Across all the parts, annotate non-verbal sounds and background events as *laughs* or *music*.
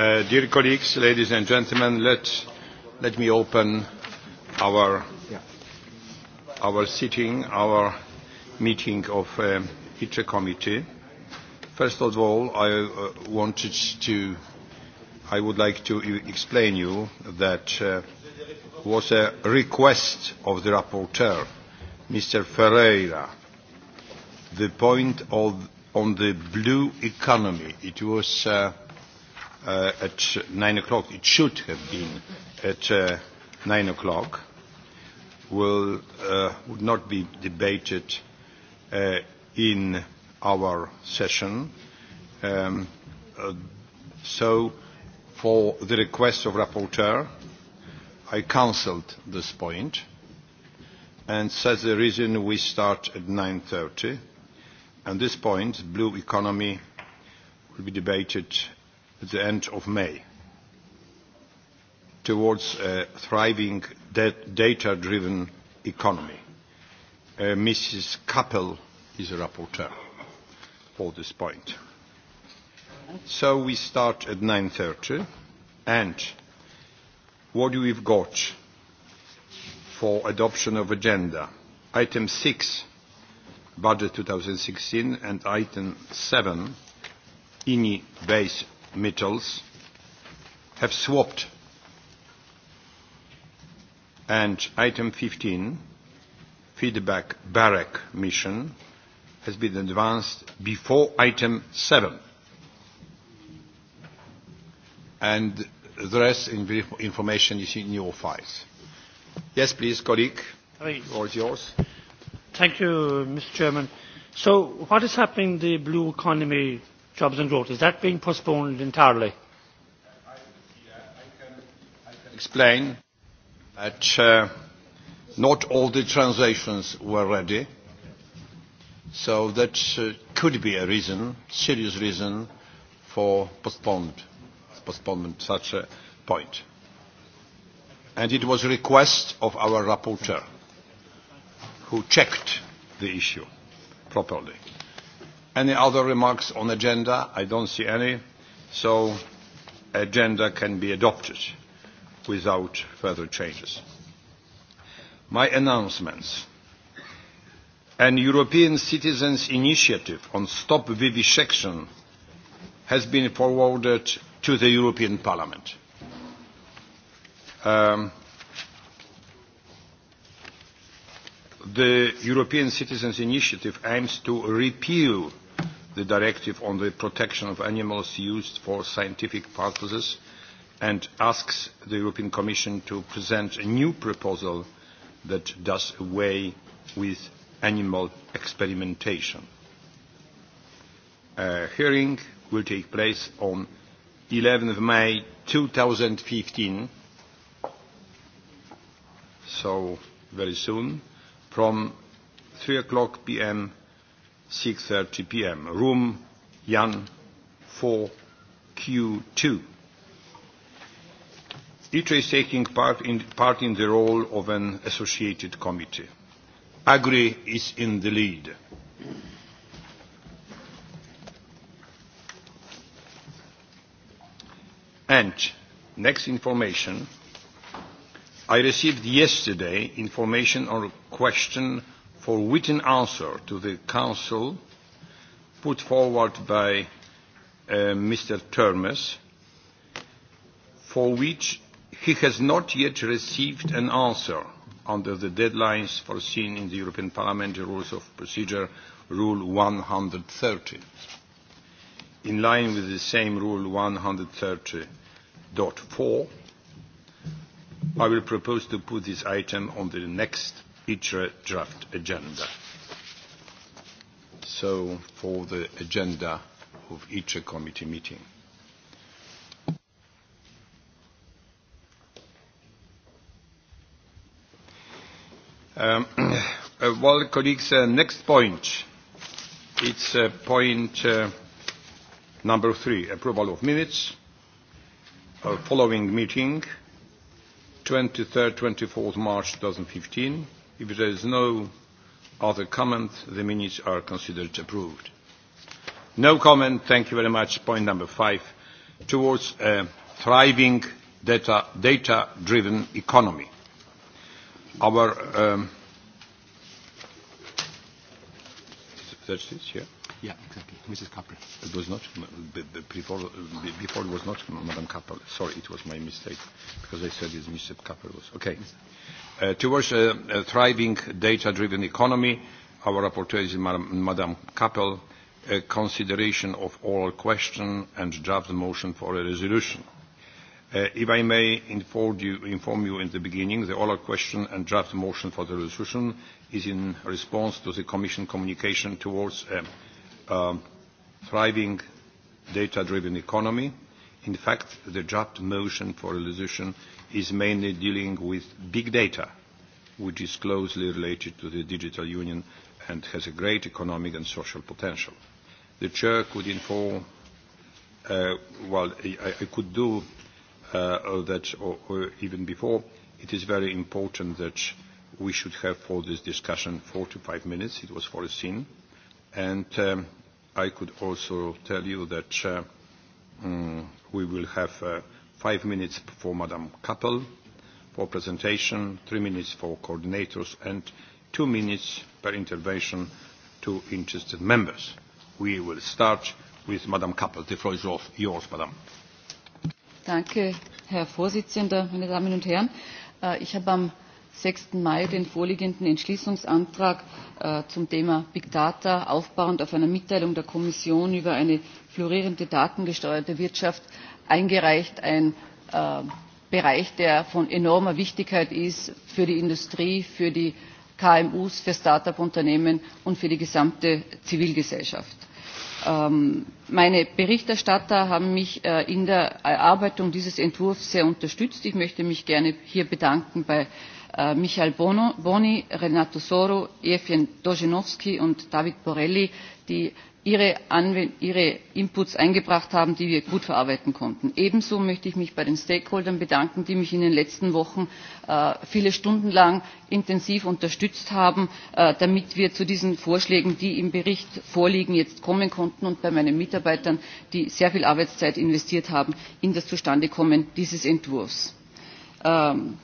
Uh, dear colleagues, ladies and gentlemen, let, let me open our, our sitting, our meeting of uh, ITRE committee. First of all, I uh, wanted to, I would like to e-, explain you that uh, was a request of the rapporteur, Mr. Ferreira, the point of, on the blue economy. It was uh, uh, at 9 o'clock. It should have been at uh, 9 o'clock. Will, uh, would not be debated uh, in our session. Um, uh, so, for the request of rapporteur, I cancelled this point and that's the reason we start at 9.30. And this point, blue economy, will be debated at the end of May towards a thriving data-driven economy. Uh, Mrs. Kappel is a rapporteur for this point. So we start at 9.30 and what do we've got for adoption of agenda? Item 6, budget 2016 and item 7, INI base Mitchells have swapped. And item 15, feedback barrack mission, has been advanced before item 7. And the rest in information is in your files. Yes, please, colleague. Hi. Or is yours. Thank you, Mr. Chairman. So what is happening in the blue economy jobs and growth. Is that being postponed entirely? I, explain that uh, not all the translations were ready. So that uh, could be a reason, serious reason, for postponed, postponement such a point. And it was a request of our rapporteur, who checked the issue properly. Any other remarks on agenda? I don't see any. So agenda can be adopted without further changes. My announcements. An European Citizens Initiative on Stop Vivisection has been forwarded to the European Parliament. Um, the European Citizens Initiative aims to repeal the directive on the protection of animals used for scientific purposes and asks the European Commission to present a new proposal that does away with animal experimentation. A hearing will take place on 11th of May 2015, so very soon, from 3 o'clock p.m 6.30 p.m. Room Yan 4Q2. ITRE is taking part in, part in the role of an associated committee. AGRI is in the lead. And next information, I received yesterday information on a question for written answer to the Council put forward by uh, Mr. Termes, for which he has not yet received an answer under the deadlines foreseen in the European Parliamentary Rules of Procedure, Rule 130, in line with the same Rule 130.4. I will propose to put this item on the next ITRE draft agenda. So for the agenda of ITRE committee meeting. Um, *clears throat* uh, well, colleagues, uh, next point. It's uh, point uh, number three, approval of minutes. Our following meeting, 23rd, 24th March 2015. If there is no other comment, the minutes are considered approved. No comment. Thank you very much. Point number five, towards a thriving data-driven data, economy. Our um, that's it, yeah? Yeah, exactly. Mrs. Kappel. It was not, before, before it was not Madam Kappel. Sorry, it was my mistake, because I said it's Mr Kappel. Was, okay. Uh, towards a, a thriving data-driven economy, our rapporteur is Madam Kappel, a consideration of oral question and draft motion for a resolution. Uh, if I may inform you, inform you in the beginning, the oral question and draft motion for the resolution is in response to the Commission communication towards a, a thriving data-driven economy. In fact, the draft motion for a resolution is mainly dealing with big data, which is closely related to the digital union and has a great economic and social potential. The chair could inform, uh, well, I, I could do uh, that or, or even before. It is very important that we should have for this discussion four to five minutes. It was foreseen. And um, I could also tell you that uh, um, we will have uh, five minutes for Madam Kappel for presentation, three minutes for coordinators, and two minutes per intervention to interested members. We will start with Madam Kappel. The floor is yours, Madam. you, Herr Vorsitzender, meine Damen und Herren. Äh, ich habe am 6. Mai den vorliegenden Entschließungsantrag äh, zum Thema Big Data aufbauend auf einer Mitteilung der Kommission über eine florierende datengesteuerte Wirtschaft eingereicht. Ein äh, Bereich, der von enormer Wichtigkeit ist für die Industrie, für die KMUs, für Start-up-Unternehmen und für die gesamte Zivilgesellschaft. Ähm, meine Berichterstatter haben mich äh, in der Erarbeitung dieses Entwurfs sehr unterstützt. Ich möchte mich gerne hier bedanken bei äh, Eh, Michael Bono, Boni, Renato Soro, Efien Dojenowski und David Borelli, die ihre, ihre Inputs eingebracht haben, die wir gut verarbeiten konnten. Ebenso möchte ich mich bei den Stakeholdern bedanken, die mich in den letzten Wochen äh, viele Stunden lang intensiv unterstützt haben, äh, damit wir zu diesen Vorschlägen, die im Bericht vorliegen, jetzt kommen konnten und bei meinen Mitarbeitern, die sehr viel Arbeitszeit investiert haben, in das Zustandekommen dieses Entwurfs. Ähm,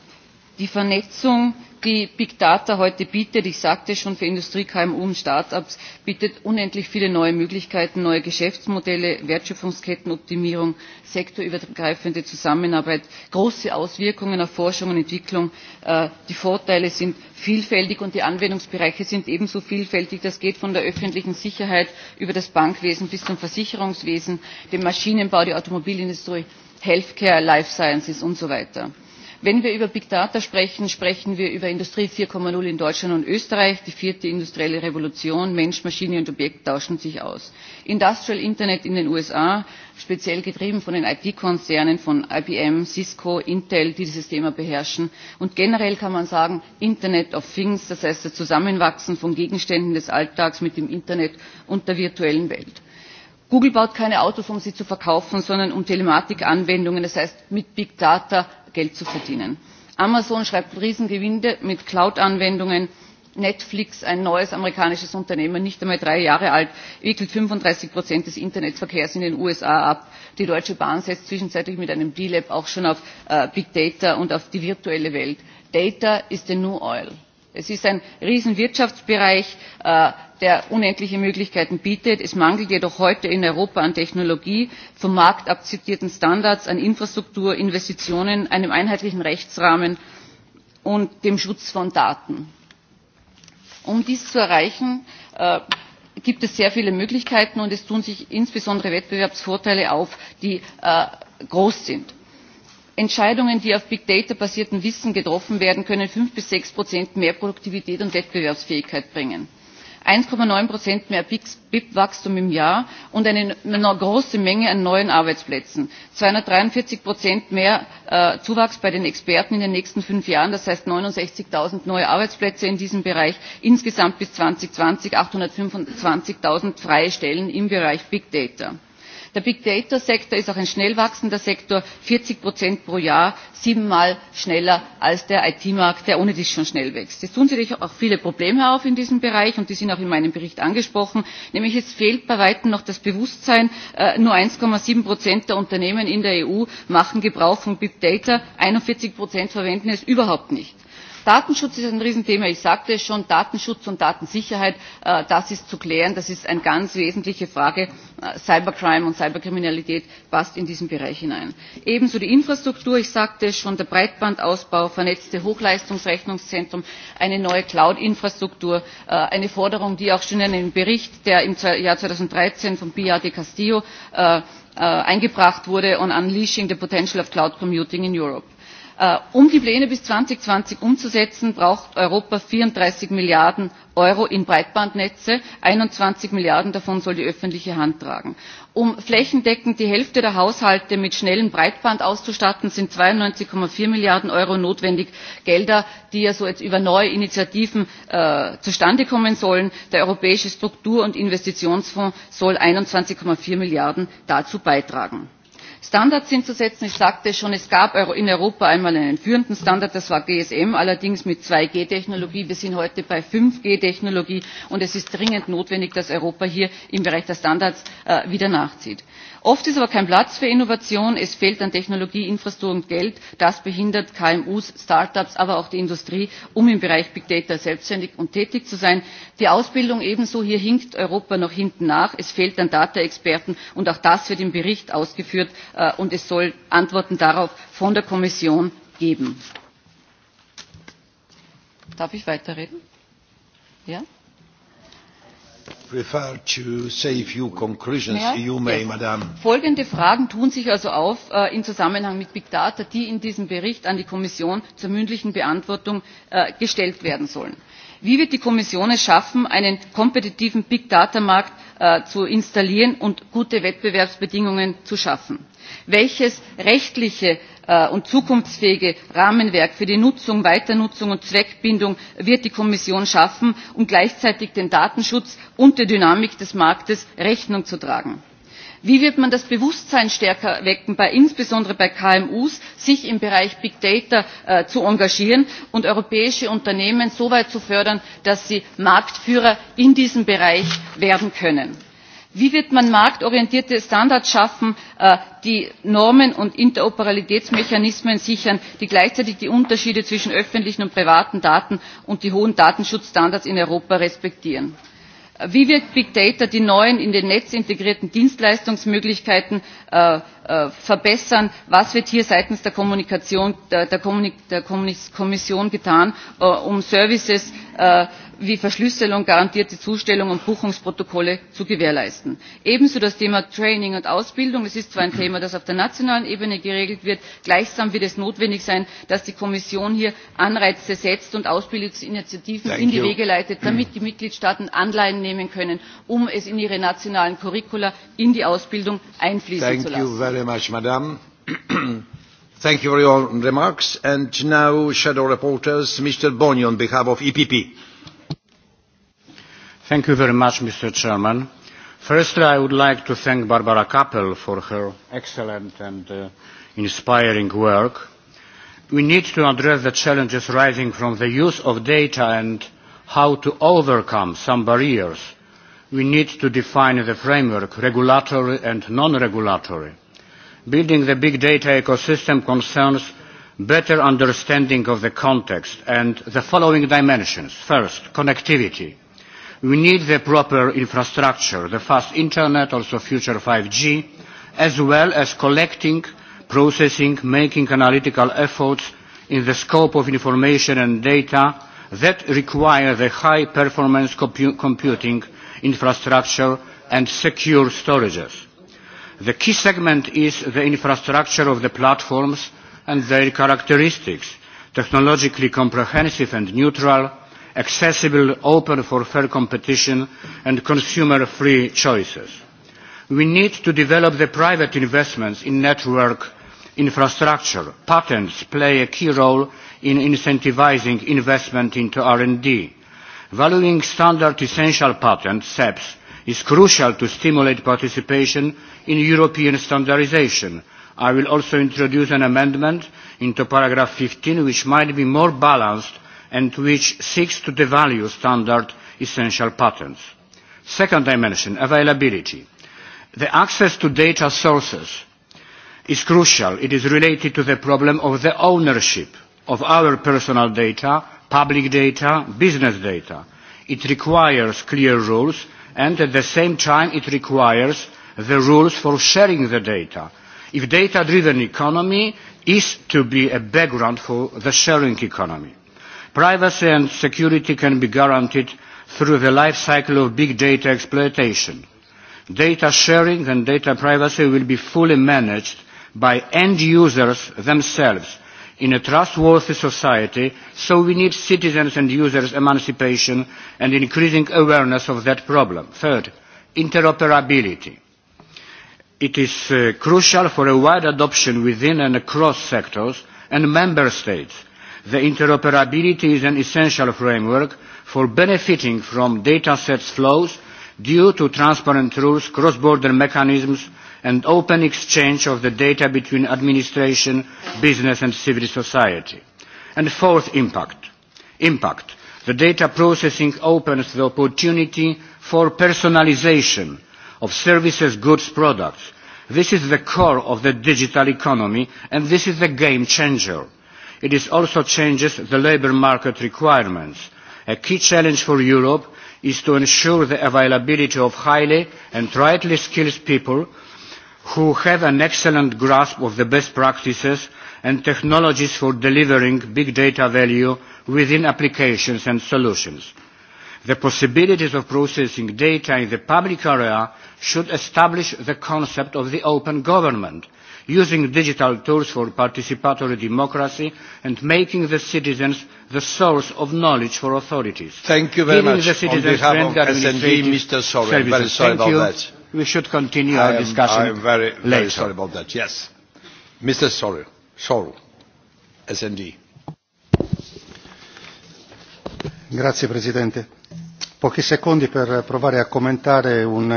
die Vernetzung, die Big Data heute bietet, ich sagte schon für Industrie, KMU und Start-ups, bietet unendlich viele neue Möglichkeiten, neue Geschäftsmodelle, Wertschöpfungskettenoptimierung, sektorübergreifende Zusammenarbeit, große Auswirkungen auf Forschung und Entwicklung. Äh, die Vorteile sind vielfältig und die Anwendungsbereiche sind ebenso vielfältig. Das geht von der öffentlichen Sicherheit über das Bankwesen bis zum Versicherungswesen, dem Maschinenbau, die Automobilindustrie, Healthcare, Life Sciences und so weiter. Wenn wir über Big Data sprechen, sprechen wir über Industrie 4.0 in Deutschland und Österreich, die vierte industrielle Revolution, Mensch, Maschine und Objekt tauschen sich aus. Industrial Internet in den USA, speziell getrieben von den IT-Konzernen von IBM, Cisco, Intel, die dieses Thema beherrschen. Und generell kann man sagen, Internet of Things, das heißt das Zusammenwachsen von Gegenständen des Alltags mit dem Internet und der virtuellen Welt. Google baut keine Autos, um sie zu verkaufen, sondern um Telematikanwendungen, das heißt mit Big Data Geld zu verdienen. Amazon schreibt Riesengewinde mit Cloud-Anwendungen. Netflix, ein neues amerikanisches Unternehmen, nicht einmal drei Jahre alt, wickelt 35 Prozent des Internetverkehrs in den USA ab. Die Deutsche Bahn setzt zwischenzeitlich mit einem D-Lab auch schon auf äh, Big Data und auf die virtuelle Welt. Data is the new oil. Es ist ein Riesenwirtschaftsbereich, äh, der unendliche Möglichkeiten bietet. Es mangelt jedoch heute in Europa an Technologie, vom Markt akzeptierten Standards, an Infrastruktur, Investitionen, einem einheitlichen Rechtsrahmen und dem Schutz von Daten. Um dies zu erreichen, äh, gibt es sehr viele Möglichkeiten und es tun sich insbesondere Wettbewerbsvorteile auf, die äh, groß sind. Entscheidungen, die auf Big Data basierten Wissen getroffen werden, können fünf bis sechs Prozent mehr Produktivität und Wettbewerbsfähigkeit bringen. 1,9 Prozent mehr BIP-Wachstum im Jahr und eine, große Menge an neuen Arbeitsplätzen. 243 Prozent mehr äh, Zuwachs bei den Experten in den nächsten fünf Jahren, das heißt 69.000 neue Arbeitsplätze in diesem Bereich, insgesamt bis 2020 825.000 freie Stellen im Bereich Big Data. Der Big Data Sektor ist auch ein schnell wachsender Sektor, 40 Prozent pro Jahr, siebenmal schneller als der IT-Markt, der ohne dies schon schnell wächst. Es tun sich auch viele Probleme auf in diesem Bereich und die sind auch in meinem Bericht angesprochen, nämlich es fehlt bei weitem noch das Bewusstsein, äh, nur 1,7 Prozent der Unternehmen in der EU machen Gebrauch von Big Data, 41 Prozent verwenden es überhaupt nicht. Datenschutz ist ein Riesenthema. Ich sagte es schon, Datenschutz und Datensicherheit, äh, das ist zu klären. Das ist eine ganz wesentliche Frage. Äh, Cybercrime und Cyberkriminalität passt in diesen Bereich hinein. Ebenso die Infrastruktur. Ich sagte es schon, der Breitbandausbau, vernetzte Hochleistungsrechnungszentrum, eine neue Cloud-Infrastruktur, äh, eine Forderung, die auch schon in einem Bericht, der im Jahr 2013 von Pia de Castillo eingebracht wurde, on unleashing the potential of cloud commuting in Europe. Äh, um die Pläne bis 2020 umzusetzen, braucht Europa 34 Milliarden Euro in Breitbandnetze, 21 Milliarden davon soll die öffentliche Hand tragen. Um flächendeckend die Hälfte der Haushalte mit schnellem Breitband auszustatten, sind 92,4 Milliarden Euro notwendig, Gelder, die ja so jetzt über neue Initiativen äh, zustande kommen sollen. Der Europäische Struktur- und Investitionsfonds soll 21,4 Milliarden dazu beitragen. Standards hinzusetzen. Ich sagte schon, es gab in Europa einmal einen führenden Standard, das war GSM, allerdings mit 2G-Technologie. Wir sind heute bei 5G-Technologie und es ist dringend notwendig, dass Europa hier im Bereich der Standards äh, wieder nachzieht. Oft ist aber kein Platz für Innovation, es fehlt an Technologie, Infrastruktur und Geld. Das behindert KMUs, Startups, aber auch die Industrie, um im Bereich Big Data selbstständig und tätig zu sein. Die Ausbildung ebenso, hier hinkt Europa noch hinten nach. Es fehlt an Data-Experten und auch das wird im Bericht ausgeführt äh, und es soll Antworten darauf von der Kommission geben. Darf ich weiterreden? Ja? prefer to say a few conclusions. May you may, yes. Madam. Folgende Fragen tun sich also auf uh, äh, im Zusammenhang mit Big Data, die in diesem Bericht an die Kommission zur mündlichen Beantwortung uh, gestellt werden sollen. Wie wird die Kommission es schaffen, einen kompetitiven Big Data Markt uh, zu installieren und gute Wettbewerbsbedingungen zu schaffen? Welches rechtliche Äh, und zukunftsfähige Rahmenwerk für die Nutzung, Weiternutzung und Zweckbindung wird die Kommission schaffen, um gleichzeitig den Datenschutz und der Dynamik des Marktes Rechnung zu tragen. Wie wird man das Bewusstsein stärker wecken, bei, insbesondere bei KMU, sich im Bereich Big Data äh, zu engagieren und europäische Unternehmen so weit zu fördern, dass sie Marktführer in diesem Bereich werden können? Wie wird man marktorientierte Standards schaffen, äh, die Normen und Interoperabilitätsmechanismen sichern, die gleichzeitig die Unterschiede zwischen öffentlichen und privaten Daten und die hohen Datenschutzstandards in Europa respektieren? Äh, wie wirkt Big Data die neuen in den Netz integrierten Dienstleistungsmöglichkeiten äh, äh, verbessern? Was wird hier seitens der, Kommunikation, der, der, Kommunik der Kommission getan, äh, um Services äh, wie Verschlüsselung, garantierte Zustellung und Buchungsprotokolle zu gewährleisten. Ebenso das Thema Training und Ausbildung. Es ist zwar ein Thema, das auf der nationalen Ebene geregelt wird, gleichsam wird es notwendig sein, dass die Kommission hier Anreize setzt und Ausbildungsinitiativen Thank in die you. Wege leitet, damit die Mitgliedstaaten Anleihen nehmen können, um es in ihre nationalen Curricula in die Ausbildung einfließen Thank zu lassen. You very much, Madame. *clears throat* Thank you for your remarks. And now, Shadow Reporters, Mr. Bonny on behalf of EPP. Thank you very much, Mr. Chairman. Firstly, I would like to thank Barbara Kappel for her excellent and uh, inspiring work. We need to address the challenges rising from the use of data and how to overcome some barriers. We need to define the framework, regulatory and non-regulatory. Building the big data ecosystem concerns better understanding of the context and the following dimensions. First, connectivity We need the proper infrastructure, the fast internet, also future 5G, as well as collecting, processing, making analytical efforts in the scope of information and data that require the high performance compu computing infrastructure and secure storages. The key segment is the infrastructure of the platforms and their characteristics, technologically comprehensive and neutral, accessible, open for fair competition and consumer-free choices. We need to develop the private investments in network infrastructure. Patents play a key role in incentivizing investment into R&D. Valuing standard essential patents, SEPs, is crucial to stimulate participation in European standardization. I will also introduce an amendment into paragraph 15 which might be more balanced and which seeks to devalue standard essential patents. Second dimension, availability. The access to data sources is crucial. It is related to the problem of the ownership of our personal data, public data, business data. It requires clear rules and at the same time it requires the rules for sharing the data. If data-driven economy is to be a background for the sharing economy. Privacy and security can be guaranteed through the life cycle of big data exploitation. Data sharing and data privacy will be fully managed by end users themselves in a trustworthy society, so we need citizens and users' emancipation and increasing awareness of that problem. Third, interoperability. It is uh, crucial for a wide adoption within and across sectors and member states The interoperability is an essential framework for benefiting from data sets flows due to transparent rules, cross-border mechanisms and open exchange of the data between administration, business and civil society. And fourth, impact. Impact. The data processing opens the opportunity for personalization of services, goods, products. This is the core of the digital economy and this is the game changer. It is also changes the labour market requirements. A key challenge for Europe is to ensure the availability of highly and rightly skilled people who have an excellent grasp of the best practices and technologies for delivering big data value within applications and solutions. The possibilities of processing data in the public area should establish the concept of the open government using digital tools for participatory democracy and making the citizens the source of knowledge for authorities. Thank you very Giving much. On behalf of SND, Mr. Sorry, I'm very sorry Thank about you. that. We should continue I our am, discussion I'm very, very, later. sorry about that, yes. Mr. Sorry, Sorry, SND. Grazie Presidente. Pochi secondi per provare a commentare un,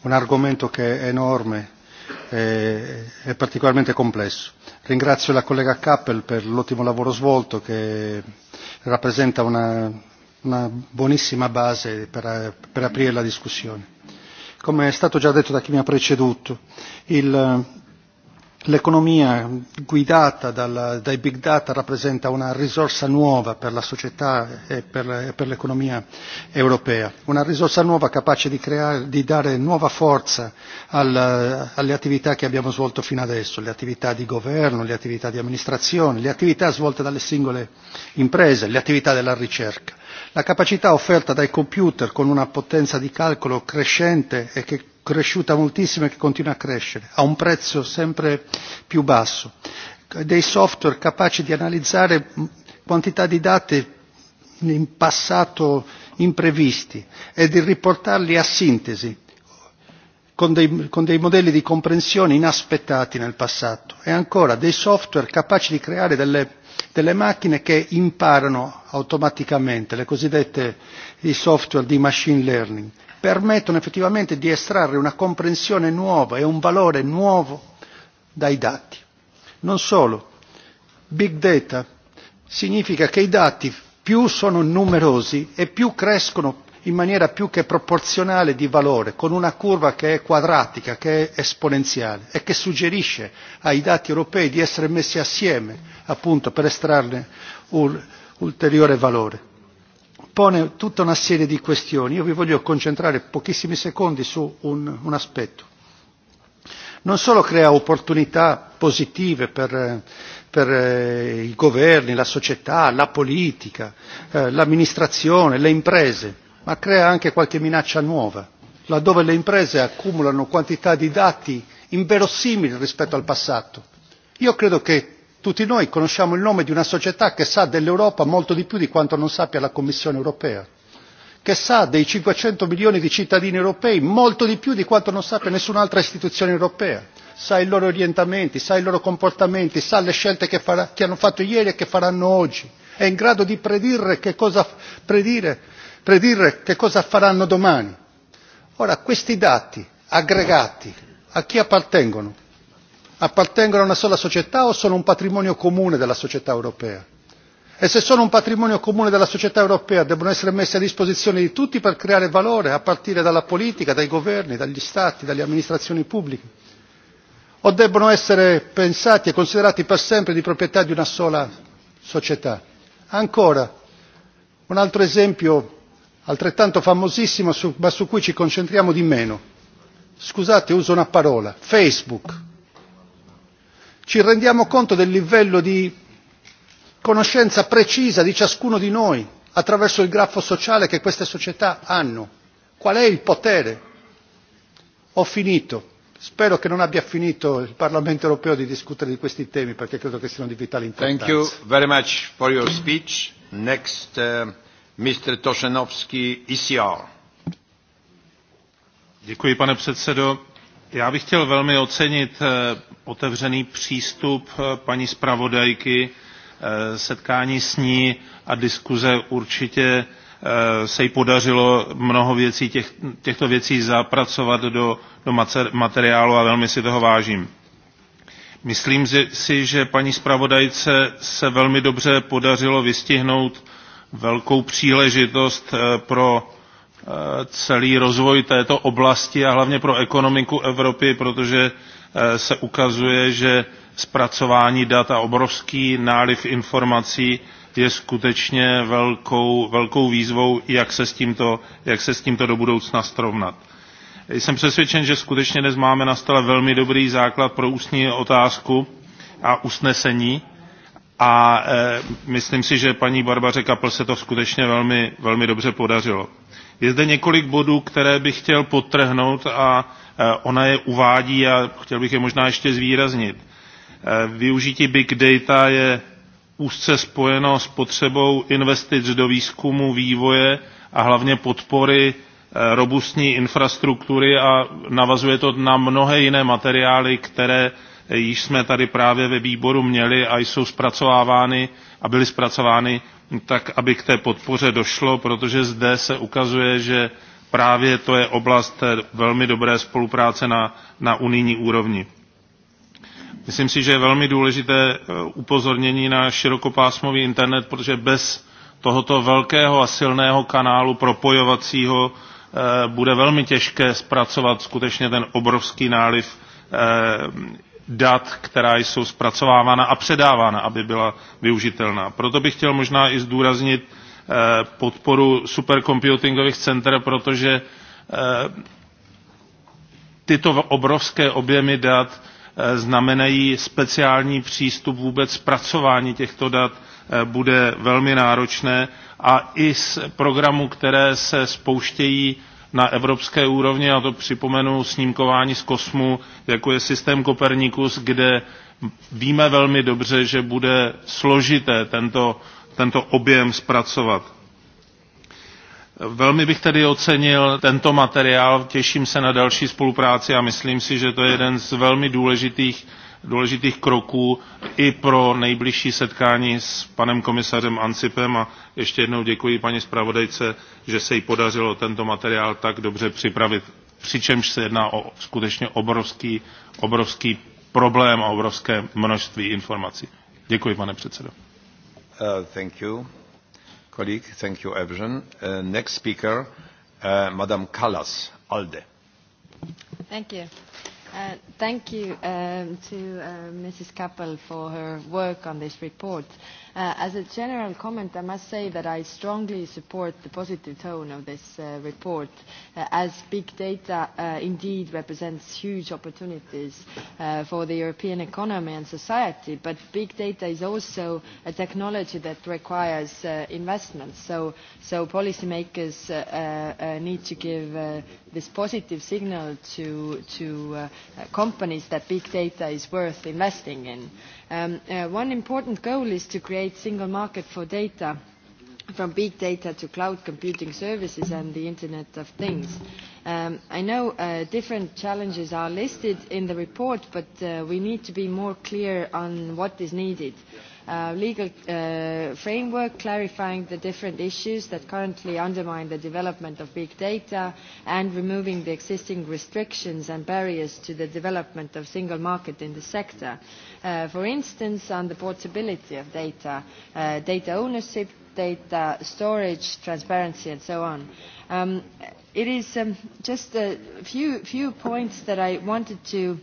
un argomento che è enorme è particolarmente complesso. Ringrazio la collega Kappel per l'ottimo lavoro svolto che rappresenta una, una buonissima base per, per aprire la discussione. Come è stato già detto da chi mi ha preceduto, il L'economia guidata dal, dai big data rappresenta una risorsa nuova per la società e per, e per l'economia europea, una risorsa nuova capace di, creare, di dare nuova forza al, alle attività che abbiamo svolto fino adesso, le attività di governo, le attività di amministrazione, le attività svolte dalle singole imprese, le attività della ricerca La capacità offerta dai computer con una potenza di calcolo crescente e che è cresciuta moltissimo e che continua a crescere, a un prezzo sempre più basso, dei software capaci di analizzare quantità di dati in passato imprevisti e di riportarli a sintesi con dei, con dei modelli di comprensione inaspettati nel passato e ancora dei software capaci di creare delle delle macchine che imparano automaticamente, le cosiddette i software di machine learning, permettono effettivamente di estrarre una comprensione nuova e un valore nuovo dai dati. Non solo, big data significa che i dati più sono numerosi e più crescono in maniera più che proporzionale di valore, con una curva che è quadratica, che è esponenziale e che suggerisce ai dati europei di essere messi assieme appunto per estrarne un ulteriore valore. Pone tutta una serie di questioni, io vi voglio concentrare pochissimi secondi su un, un aspetto. Non solo crea opportunità positive per, per eh, i governi, la società, la politica, eh, l'amministrazione, le imprese, ma crea anche qualche minaccia nuova, laddove le imprese accumulano quantità di dati inverosimili rispetto al passato. Io credo che tutti noi conosciamo il nome di una società che sa dell'Europa molto di più di quanto non sappia la Commissione europea, che sa dei 500 milioni di cittadini europei molto di più di quanto non sappia nessun'altra istituzione europea, sa i loro orientamenti, sa i loro comportamenti, sa le scelte che, farà, che hanno fatto ieri e che faranno oggi, è in grado di predire che cosa, predire predire che cosa faranno domani. Ora, questi dati aggregati a chi appartengono? Appartengono a una sola società o sono un patrimonio comune della società europea? E se sono un patrimonio comune della società europea devono essere messi a disposizione di tutti per creare valore a partire dalla politica, dai governi, dagli stati, dalle amministrazioni pubbliche? O debbono essere pensati e considerati per sempre di proprietà di una sola società? Ancora, un altro esempio altrettanto famosissimo su, ma su cui ci concentriamo di meno. Scusate, uso una parola, Facebook. Ci rendiamo conto del livello di conoscenza precisa di ciascuno di noi attraverso il grafo sociale che queste società hanno. Qual è il potere? Ho finito. Spero che non abbia finito il Parlamento europeo di discutere di questi temi perché credo che siano di vitale importanza. Thank you very much for your speech. Next, uh... Mr. Toshenovsky, ECR. Děkuji, pane předsedo. Já bych chtěl velmi ocenit eh, otevřený přístup eh, paní zpravodajky, eh, setkání s ní a diskuze určitě se jí podařilo mnoho věcí těch, těchto věcí zapracovat do, do materiálu a velmi si toho vážím. Myslím si, že paní zpravodajce se velmi dobře podařilo vystihnout velkou příležitost eh, pro eh, celý rozvoj této oblasti a hlavně pro ekonomiku Evropy, protože eh, se ukazuje, že zpracování dat a obrovský náliv informací je skutečně velkou, velkou výzvou, jak se, s tímto, jak se s tímto do budoucna strovnat. Jsem přesvědčen, že skutečně dnes máme na stole velmi dobrý základ pro ústní otázku a usnesení A e, myslím si, že paní Barbaře Kapl se to skutečně velmi, velmi dobře podařilo. Je zde několik bodů, které bych chtěl podtrhnout a e, ona je uvádí a chtěl bych je možná ještě zvýraznit. E, využití big data je úzce spojeno s potřebou investic do výzkumu, vývoje a hlavně podpory e, robustní infrastruktury a navazuje to na mnohé jiné materiály, které již jsme tady právě ve výboru měli a jsou zpracovávány a byly zpracovány tak, aby k té podpoře došlo, protože zde se ukazuje, že právě to je oblast té velmi dobré spolupráce na, na unijní úrovni. Myslím si, že je velmi důležité eh, upozornění na širokopásmový internet, protože bez tohoto velkého a silného kanálu propojovacího eh, bude velmi těžké zpracovat skutečně ten obrovský náliv eh, dat, která jsou zpracovávána a předávána, aby byla využitelná. Proto bych chtěl možná i zdůraznit eh, podporu supercomputingových center, protože eh, tyto obrovské objemy dat eh, znamenají speciální přístup vůbec zpracování těchto dat bude velmi náročné a i z programů, které se spouštějí na evropské úrovni, a to připomenu snímkování z kosmu, jako je systém Kopernikus, kde víme velmi dobře, že bude složité tento, tento objem zpracovat. Velmi bych tedy ocenil tento materiál, těším se na další spolupráci a myslím si, že to je jeden z velmi důležitých důležitých kroků i pro nejbližší setkání s panem komisařem Ancipem a ještě jednou děkuji paní zpravodajce, že se jí podařilo tento materiál tak dobře připravit, přičemž se jedná o skutečně obrovský, obrovský problém a obrovské množství informací. Děkuji, pane předsedo. Uh, thank you, colleague. Thank you, Uh, next speaker, uh, Madam Kallas, ALDE. Thank you. Uh, thank you um, to uh, Mrs. Kappel for her work on this report. Uh, as a general comment, I must say that I strongly support the positive tone of this uh, report, uh, as big data uh, indeed represents huge opportunities uh, for the European economy and society, but big data is also a technology that requires uh, investments, So, so policymakers uh, uh, need to give uh, this positive signal to, to uh, companies that big data is worth investing in. Um, uh, one important goal is to create single market for data, from big data to cloud computing services and the Internet of Things. Um, I know uh, different challenges are listed in the report, but uh, we need to be more clear on what is needed. Yeah uh, legal uh, framework clarifying the different issues that currently undermine the development of big data and removing the existing restrictions and barriers to the development of single market in the sector. Uh, for instance, on the portability of data, uh, data ownership, data storage, transparency, and so on. Um, it is um, just a few, few points that I wanted to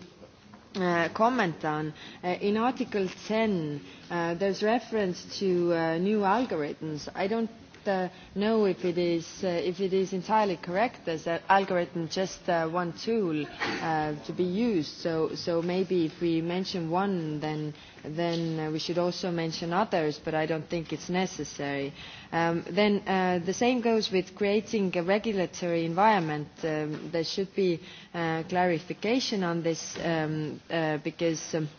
uh, comment on. Uh, in Article 10, uh, there's reference to uh, new algorithms. I don't uh, know if it, is, uh, if it is entirely correct as an algorithm just uh, one tool uh, to be used. So, so maybe if we mention one, then, then uh, we should also mention others, but I don't think it's necessary. Um, then uh, the same goes with creating a regulatory environment. Um, there should be uh, clarification on this um, uh, because um, –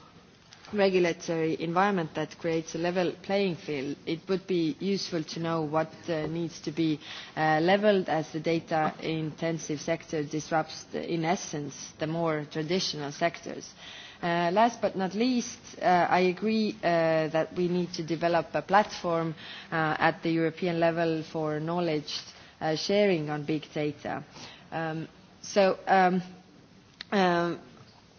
regulatory environment that creates a level playing field, it would be useful to know what uh, needs to be uh, leveled as the data-intensive sector disrupts, the, in essence, the more traditional sectors. Uh, last but not least, uh, I agree uh, that we need to develop a platform uh, at the European level for knowledge uh, sharing on big data. Um, so um, um,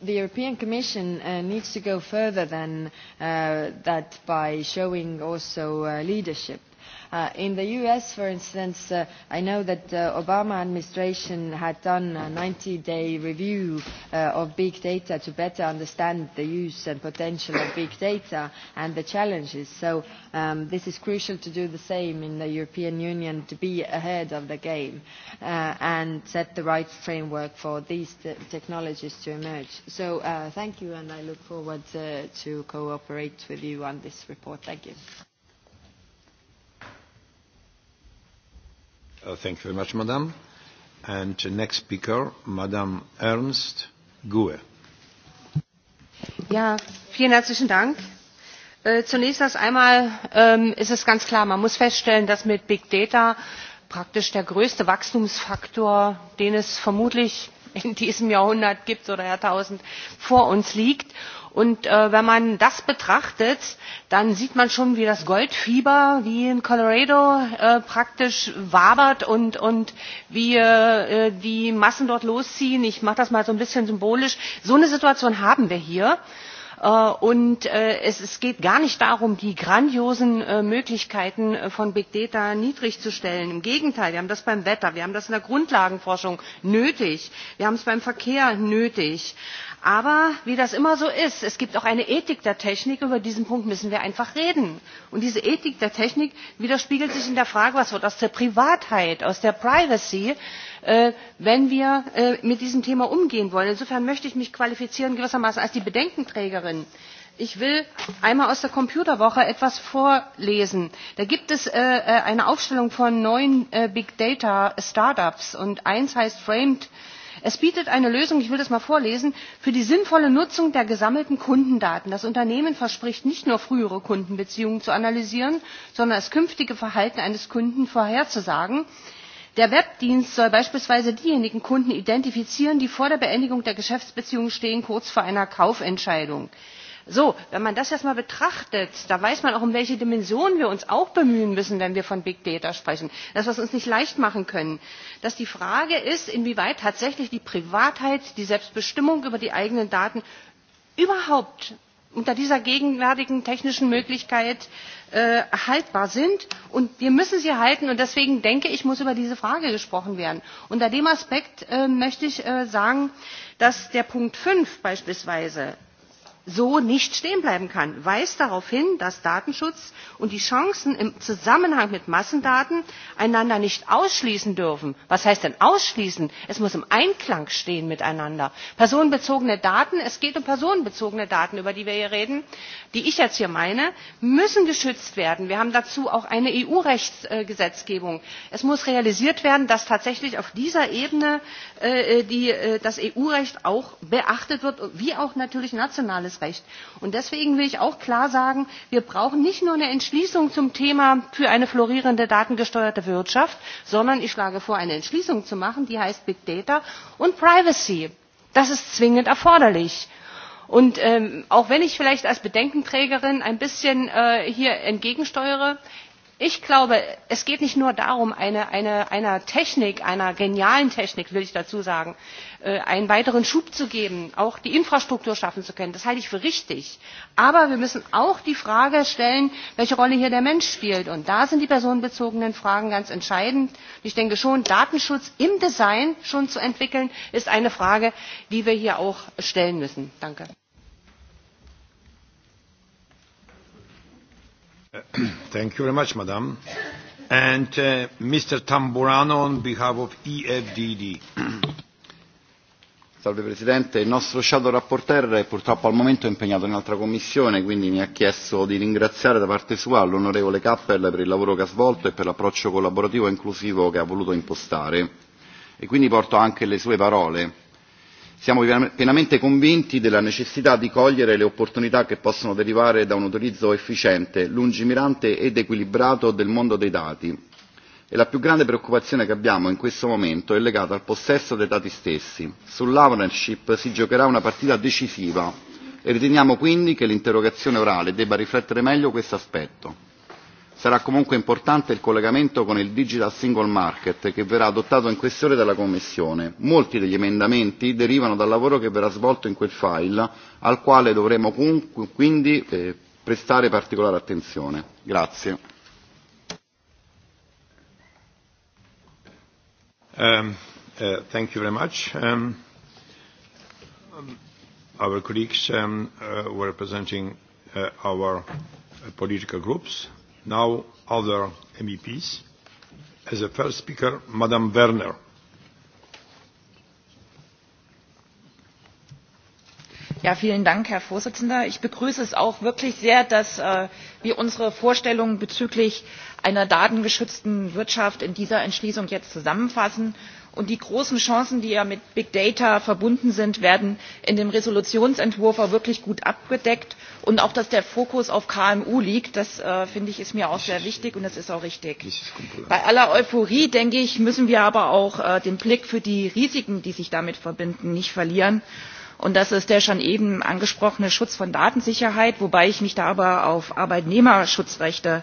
the European Commission uh, needs to go further than uh, that by showing also uh, leadership Uh, in the US, for instance, uh, I know that the uh, Obama administration had done a 90-day review uh, of big data to better understand the use and potential of big data and the challenges. So um, this is crucial to do the same in the European Union to be ahead of the game uh, and set the right framework for these te technologies to emerge. So uh, thank you, and I look forward uh, to cooperate with you on this report. Thank you. Uh, thank you very much, Madam. And the next speaker, Madam Ernst Gue. Ja, vielen herzlichen Dank. Äh, zunächst erst einmal ähm, ist es ganz klar, man muss feststellen, dass mit Big Data praktisch der größte Wachstumsfaktor, den es vermutlich in diesem Jahrhundert gibt oder Jahrtausend vor uns liegt Und äh, wenn man das betrachtet, dann sieht man schon, wie das Goldfieber wie in Colorado äh, praktisch wabert und, und wie äh, die Massen dort losziehen. Ich mache das mal so ein bisschen symbolisch. So eine Situation haben wir hier. Äh, und äh, es, es geht gar nicht darum, die grandiosen äh, Möglichkeiten von Big Data niedrigzustellen. Im Gegenteil, wir haben das beim Wetter, wir haben das in der Grundlagenforschung nötig, wir haben es beim Verkehr nötig. Aber wie das immer so ist, es gibt auch eine Ethik der Technik, über diesen Punkt müssen wir einfach reden. Und diese Ethik der Technik widerspiegelt sich in der Frage, was wird aus der Privatheit, aus der Privacy, äh, wenn wir äh, mit diesem Thema umgehen wollen. Insofern möchte ich mich qualifizieren gewissermaßen als die Bedenkenträgerin. Ich will einmal aus der Computerwoche etwas vorlesen. Da gibt es äh, äh, eine Aufstellung von neun äh, Big Data Startups und eins heißt Framed. Es bietet eine Lösung, ich will das mal vorlesen, für die sinnvolle Nutzung der gesammelten Kundendaten. Das Unternehmen verspricht nicht nur frühere Kundenbeziehungen zu analysieren, sondern das künftige Verhalten eines Kunden vorherzusagen Der Webdienst soll beispielsweise diejenigen Kunden identifizieren, die vor der Beendigung der Geschäftsbeziehung stehen, kurz vor einer Kaufentscheidung. So, wenn man das erstmal betrachtet, da weiß man auch, um welche Dimensionen wir uns auch bemühen müssen, wenn wir von Big Data sprechen. Das, was uns nicht leicht machen können. Dass die Frage ist, inwieweit tatsächlich die Privatheit, die Selbstbestimmung über die eigenen Daten überhaupt unter dieser gegenwärtigen technischen Möglichkeit äh, haltbar sind. Und wir müssen sie halten. Und deswegen denke ich, muss über diese Frage gesprochen werden. Unter dem Aspekt äh, möchte ich äh, sagen, dass der Punkt 5 beispielsweise so nicht stehen bleiben kann, weist darauf hin, dass Datenschutz und die Chancen im Zusammenhang mit Massendaten einander nicht ausschließen dürfen. Was heißt denn ausschließen? Es muss im Einklang stehen miteinander. Personenbezogene Daten, es geht um personenbezogene Daten, über die wir hier reden, die ich jetzt hier meine, müssen geschützt werden. Wir haben dazu auch eine EU-Rechtsgesetzgebung. Es muss realisiert werden, dass tatsächlich auf dieser Ebene äh, die, äh, das EU-Recht auch beachtet wird, wie auch natürlich nationales Recht. Und deswegen will ich auch klar sagen, wir brauchen nicht nur eine Entschließung zum Thema für eine florierende datengesteuerte Wirtschaft, sondern ich schlage vor, eine Entschließung zu machen, die heißt Big Data und Privacy. Das ist zwingend erforderlich. Und ähm, auch wenn ich vielleicht als Bedenkenträgerin ein bisschen äh, hier entgegensteuere, Ich glaube, es geht nicht nur darum, eine, eine, einer Technik, einer genialen Technik, will ich dazu sagen, äh, einen weiteren Schub zu geben, auch die Infrastruktur schaffen zu können. Das halte ich für richtig. Aber wir müssen auch die Frage stellen, welche Rolle hier der Mensch spielt. Und da sind die personenbezogenen Fragen ganz entscheidend. Ich denke schon, Datenschutz im Design schon zu entwickeln, ist eine Frage, die wir hier auch stellen müssen. Danke. *clears throat* Thank you very much, Madam. And uh, Mr. Tamburano on behalf of EFDD. *clears throat* Salve Presidente, il nostro Shadow Rapporteur è purtroppo al momento impegnato in un'altra commissione, quindi mi ha chiesto di ringraziare da parte sua l'onorevole Kappel per il lavoro che ha svolto e per l'approccio collaborativo e inclusivo che ha voluto impostare. E quindi porto anche le sue parole Siamo pienamente convinti della necessità di cogliere le opportunità che possono derivare da un utilizzo efficiente, lungimirante ed equilibrato del mondo dei dati e la più grande preoccupazione che abbiamo in questo momento è legata al possesso dei dati stessi. Sull'ownership si giocherà una partita decisiva e riteniamo quindi che l'interrogazione orale debba riflettere meglio questo aspetto. Sarà comunque importante il collegamento con il Digital Single Market che verrà adottato in questione dalla Commissione. Molti degli emendamenti derivano dal lavoro che verrà svolto in quel file, al quale dovremo quindi eh, prestare particolare attenzione. Grazie. Um, uh, thank you very much. Um, um our colleagues um, uh, were representing uh, our uh, political groups. Now other MEPs. As a first speaker, Madam Werner. Ja, vielen Dank, Herr Vorsitzender. Ich begrüße es auch wirklich sehr, dass äh, wir unsere Vorstellungen bezüglich einer datengeschützten Wirtschaft in dieser Entschließung jetzt zusammenfassen Und die großen Chancen, die ja mit Big Data verbunden sind, werden in dem Entschließungsentwurf auch wirklich gut abgedeckt. Und auch, dass der Fokus auf KMU liegt, das äh, finde ich, ist mir auch sehr wichtig und das ist auch richtig. Bei aller Euphorie, denke ich, müssen wir aber auch äh, den Blick für die Risiken, die sich damit verbinden, nicht verlieren. Und das ist der schon eben angesprochene Schutz von Datensicherheit, wobei ich mich da aber auf Arbeitnehmerschutzrechte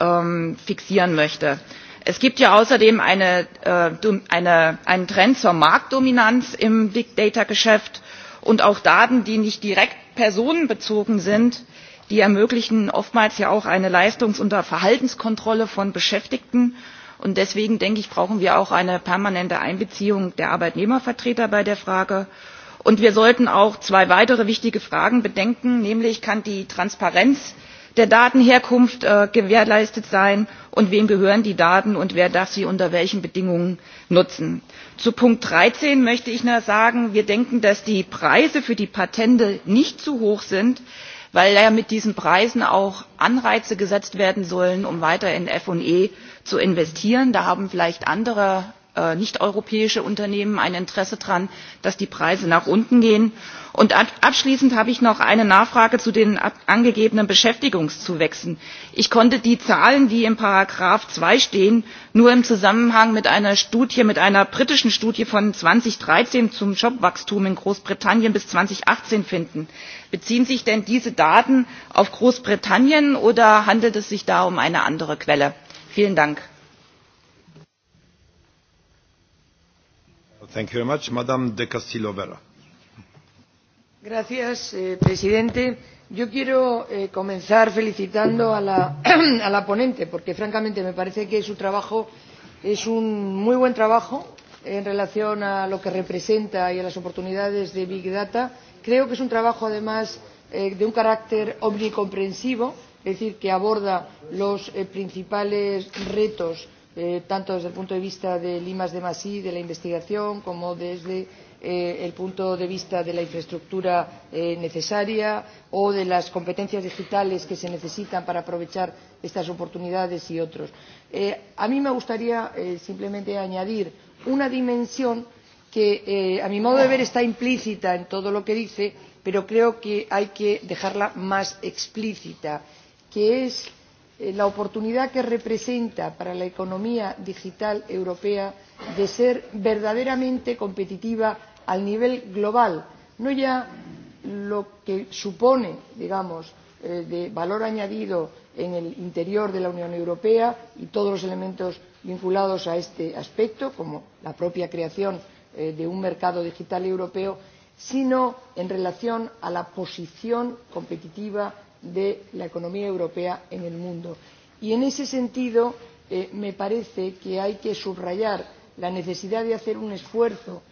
ähm, fixieren möchte. Es gibt ja außerdem eine, äh, eine, einen Trend zur Marktdominanz im Big Data Geschäft und auch Daten, die nicht direkt personenbezogen sind, die ermöglichen oftmals ja auch eine Leistungs- und Verhaltenskontrolle von Beschäftigten. Und deswegen, denke ich, brauchen wir auch eine permanente Einbeziehung der Arbeitnehmervertreter bei der Frage. Und wir sollten auch zwei weitere wichtige Fragen bedenken, nämlich kann die Transparenz der Datenherkunft äh, gewährleistet sein und wem gehören die Daten und wer darf sie unter welchen Bedingungen nutzen. Zu Punkt 13 möchte ich nur sagen, wir denken, dass die Preise für die Patente nicht zu hoch sind, weil ja mit diesen Preisen auch Anreize gesetzt werden sollen, um weiter in F&E zu investieren. Da haben vielleicht andere Äh, nicht europäische Unternehmen ein Interesse daran, dass die Preise nach unten gehen. Und abschließend habe ich noch eine Nachfrage zu den angegebenen Beschäftigungszuwächsen. Ich konnte die Zahlen, die in Paragraph 2 stehen, nur im Zusammenhang mit einer Studie, mit einer britischen Studie von 2013 zum Jobwachstum in Großbritannien bis 2018 finden. Beziehen sich denn diese Daten auf Großbritannien oder handelt es sich da um eine andere Quelle? Vielen Dank. Thank you very much. Madame de Castillo Vera. Gracias, eh, presidente. Yo quiero eh, comenzar felicitando a la, *clears throat* a la ponente, porque francamente me parece que su trabajo es un muy buen trabajo en relación a lo que representa y a las oportunidades de Big Data. Creo que es un trabajo, además, eh, de un carácter omnicomprensivo, es decir, que aborda los eh, principales retos eh, tanto desde el punto de vista de Limas de Masí, de la investigación, como desde eh, el punto de vista de la infraestructura eh, necesaria o de las competencias digitales que se necesitan para aprovechar estas oportunidades y otros. Eh, a mí me gustaría eh, simplemente añadir una dimensión que, eh, a mi modo de ver, está implícita en todo lo que dice, pero creo que hay que dejarla más explícita, que es Eh, la oportunidad que representa para la economía digital europea de ser verdaderamente competitiva a nivel global, no ya lo que supone, digamos, eh, de valor añadido en el interior de la Unión Europea y todos los elementos vinculados a este aspecto, como la propia creación eh, de un mercado digital europeo, sino en relación a la posición competitiva de la economía europea en el mundo. Y en ese sentido eh, me parece que hay que subrayar la necesidad de hacer un esfuerzo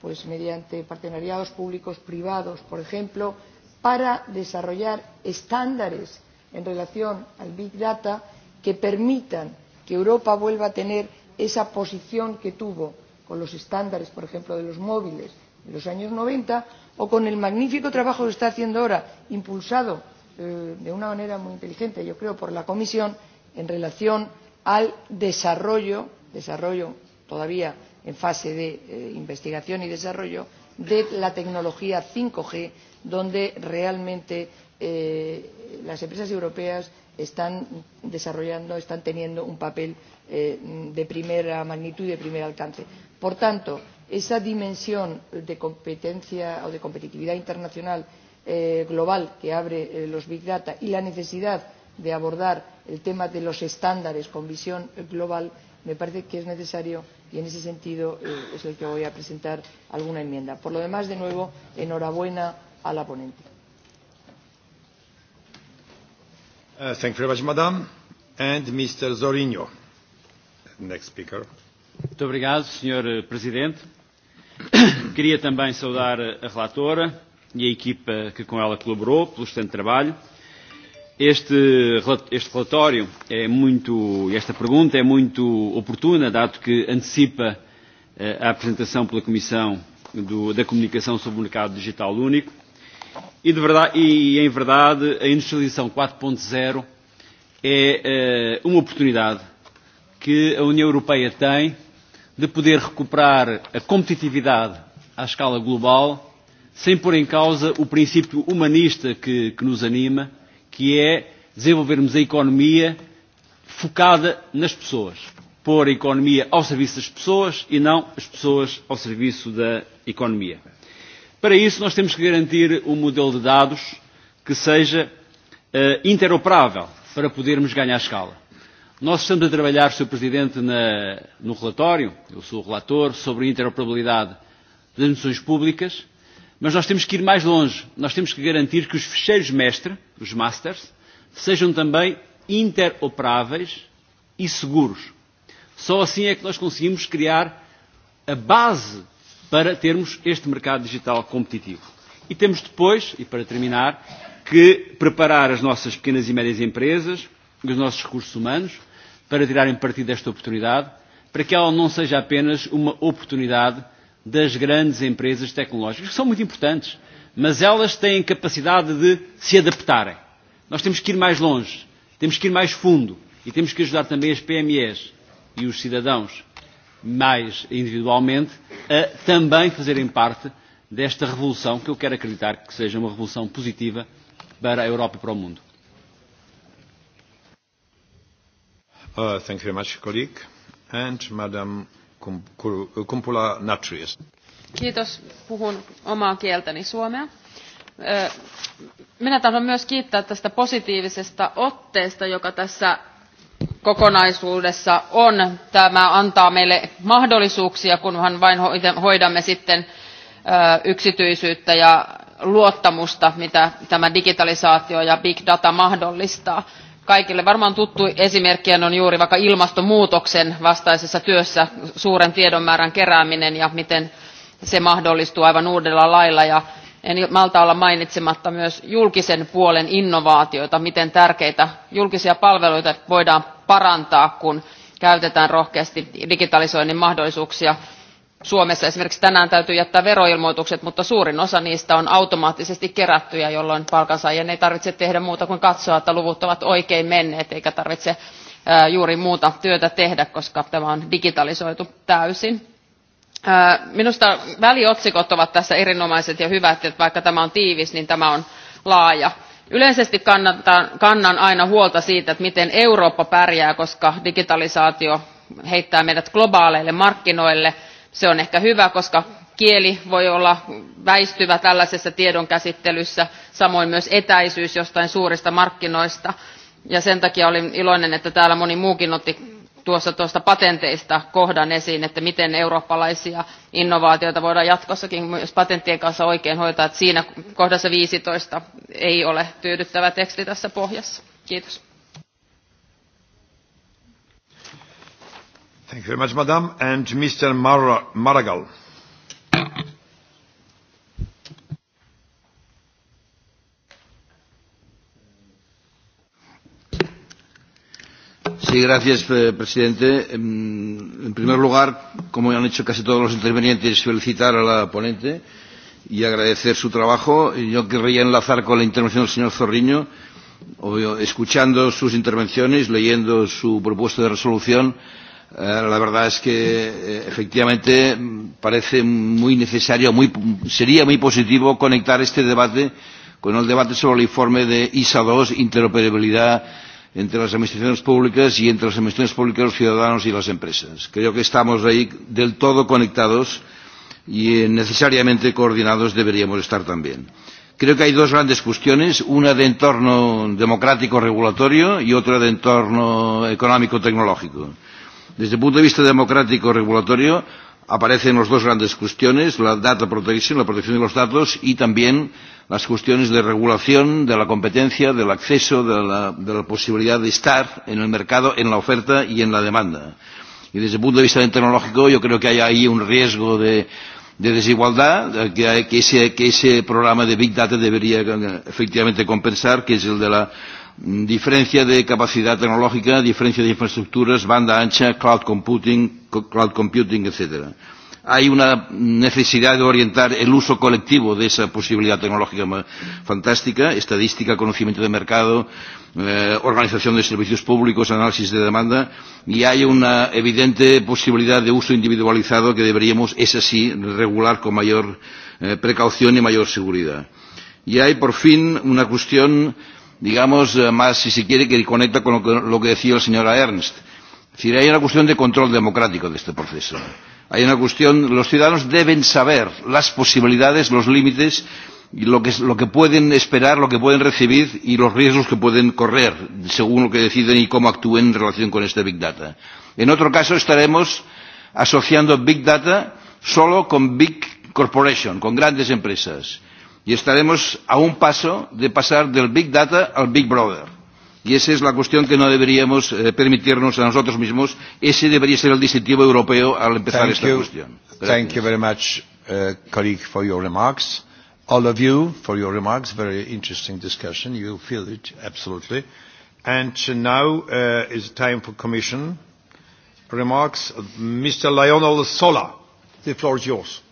pues mediante partenariados públicos privados, por ejemplo, para desarrollar estándares en relación al Big Data que permitan que Europa vuelva a tener esa posición que tuvo con los estándares, por ejemplo, de los móviles en los años 90 o con el magnífico trabajo que está haciendo ahora, impulsado Eh, de una manera muy inteligente, yo creo, por la Comisión en relación al desarrollo, desarrollo todavía en fase de eh, investigación y desarrollo, de la tecnología 5G, donde realmente eh, las empresas europeas están desarrollando, están teniendo un papel eh, de primera magnitud y de primer alcance. Por tanto, esa dimensión de competencia o de competitividad internacional eh, global que abre eh, los Big Data y la necesidad de abordar el tema de los estándares con visión global, me parece que es necesario y en ese sentido eh, es el que voy a presentar alguna enmienda. Por lo demás, de nuevo, enhorabuena a la ponente. Uh, thank you very much, Madam. And Mr. Zorinho, next speaker. Muito obrigado, Sr. Eh, presidente. *coughs* Queria também saudar eh, a relatora e a equipa que com ela colaborou, pelo excelente trabalho. Este, este relatório é muito, esta pergunta é muito oportuna, dado que antecipa eh, a apresentação pela Comissão do, da Comunicação sobre o Mercado Digital Único e, de verdade, e, e em verdade, a industrialização 4.0 é é eh, uma oportunidade que a União Europeia tem de poder recuperar a competitividade à escala global sem pôr em causa o princípio humanista que, que nos anima, que é desenvolvermos a economia focada nas pessoas. Pôr a economia ao serviço das pessoas e não as pessoas ao serviço da economia. Para isso, nós temos que garantir um modelo de dados que seja uh, interoperável para podermos ganhar escala. Nós estamos a trabalhar, Sr. Presidente, na, no relatório, eu sou o relator, sobre a interoperabilidade das missões públicas Mas nós temos que ir mais longe. Nós temos que garantir que os fecheiros mestre, os masters, sejam também interoperáveis e seguros. Só assim é que nós conseguimos criar a base para termos este mercado digital competitivo. E temos depois, e para terminar, que preparar as nossas pequenas e médias empresas, e os nossos recursos humanos, para tirarem partido desta oportunidade, para que ela não seja apenas uma oportunidade das grandes empresas tecnológicas, que são muito importantes, mas elas têm capacidade de se adaptarem. Nós temos que ir mais longe, temos que ir mais fundo e temos que ajudar também as PMEs e os cidadãos, mais individualmente, a também fazerem parte desta revolução que eu quero acreditar que seja uma revolução positiva para a Europa e para o mundo. Uh, thank you very much, colleague. And Madam Kumpula natrius. Kiitos. Puhun omaa kieltäni suomea. Minä tahdon myös kiittää tästä positiivisesta otteesta, joka tässä kokonaisuudessa on. Tämä antaa meille mahdollisuuksia, kunhan vain hoidamme sitten yksityisyyttä ja luottamusta, mitä tämä digitalisaatio ja big data mahdollistaa kaikille varmaan tuttu esimerkki on juuri vaikka ilmastonmuutoksen vastaisessa työssä suuren tiedonmäärän kerääminen ja miten se mahdollistuu aivan uudella lailla. Ja en malta olla mainitsematta myös julkisen puolen innovaatioita, miten tärkeitä julkisia palveluita voidaan parantaa, kun käytetään rohkeasti digitalisoinnin mahdollisuuksia Suomessa esimerkiksi tänään täytyy jättää veroilmoitukset, mutta suurin osa niistä on automaattisesti kerättyjä, jolloin palkansaajien ei tarvitse tehdä muuta kuin katsoa, että luvut ovat oikein menneet, eikä tarvitse juuri muuta työtä tehdä, koska tämä on digitalisoitu täysin. Minusta väliotsikot ovat tässä erinomaiset ja hyvät, että vaikka tämä on tiivis, niin tämä on laaja. Yleisesti kannan aina huolta siitä, että miten Eurooppa pärjää, koska digitalisaatio heittää meidät globaaleille markkinoille – se on ehkä hyvä, koska kieli voi olla väistyvä tällaisessa tiedonkäsittelyssä, samoin myös etäisyys jostain suurista markkinoista. Ja sen takia olin iloinen, että täällä moni muukin otti tuossa tuosta patenteista kohdan esiin, että miten eurooppalaisia innovaatioita voidaan jatkossakin myös patenttien kanssa oikein hoitaa. Että siinä kohdassa 15 ei ole tyydyttävä teksti tässä pohjassa. Kiitos. Thank you very much, Madam. And Mr. Mar Maragall. Sí, gracias, eh, presidente. En primer lugar, como han hecho casi todos los intervenientes, felicitar a la ponente y agradecer su trabajo. Yo querría enlazar con la intervención del señor Zorriño, escuchando sus intervenciones, leyendo su propuesta de resolución Eh, la verdad es que eh, efectivamente parece muy necesario, muy, sería muy positivo conectar este debate con el debate sobre el informe de ISA 2, interoperabilidad entre las administraciones públicas y entre las administraciones públicas, los ciudadanos y las empresas. Creo que estamos ahí del todo conectados y eh, necesariamente coordinados deberíamos estar también. Creo que hay dos grandes cuestiones, una de entorno democrático regulatorio y otra de entorno económico tecnológico. Desde el punto de vista democrático regulatorio aparecen las dos grandes cuestiones, la data protection, la protección de los datos y también las cuestiones de regulación de la competencia, del acceso, de la, de la posibilidad de estar en el mercado, en la oferta y en la demanda. Y desde el punto de vista tecnológico yo creo que hay ahí un riesgo de, de desigualdad que, que, ese, que ese programa de Big Data debería efectivamente compensar, que es el de la Mm, diferencia de capacidad tecnológica, diferencia de infraestructuras, banda ancha, cloud computing, cloud computing etc. Hay una necesidad de orientar el uso colectivo de esa posibilidad tecnológica fantástica, estadística, conocimiento de mercado, eh, organización de servicios públicos, análisis de demanda, y hay una evidente posibilidad de uso individualizado que deberíamos, es así, regular con mayor eh, precaución y mayor seguridad. Y hay, por fin, una cuestión eh, digamos, eh, más, si se quiere, que conecta con lo que, lo que decía el señor Ernst. Es decir, hay una cuestión de control democrático de este proceso. Hay una cuestión, los ciudadanos deben saber las posibilidades, los límites, y lo que, lo que pueden esperar, lo que pueden recibir y los riesgos que pueden correr según lo que deciden y cómo actúen en relación con este Big Data. En otro caso estaremos asociando Big Data solo con Big Corporation, con grandes empresas y estaremos a un paso de pasar del Big Data al Big Brother. Y esa es la cuestión que no deberíamos eh, permitirnos a nosotros mismos. Ese debería ser el distintivo europeo al empezar Thank esta you. cuestión. Gracias. Thank you very much, uh, colleague, for your remarks. All of you for your remarks. Very interesting discussion. You feel it, absolutely. And now uh, is time for Commission remarks. Mr. Lionel Sola, the floor is yours.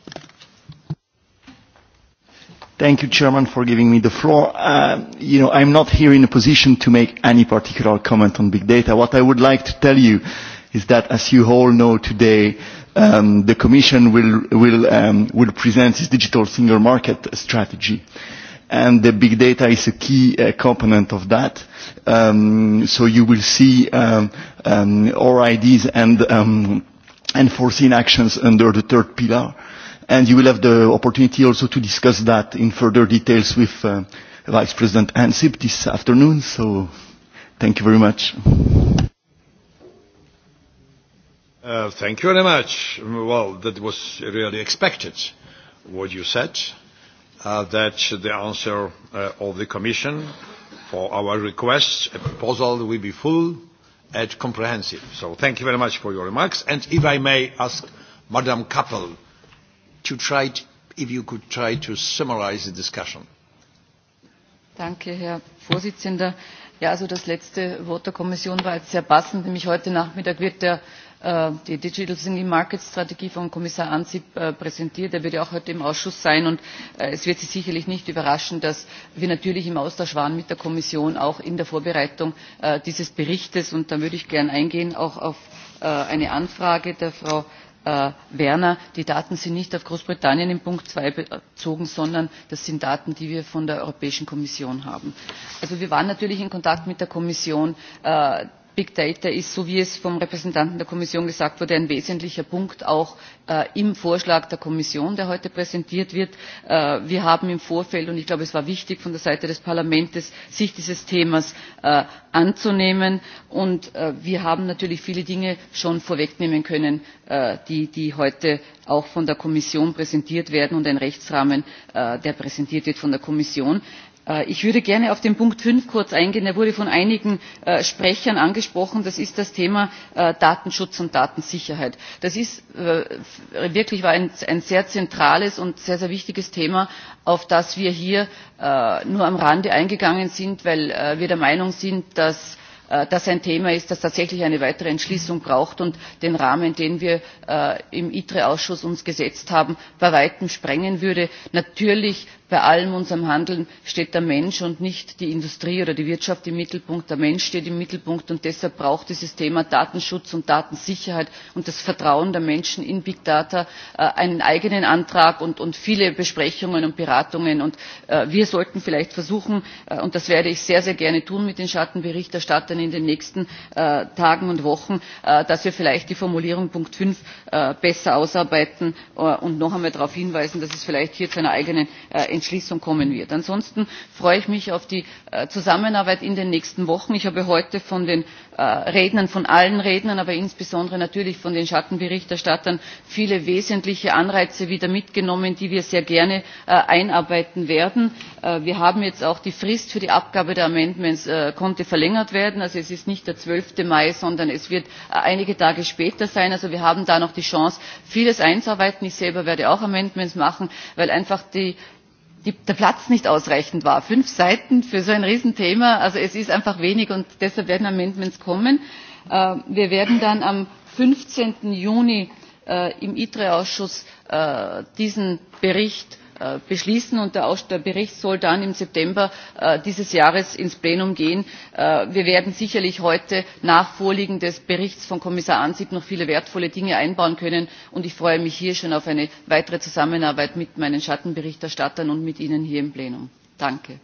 Thank you, Chairman, for giving me the floor. Uh, you know, I'm not here in a position to make any particular comment on big data. What I would like to tell you is that, as you all know today, um, the Commission will, will, um, will present its digital single market strategy. And the big data is a key uh, component of that. Um, so you will see um, um, our ideas and, um, and foreseen actions under the third pillar And you will have the opportunity also to discuss that in further details with uh, Vice President Ansip this afternoon. So thank you very much. Uh, thank you very much. Well, that was really expected, what you said, uh, that the answer uh, of the Commission for our request, a proposal will be full and comprehensive. So thank you very much for your remarks. And if I may ask Madam Kappel, to try to, if you could try to summarize the discussion. Danke, Herr Vorsitzender. Ja, also das letzte Wort der Kommission war jetzt sehr passend, nämlich heute Nachmittag wird der äh, die Digital Single Market Strategie von Kommissar Ansip äh, präsentiert. Er wird ja auch heute im Ausschuss sein und äh, es wird Sie sicherlich nicht überraschen, dass wir natürlich im Austausch waren mit der Kommission auch in der Vorbereitung dieses Berichtes und da würde ich gern eingehen auch auf eine Anfrage der Frau äh, Werner, die Daten sind nicht auf Großbritannien in Punkt 2 bezogen, sondern das sind Daten, die wir von der Europäischen Kommission haben. Also wir waren natürlich in Kontakt mit der Kommission. Äh, Big Data ist, so wie es vom Repräsentanten der Kommission gesagt wurde, ein wesentlicher Punkt auch äh, im Vorschlag der Kommission, der heute präsentiert wird. Äh, wir haben im Vorfeld, und ich glaube, es war wichtig von der Seite des Parlaments, sich dieses Themas äh, anzunehmen. Und äh, wir haben natürlich viele Dinge schon vorwegnehmen können, äh, die, die heute auch von der Kommission präsentiert werden und ein Rechtsrahmen, äh, der präsentiert wird von der Kommission. Äh, ich würde gerne auf den Punkt 5 kurz eingehen. Er wurde von einigen äh, Sprechern angesprochen. Das ist das Thema äh, Datenschutz und Datensicherheit. Das ist wirklich war ein, sehr zentrales und sehr, sehr wichtiges Thema, auf das wir hier nur am Rande eingegangen sind, weil wir der Meinung sind, dass das ein Thema ist, das tatsächlich eine weitere Entschließung braucht und den Rahmen, den wir uns im ITRE-Ausschuss uns gesetzt haben, bei weitem sprengen würde. Natürlich Bei allem unserem Handeln steht der Mensch und nicht die Industrie oder die Wirtschaft im Mittelpunkt. Der Mensch steht im Mittelpunkt und deshalb braucht dieses Thema Datenschutz und Datensicherheit und das Vertrauen der Menschen in Big Data äh, einen eigenen Antrag und, und viele Besprechungen und Beratungen. Und äh, wir sollten vielleicht versuchen, äh, und das werde ich sehr, sehr gerne tun mit den Schattenberichterstattern in den nächsten Tagen und Wochen, dass wir vielleicht die Formulierung Punkt 5 besser ausarbeiten und noch einmal darauf hinweisen, dass es vielleicht hier zu einer eigenen Entschließung kommen wird. Ansonsten freue ich mich auf die äh, Zusammenarbeit in den nächsten Wochen. Ich habe heute von den äh, Rednern, von allen Rednern, aber insbesondere natürlich von den Schattenberichterstattern viele wesentliche Anreize wieder mitgenommen, die wir sehr gerne äh, einarbeiten werden. Wir haben jetzt auch die Frist für die Abgabe der Amendments konnte verlängert werden. Also es ist nicht der 12. Mai, sondern es wird einige Tage später sein. Also wir haben da noch die Chance, vieles einzuarbeiten. Ich selber werde auch Amendments machen, weil einfach die die, der Platz nicht ausreichend war. Fünf Seiten für so ein Riesenthema, also es ist einfach wenig und deshalb werden Amendments kommen. Äh, wir werden dann am 15. Juni äh, im ITRE-Ausschuss äh, diesen Bericht Äh, beschließen und der, Bericht soll dann im September äh, dieses Jahres ins Plenum gehen. Äh, wir werden sicherlich heute nach Vorliegen des Berichts von Kommissar Ansip noch viele wertvolle Dinge einbauen können und ich freue mich hier schon auf eine weitere Zusammenarbeit mit meinen Schattenberichterstattern und mit Ihnen hier im Plenum. Danke.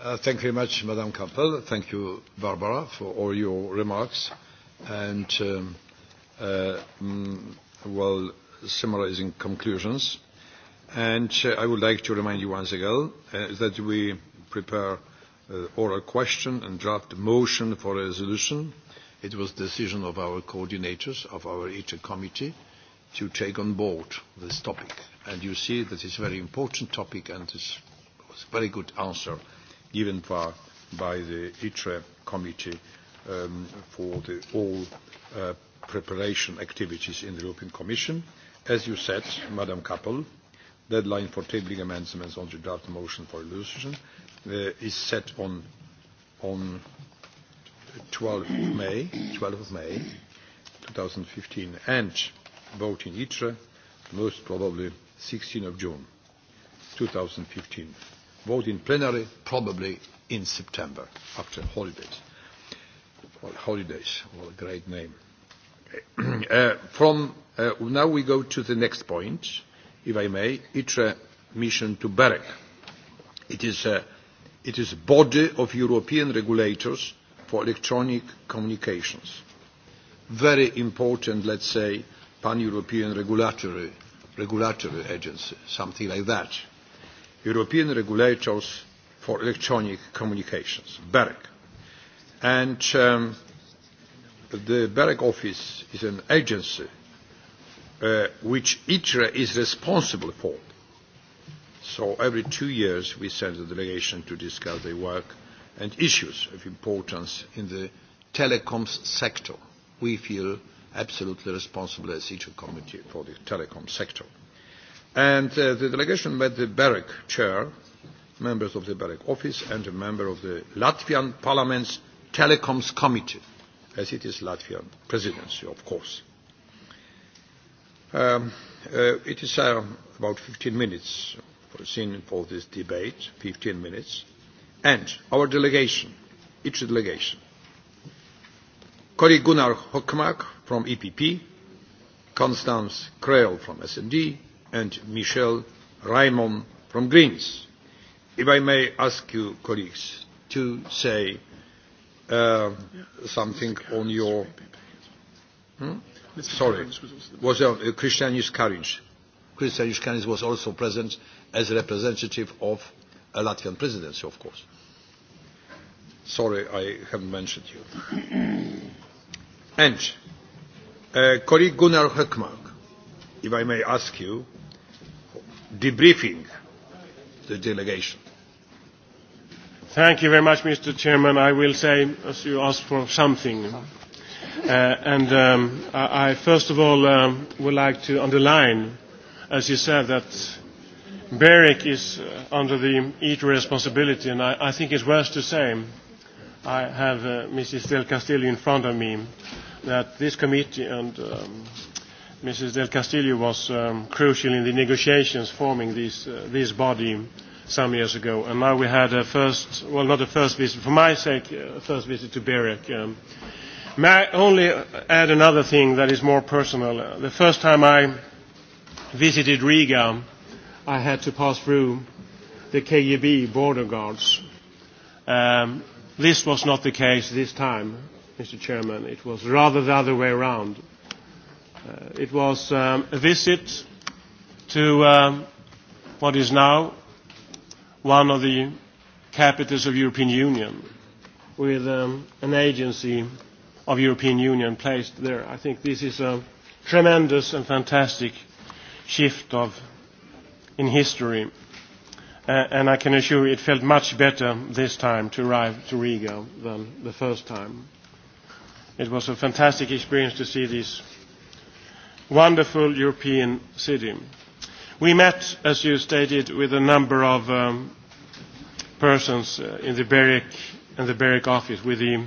Uh, thank you very much, Madam Campbell. Thank you, Barbara, for all your remarks. And um, uh, mm, while summarizing conclusions. And uh, I would like to remind you once again uh, that we prepare uh, oral question and draft motion for a resolution. It was decision of our coordinators of our ITER committee to take on board this topic. And you see that it's a very important topic and it's, it's a very good answer given by, by the ITRE committee um, for the all uh, preparation activities in the European Commission. As you said, Madam Kappel, deadline for tabling amendments on the draft motion for resolution uh, is set on, on 12th May, 12th of May 2015 and vote in ITRE most probably 16 of June 2015. Vote in plenary probably in September after holidays. Well, holidays, well, great name. *clears throat* uh, from uh, now we go to the next point, if I may. It's a mission to BEREC. It is a, it is a body of European regulators for electronic communications. Very important, let's say, pan-European regulatory, regulatory agency, something like that. European regulators for electronic communications, BEREC. And um, the BEREC office is an agency uh, which ITRE is responsible for. So every two years we send a delegation to discuss their work and issues of importance in the telecoms sector. We feel absolutely responsible as ITRA committee for the telecom sector. And uh, the delegation met the BEREC chair, members of the BEREC office, and a member of the Latvian parliament's telecoms committee as it is Latvian presidency, of course. Um, uh, it is uh, about 15 minutes seen for this debate, 15 minutes, and our delegation, each delegation. Kori Gunnar Hockmark from EPP, Constance Krell from S&D, and Michel Raimond from Greens. If I may ask you, colleagues, to say uh, something on your... Hmm? Sorry, was uh, Christian Yuskarinj. Christian Yuskarinj was also present as a representative of a Latvian presidency, of course. Sorry, I haven't mentioned you. *clears throat* and uh, colleague Gunnar Höckmark, if I may ask you, debriefing the delegation. Thank you very much, Mr. Chairman. I will say, as you asked for something, uh, and um, I, I first of all um, would like to underline, as you said, that BEREC is uh, under the EAT responsibility, and I, I think it's worth to say, I have uh, Mrs. Del Castillo in front of me, that this committee and um, Mrs. Del Castillo was um, crucial in the negotiations forming this, uh, this body some years ago. And now we had a first, well, not a first visit, for my sake, a first visit to Berek. Um, may I only add another thing that is more personal? The first time I visited Riga, I had to pass through the KGB e border guards. Um, this was not the case this time, Mr. Chairman. It was rather the other way around. Uh, it was um, a visit to um, what is now one of the capitals of European Union with um, an agency of European Union placed there. I think this is a tremendous and fantastic shift of, in history. Uh, and I can assure you it felt much better this time to arrive to Riga than the first time. It was a fantastic experience to see this wonderful European city. We met, as you stated, with a number of um, persons uh, in the BEREC and the BEREC office with the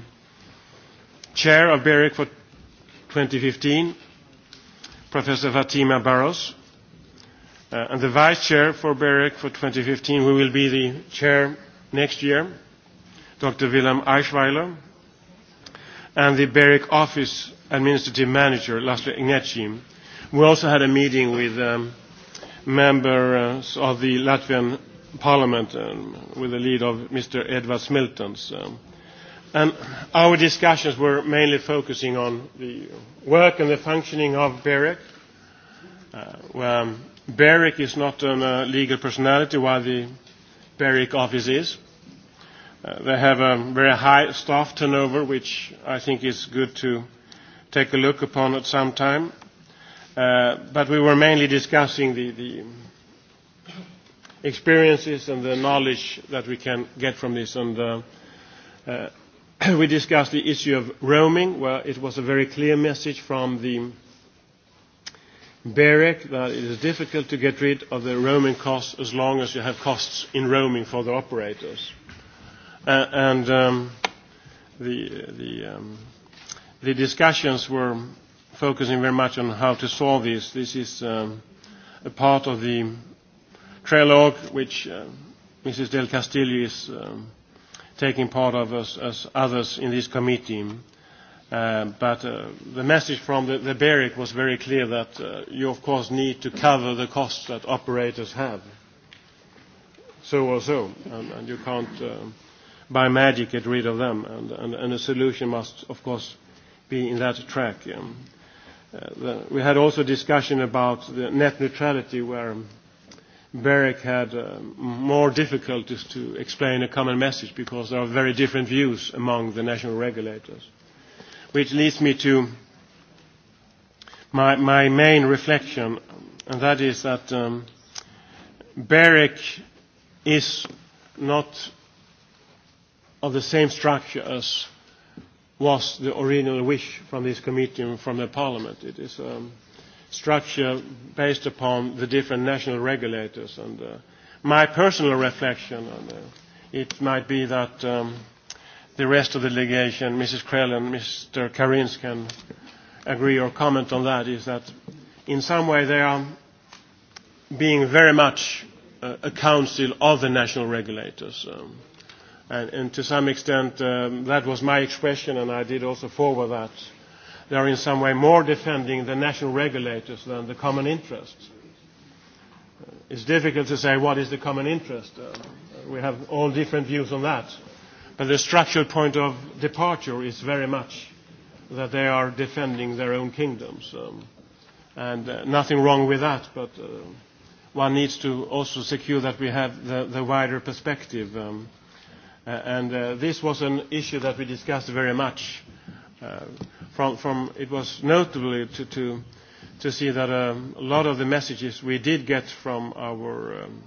chair of BEREC for 2015, Professor Fatima Barros, uh, and the vice chair for BEREC for 2015, who will be the chair next year, Dr. Willem Eichweiler, and the BEREC office administrative manager, Laszlo Ignacim. We also had a meeting with um, members uh, of the Latvian Parliament um, with the lead of Mr. Edward Smiltons. So. and our discussions were mainly focusing on the work and the functioning of BEREC. Uh, well, um, BEREC is not a uh, legal personality while the BEREC office is. Uh, they have a very high staff turnover, which I think is good to take a look upon at some time. Uh, but we were mainly discussing the, the experiences and the knowledge that we can get from this. And uh, uh, *coughs* we discussed the issue of roaming, where it was a very clear message from the BEREC that it is difficult to get rid of the roaming costs as long as you have costs in roaming for the operators. Uh, and um, the, the, um, the discussions were focusing very much on how to solve this. This is um, a part of the trilogue, which uh, Mrs. Del Castillo is um, taking part of as, as others in this committee. Uh, but uh, the message from the, the BEREC was very clear that uh, you, of course, need to cover the costs that operators have, so or so, and, and you can't, uh, by magic, get rid of them. And, and, and a solution must, of course, be in that track. Um, uh, the, we had also discussion about the net neutrality, where um, Beric had uh, more difficulties to explain a common message because there are very different views among the national regulators. Which leads me to my, my main reflection, and that is that um, Beric is not of the same structure as was the original wish from this committee and from the parliament. It is... Um, structure based upon the different national regulators. And uh, my personal reflection, and, uh, it might be that um, the rest of the delegation, Mrs. Krell and Mr. Karins can agree or comment on that, is that in some way they are being very much uh, a council of the national regulators. Um, and, and to some extent, um, that was my expression, and I did also forward that they are in some way more defending the national regulators than the common interest. Uh, it's difficult to say what is the common interest. Uh, we have all different views on that. But the structural point of departure is very much that they are defending their own kingdoms. Um, and uh, nothing wrong with that, but uh, one needs to also secure that we have the, the wider perspective. Um, uh, and uh, this was an issue that we discussed very much. Uh, from, from it was notable to, to, to see that um, a lot of the messages we did get from our um,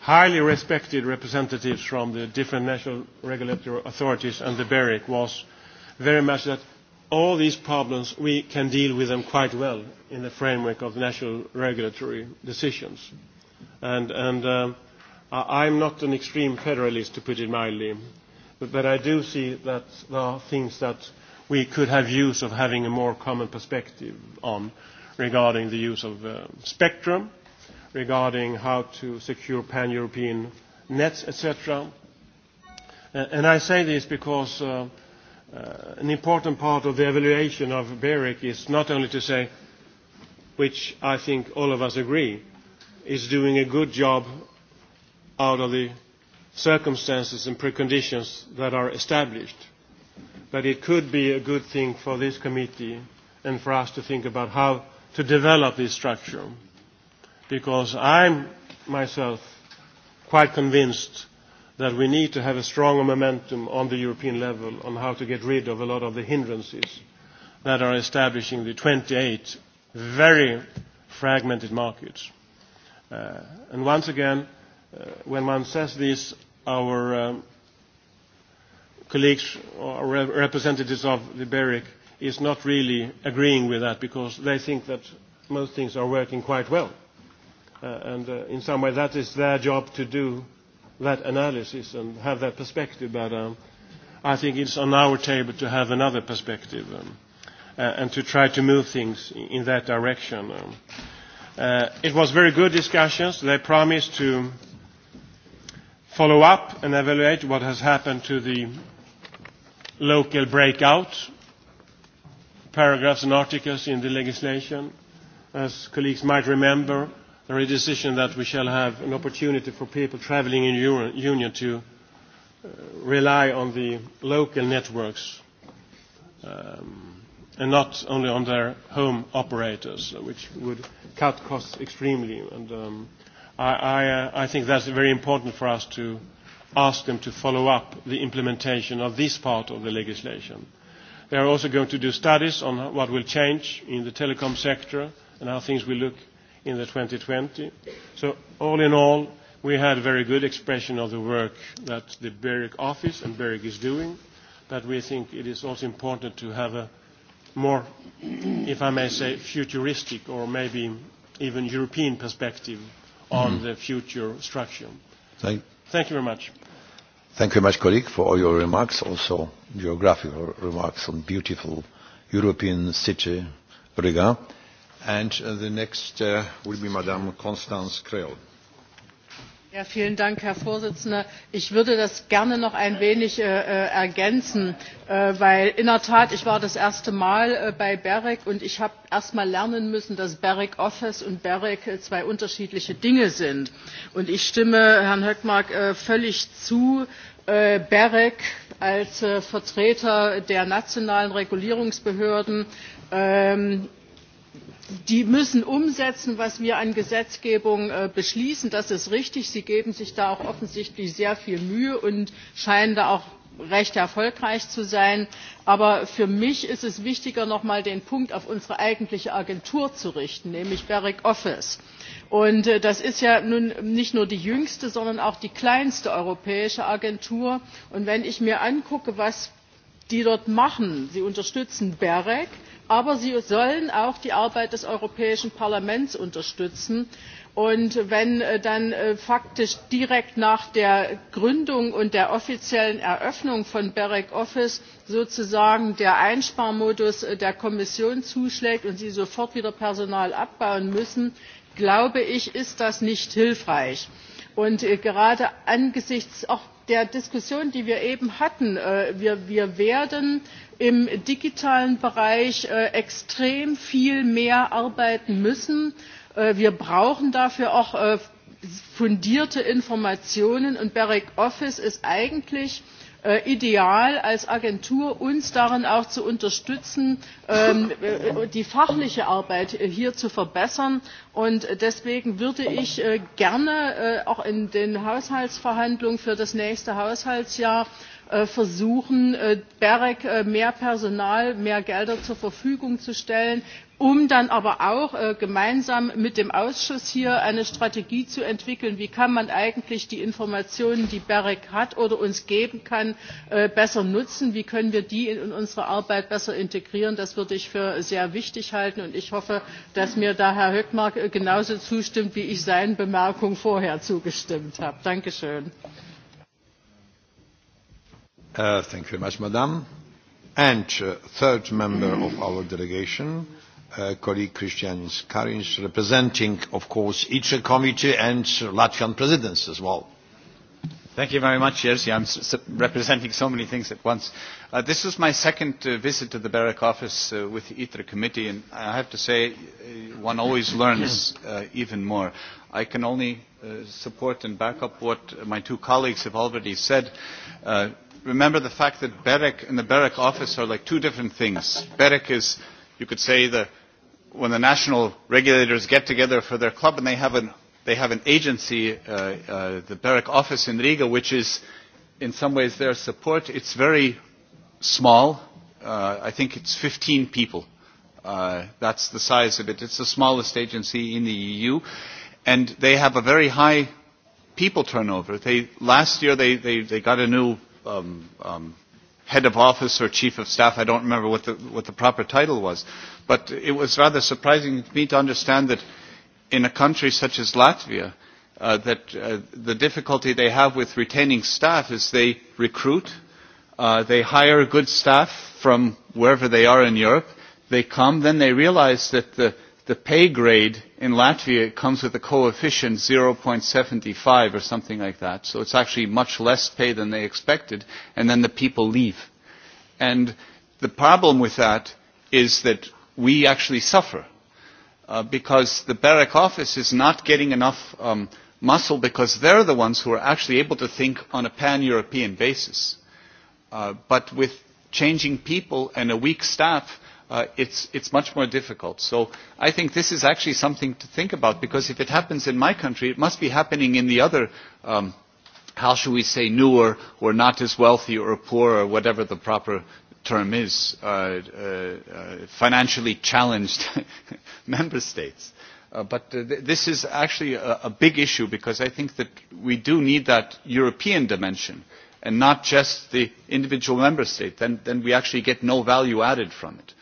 highly respected representatives from the different national regulatory authorities and the BEREC was very much that all these problems, we can deal with them quite well in the framework of national regulatory decisions. And, and um, I'm not an extreme federalist, to put it mildly, but, but I do see that there are things that we could have use of having a more common perspective on regarding the use of uh, spectrum, regarding how to secure pan-European nets, etc. Uh, and I say this because uh, uh, an important part of the evaluation of BEREC is not only to say, which I think all of us agree, is doing a good job out of the circumstances and preconditions that are established But it could be a good thing for this committee and for us to think about how to develop this structure. Because I'm myself quite convinced that we need to have a stronger momentum on the European level on how to get rid of a lot of the hindrances that are establishing the 28 very fragmented markets. Uh, and once again, uh, when one says this, our um, colleagues or representatives of the BEREC is not really agreeing with that because they think that most things are working quite well. Uh, and uh, in some way that is their job to do that analysis and have that perspective. But um, I think it's on our table to have another perspective um, uh, and to try to move things in that direction. Um, uh, it was very good discussions. They promised to follow up and evaluate what has happened to the local breakout paragraphs and articles in the legislation. As colleagues might remember, there is a decision that we shall have an opportunity for people traveling in the Union to uh, rely on the local networks um, and not only on their home operators, which would cut costs extremely. And um, I, I, uh, I think that's very important for us to ask them to follow up the implementation of this part of the legislation. They are also going to do studies on what will change in the telecom sector and how things will look in the 2020. So all in all, we had a very good expression of the work that the BEREC office and BEREC is doing, but we think it is also important to have a more, if I may say, futuristic or maybe even European perspective on mm -hmm. the future structure. Thank, Thank you very much. Thank you very much, colleague, for all your remarks, also geographical remarks on beautiful European city, Riga. And uh, the next uh, will be Madame Constance Creole. Ja, vielen Dank, Herr Vorsitzender. Ich würde das gerne noch ein wenig äh, äh, ergänzen, äh, weil in der Tat, ich war das erste Mal äh, bei BEREC und ich habe erst mal lernen müssen, dass BEREC Office und BEREC äh, zwei unterschiedliche Dinge sind. Und ich stimme Herrn Höckmark äh, völlig zu, äh, BEREC als äh, Vertreter der nationalen Regulierungsbehörden ähm, die müssen umsetzen, was wir an Gesetzgebung äh, beschließen. Das ist richtig. Sie geben sich da auch offensichtlich sehr viel Mühe und scheinen da auch recht erfolgreich zu sein. Aber für mich ist es wichtiger, nochmal den Punkt auf unsere eigentliche Agentur zu richten, nämlich Beric Office. Und äh, das ist ja nun nicht nur die jüngste, sondern auch die kleinste europäische Agentur. Und wenn ich mir angucke, was die dort machen, sie unterstützen BEREC, aber sie sollen auch die arbeit des europäischen parlaments unterstützen und wenn äh, dann äh, faktisch direkt nach der gründung und der offiziellen eröffnung von berec office sozusagen der einsparmodus äh, der kommission zuschlägt und sie sofort wieder personal abbauen müssen glaube ich ist das nicht hilfreich. und gerade angesichts auch der diskussion die wir eben hatten wir, wir werden im digitalen Bereich äh, extrem viel mehr arbeiten müssen. Äh, wir brauchen dafür auch äh, fundierte Informationen und Berec Office ist eigentlich ideal als Agentur, uns darin auch zu unterstützen, ähm, die fachliche Arbeit hier zu verbessern. Und deswegen würde ich gerne auch in den Haushaltsverhandlungen für das nächste Haushaltsjahr Äh, versuchen, äh, BEREC äh, mehr Personal, mehr Gelder zur Verfügung zu stellen, um dann aber auch äh, gemeinsam mit dem Ausschuss hier eine Strategie zu entwickeln, wie kann man eigentlich die Informationen, die BEREC hat oder uns geben kann, äh, besser nutzen, wie können wir die in, in unsere Arbeit besser integrieren. Das würde ich für sehr wichtig halten und ich hoffe, dass mir da Herr Höckmark genauso zustimmt, wie ich seinen Bemerkungen vorher zugestimmt habe. Dankeschön. Uh, thank you very much, Madam. And uh, third member of our delegation, uh, colleague Christian Karins, representing, of course, each committee and Latvian Presidents as well. Thank you very much, Jerzy. I'm s representing so many things at once. Uh, this is my second uh, visit to the BEREC office uh, with the ITRE committee, and I have to say, uh, one always learns uh, even more. I can only uh, support and back up what my two colleagues have already said. Uh, remember the fact that BEREC and the BEREC office are like two different things. Berek is, you could say, the, when the national regulators get together for their club and they have an, they have an agency, uh, uh, the BEREC office in Riga, which is in some ways their support. It's very small. Uh, I think it's 15 people. Uh, that's the size of it. It's the smallest agency in the EU. And they have a very high people turnover. They, last year they, they, they got a new um, um, head of office or chief of staff, I don't remember what the, what the proper title was, but it was rather surprising to me to understand that in a country such as Latvia, uh, that uh, the difficulty they have with retaining staff is they recruit, uh, they hire good staff from wherever they are in Europe, they come, then they realize that the the pay grade in Latvia comes with a coefficient 0.75 or something like that. So it's actually much less pay than they expected, and then the people leave. And the problem with that is that we actually suffer uh, because the BEREC office is not getting enough um, muscle because they're the ones who are actually able to think on a pan-European basis. Uh, but with changing people and a weak staff, uh, it's, it's much more difficult. So I think this is actually something to think about because if it happens in my country, it must be happening in the other, um, how should we say, newer or not as wealthy or poor or whatever the proper term is, uh, uh, uh, financially challenged *laughs* member states. Uh, but uh, th this is actually a, a big issue because I think that we do need that European dimension and not just the individual member state. Then, then we actually get no value added from it.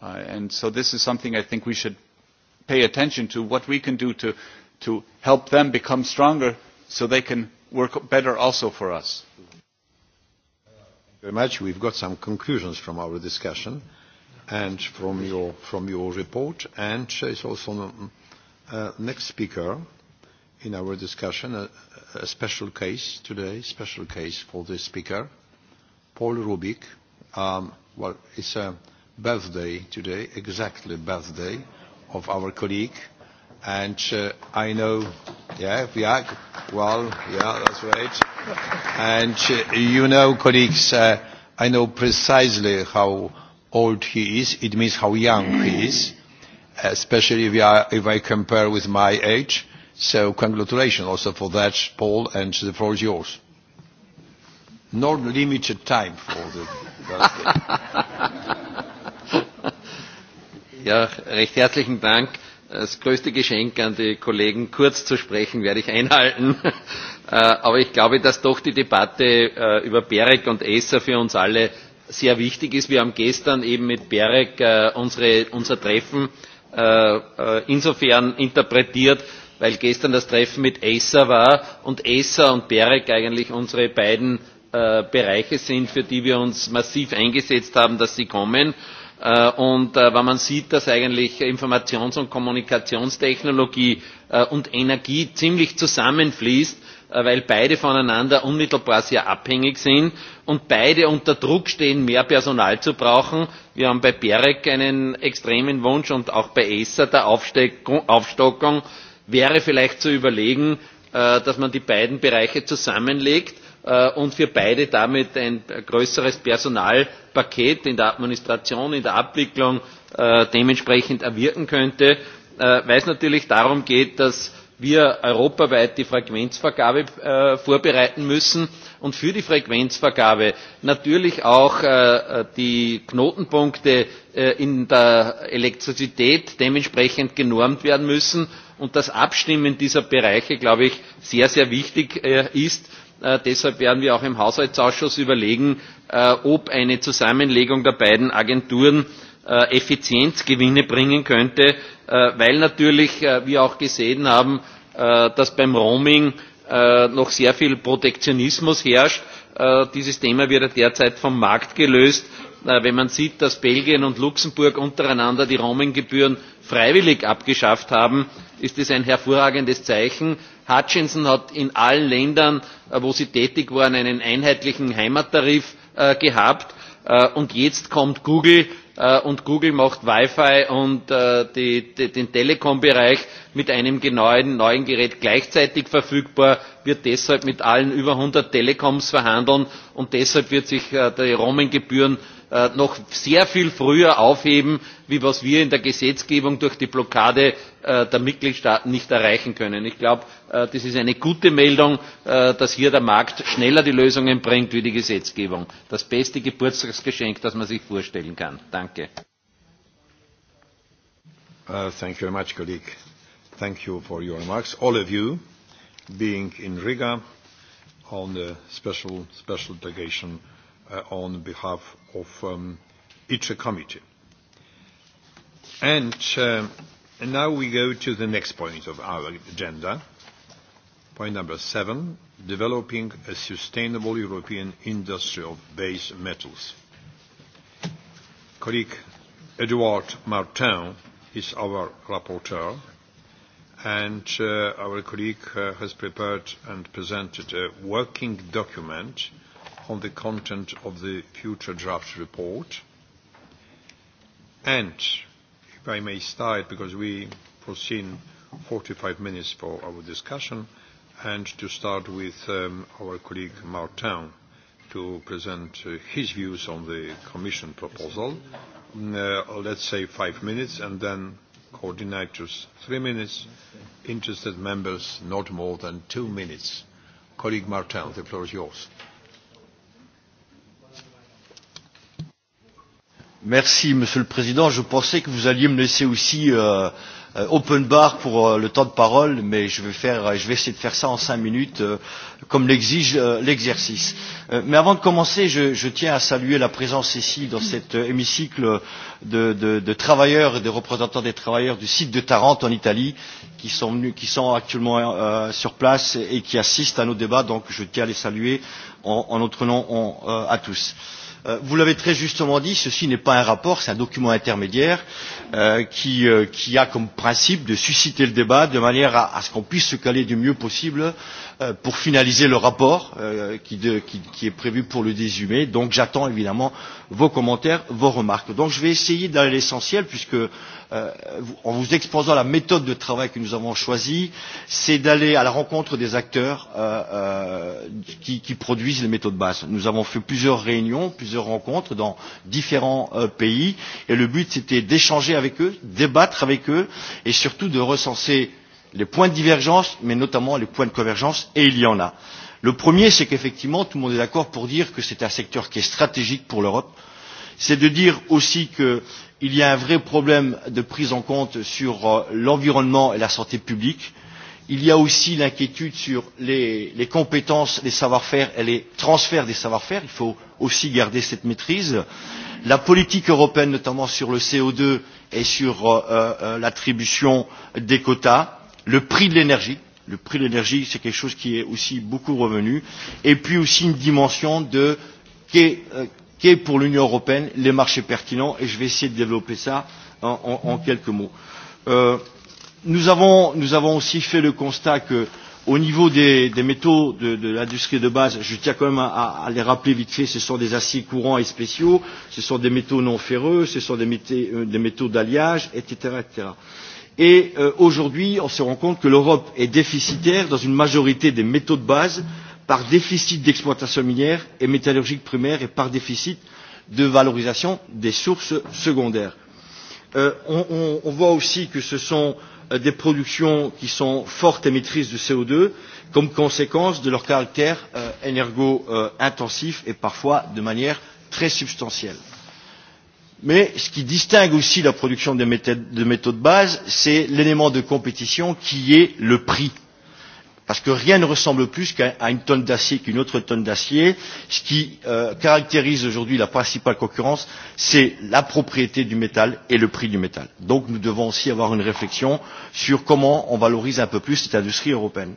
Uh, and so this is something I think we should pay attention to, what we can do to, to help them become stronger so they can work better also for us. Thank you very much. We've got some conclusions from our discussion and from your, from your report. And it's also uh, next speaker in our discussion, a, a special case today, special case for this speaker, Paul Rubik. Um, well, it's a birthday today, exactly birthday of our colleague. And uh, I know, yeah, we are, well, yeah, that's right. And uh, you know, colleagues, uh, I know precisely how old he is. It means how young he is, especially if, are, if I compare with my age. So congratulations also for that, Paul, and the floor is yours. No limited time for the birthday. *laughs* Ja, recht herzlichen Dank. Das größte Geschenk an die Kollegen, kurz zu sprechen, werde ich einhalten. *laughs* Äh, aber ich glaube, dass doch die Debatte äh, über Berek und ESSA für uns alle sehr wichtig ist. Wir haben gestern eben mit Berek äh, unsere, unser Treffen insofern interpretiert, weil gestern das Treffen mit Acer war und Acer und Berek eigentlich unsere beiden äh, Bereiche sind, für die wir uns massiv eingesetzt haben, dass sie kommen. Äh, und äh, wenn man sieht, dass eigentlich Informations- und Kommunikationstechnologie äh, und Energie ziemlich zusammenfließt, weil beide voneinander unmittelbar sehr abhängig sind und beide unter Druck stehen, mehr Personal zu brauchen. Wir haben bei BEREC einen extremen Wunsch und auch bei ESA der Aufstockung wäre vielleicht zu überlegen, dass man die beiden Bereiche zusammenlegt Äh, und für beide damit ein größeres Personalpaket in der Administration, in der Abwicklung äh, dementsprechend erwirken könnte, äh, weil es natürlich darum geht, dass wir europaweit die Frequenzvergabe äh, vorbereiten müssen und für die Frequenzvergabe natürlich auch äh, die Knotenpunkte äh, in der Elektrizität dementsprechend genormt werden müssen und das Abstimmen dieser Bereiche, glaube ich, sehr, sehr wichtig äh, ist Äh, deshalb werden wir auch im Haushaltsausschuss überlegen, äh, ob eine Zusammenlegung der beiden Agenturen äh, Effizienzgewinne bringen könnte, äh, weil natürlich äh, wir auch gesehen haben, äh, dass beim Roaming äh, noch sehr viel Protektionismus herrscht. Äh, dieses Thema wird ja derzeit vom Markt gelöst. Äh, wenn man sieht, dass Belgien und Luxemburg untereinander die Roaminggebühren freiwillig abgeschafft haben, ist es ein hervorragendes Zeichen, Hutchinson hat in allen Ländern, äh, wo sie tätig waren, einen einheitlichen Heimattarif äh, gehabt. Äh, und jetzt kommt Google und Google macht Wi-Fi und die, die, den Telekom-Bereich mit einem genauen neuen Gerät gleichzeitig verfügbar, wird deshalb mit allen über 100 Telekoms verhandeln und deshalb wird sich die Roaming-Gebühren Äh, noch sehr viel früher aufheben, wie was wir in der Gesetzgebung durch die Blockade äh, der Mitgliedstaaten nicht erreichen können. Ich glaube, äh, das ist eine gute Meldung, dass hier der Markt schneller die Lösungen bringt wie die Gesetzgebung. Das beste Geburtstagsgeschenk, das man sich vorstellen kann. Danke. Uh, thank you very much, colleague. Thank you for your remarks, all of you, being in Riga on the special, special delegation uh, on behalf of um, each committee. And, uh, and now we go to the next point of our agenda, point number seven, developing a sustainable European industry of base metals. Colleague Edouard Martin is our rapporteur and uh, our colleague uh, has prepared and presented a working document on the content of the future draft report. And, if I may start, because we foreseen 45 minutes for our discussion, and to start with um, our colleague Martin to present uh, his views on the Commission proposal. Mm, uh, let's say five minutes, and then coordinators three minutes, interested members not more than two minutes. Colleague Martin, the floor is yours. Merci, Monsieur le Président. Je pensais que vous alliez me laisser aussi euh, euh, open bar pour euh, le temps de parole, mais je vais, faire, je vais essayer de faire ça en cinq minutes, euh, comme l'exige euh, l'exercice. Euh, mais avant de commencer, je, je tiens à saluer la présence ici, dans cet euh, hémicycle, de, de, de travailleurs et de représentants des travailleurs du site de Tarente en Italie, qui sont, venus, qui sont actuellement euh, sur place et, qui assistent à nos débats, donc je tiens à les saluer en, en notre nom en, euh, à tous. Euh, Euh, vous l'avez très justement dit, ceci n'est pas un rapport, c'est un document intermédiaire euh, qui, euh, qui a comme principe de susciter le débat de manière à, à ce qu'on puisse se caler du mieux possible Euh, pour finaliser le rapport euh, qui, de, qui, qui est prévu pour le 18 mai. Donc j'attends évidemment vos commentaires, vos remarques. Donc je vais essayer d'aller à l'essentiel puisque euh, en vous exposant la méthode de travail que nous avons choisie, c'est d'aller à la rencontre des acteurs euh, euh, qui, qui produisent les méthodes basses. Nous avons fait plusieurs réunions, plusieurs rencontres dans différents euh, pays et le but c'était d'échanger avec eux, débattre avec eux et surtout de recenser les points de divergence, mais notamment les points de convergence, et il y en a. Le premier, c'est qu'effectivement, tout le monde est d'accord pour dire que c'est un secteur qui est stratégique pour l'Europe. C'est de dire aussi qu'il y a un vrai problème de prise en compte sur euh, l'environnement et la santé publique. Il y a aussi l'inquiétude sur les, les compétences, les savoir-faire et les transferts des savoir-faire. Il faut aussi garder cette maîtrise. La politique européenne, notamment sur le CO2 et sur euh, euh, euh, l'attribution des quotas Le prix de l'énergie, le prix de l'énergie, c'est quelque chose qui est aussi beaucoup revenu, et puis aussi une dimension de qu'est euh, qu pour l'Union européenne les marchés pertinents, et je vais essayer de développer ça en, en, en quelques mots. Euh, nous, avons, nous avons aussi fait le constat que au niveau des, des métaux de, de l'industrie de base, je tiens quand même à, à les rappeler vite fait, ce sont des aciers courants et spéciaux, ce sont des métaux non ferreux, ce sont des, métaux, euh, des métaux d'alliage, etc., etc. Et euh, aujourd'hui, on se rend compte que l'Europe est déficitaire dans une majorité des métaux de base, par déficit d'exploitation minière et métallurgique primaire et par déficit de valorisation des sources secondaires. Euh, on, on, on voit aussi que ce sont euh, des productions qui sont fortes émettrices de CO2 comme conséquence de leur caractère euh, énergo-intensif euh, et parfois de manière très substantielle. Mais ce qui distingue aussi la production de méthodes de, méthode de base, c'est l'élément de compétition qui est le prix. Parce que rien ne ressemble plus qu'à une tonne d'acier qu'une autre tonne d'acier. Ce qui euh, caractérise aujourd'hui la principale concurrence, c'est la propriété du métal et le prix du métal. Donc nous devons aussi avoir une réflexion sur comment on valorise un peu plus cette industrie européenne.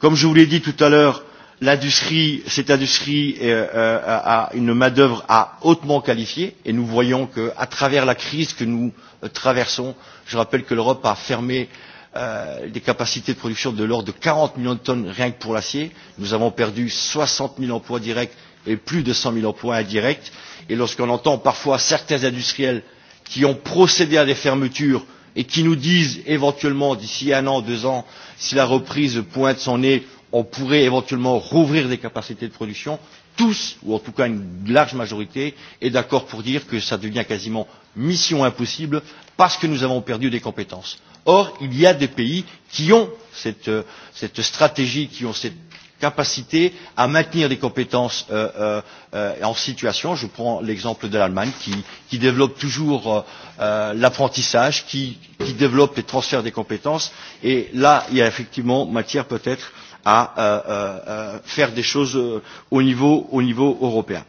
Comme je vous l'ai dit tout à l'heure, l'industrie, cette industrie euh, euh, a une main-d'œuvre à hautement qualifiée et nous voyons qu'à travers la crise que nous euh, traversons, je rappelle que l'Europe a fermé euh, des capacités de production de l'ordre de 40 millions de tonnes rien que pour l'acier. Nous avons perdu 60 000 emplois directs et plus de 100 000 emplois indirects. Et lorsqu'on entend parfois certains industriels qui ont procédé à des fermetures et qui nous disent éventuellement d'ici un an, deux ans, si la reprise pointe son nez, on pourrait éventuellement rouvrir des capacités de production, tous, ou en tout cas une large majorité, est d'accord pour dire que ça devient quasiment mission impossible parce que nous avons perdu des compétences. Or, il y a des pays qui ont cette, euh, cette stratégie, qui ont cette capacité à maintenir des compétences euh, euh, euh, en situation. Je prends l'exemple de l'Allemagne qui, qui développe toujours euh, euh l'apprentissage, qui, qui développe les transferts des compétences. Et là, il y a effectivement matière peut-être à euh, euh, euh, faire des choses euh, au, niveau, au niveau européen.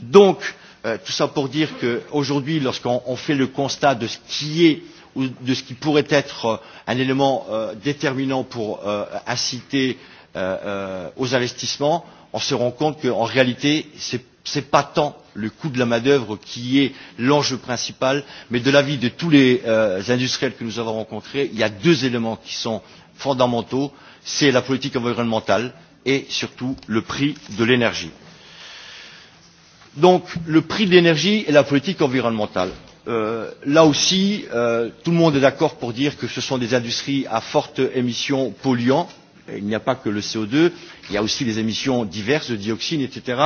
Donc, euh, tout ça pour dire qu'aujourd'hui, lorsqu'on fait le constat de ce qui est ou de ce qui pourrait être euh, un élément euh, déterminant pour euh, inciter euh, euh, aux investissements, on se rend compte qu'en réalité, ce n'est pas tant le coût de la main-d'œuvre qui est l'enjeu principal, mais de l'avis de tous les euh, industriels que nous avons rencontrés, il y a deux éléments qui sont fondamentaux c'est la politique environnementale et surtout le prix de l'énergie. Donc le prix de l'énergie et la politique environnementale. Euh, là aussi, euh, tout le monde est d'accord pour dire que ce sont des industries à forte émission polluant. Il n'y a pas que le CO2, il y a aussi des émissions diverses de dioxines, etc.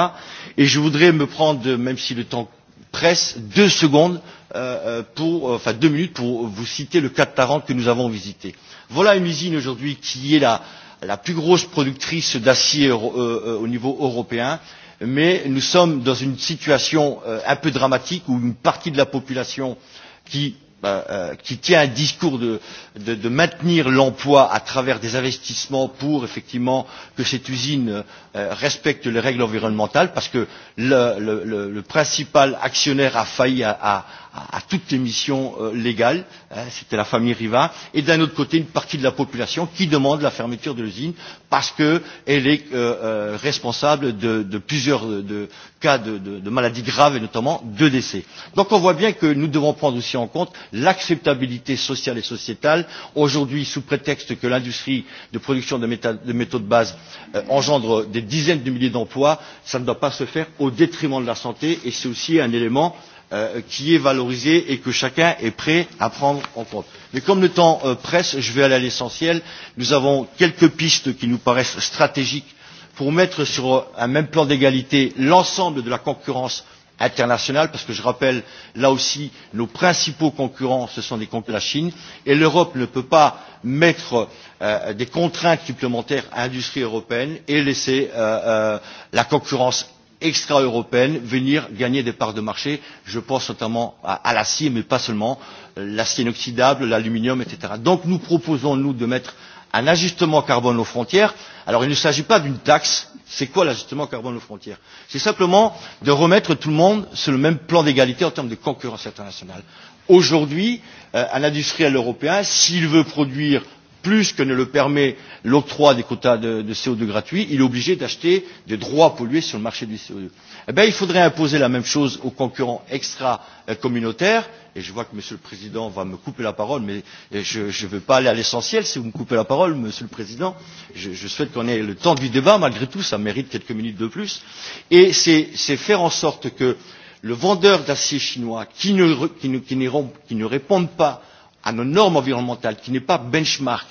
Et je voudrais me prendre, même si le temps presse, deux secondes, euh, euh pour, euh, enfin deux minutes pour vous citer le cas de Tarente que nous avons visité. Euh, Voilà une usine aujourd'hui qui est la, la plus grosse productrice d'acier euh, euh, au niveau européen, mais nous sommes dans une situation euh, un peu dramatique où une partie de la population qui Euh, euh, qui tient un discours de, de, de maintenir l'emploi à travers des investissements pour effectivement que cette usine euh, respecte les règles environnementales parce que le, le, le, le principal actionnaire a failli à, à, à toutes les missions euh, légales, hein, c'était la famille Riva, et d'un autre côté une partie de la population qui demande la fermeture de l'usine parce qu'elle est euh, euh, responsable de, de plusieurs de, cas de, de, de maladies graves et notamment de décès. Donc on voit bien que nous devons prendre aussi en compte l'acceptabilité sociale et sociétale. Aujourd'hui, sous prétexte que l'industrie de production de, méta, de métaux de base euh, engendre des dizaines de milliers d'emplois, ça ne doit pas se faire au détriment de la santé et c'est aussi un élément euh, qui est valorisé et que chacun est prêt à prendre en compte. Mais comme le temps euh, presse, je vais aller à l'essentiel. Nous avons quelques pistes qui nous paraissent stratégiques pour mettre sur un même plan d'égalité l'ensemble de la concurrence internationale, parce que je rappelle, là aussi, nos principaux concurrents, ce sont des concurrents de la Chine, et l'Europe ne peut pas mettre euh, des contraintes supplémentaires à l'industrie européenne et laisser euh, euh, la concurrence extra-européenne venir gagner des parts de marché. Je pense notamment à, à l'acier, mais pas seulement, euh, l'acier inoxydable, l'aluminium, etc. Donc nous proposons, nous, de mettre euh, un ajustement carbone aux frontières. Alors il ne s'agit pas d'une taxe. C'est quoi l'ajustement carbone aux frontières C'est simplement de remettre tout le monde sur le même plan d'égalité en termes de concurrence internationale. Aujourd'hui, euh, un industriel européen, s'il veut produire plus que ne le permet l'octroi des quotas de, de CO2 gratuits, il est obligé d'acheter des droits pollués sur le marché du CO2. Eh bien, il faudrait imposer la même chose aux concurrents extra-communautaires, et je vois que Monsieur le Président va me couper la parole, mais je ne veux pas aller à l'essentiel. Si vous me coupez la parole, Monsieur le Président, je, je souhaite qu'on ait le temps du débat, malgré tout, ça mérite quelques minutes de plus. Et c'est faire en sorte que le vendeur d'acier chinois qui ne, qui, ne, qui, ne, qui ne répond pas à nos normes environnementales, qui n'est pas benchmark,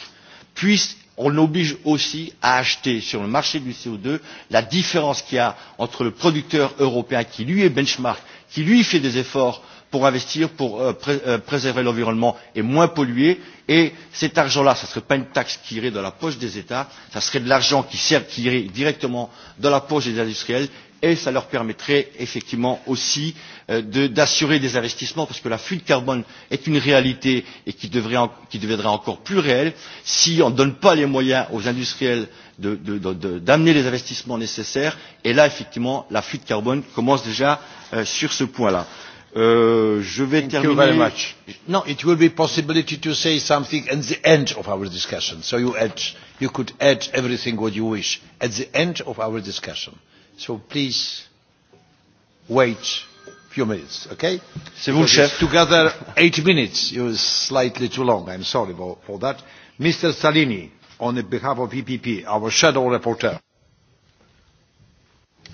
puisse on oblige aussi à acheter sur le marché du CO2 la différence qu'il y a entre le producteur européen qui lui est benchmark, qui lui fait des efforts pour investir, pour euh, pré euh, préserver l'environnement et moins polluer. Et cet argent-là, ce ne serait pas une taxe qui irait dans la poche des États, ce serait de l'argent qui, qui irait directement dans la poche des industriels et ça leur permettrait effectivement aussi euh, d'assurer de, des investissements parce que la fuite carbone est une réalité et qui, devrait en, qui deviendra encore plus réelle si on ne donne pas les moyens aux industriels d'amener de, de, de, de les investissements nécessaires et là effectivement la fuite carbone commence déjà euh, sur ce point-là. Uh, je vais Thank terminer. you very much. No, it will be possibility to say something at the end of our discussion. So you, add, you could add everything what you wish at the end of our discussion. So please wait a few minutes, okay? C'est vous chef. Together, eight minutes. You was slightly too long. I'm sorry for, for that. Mr. Salini, on the behalf of EPP, our shadow reporter.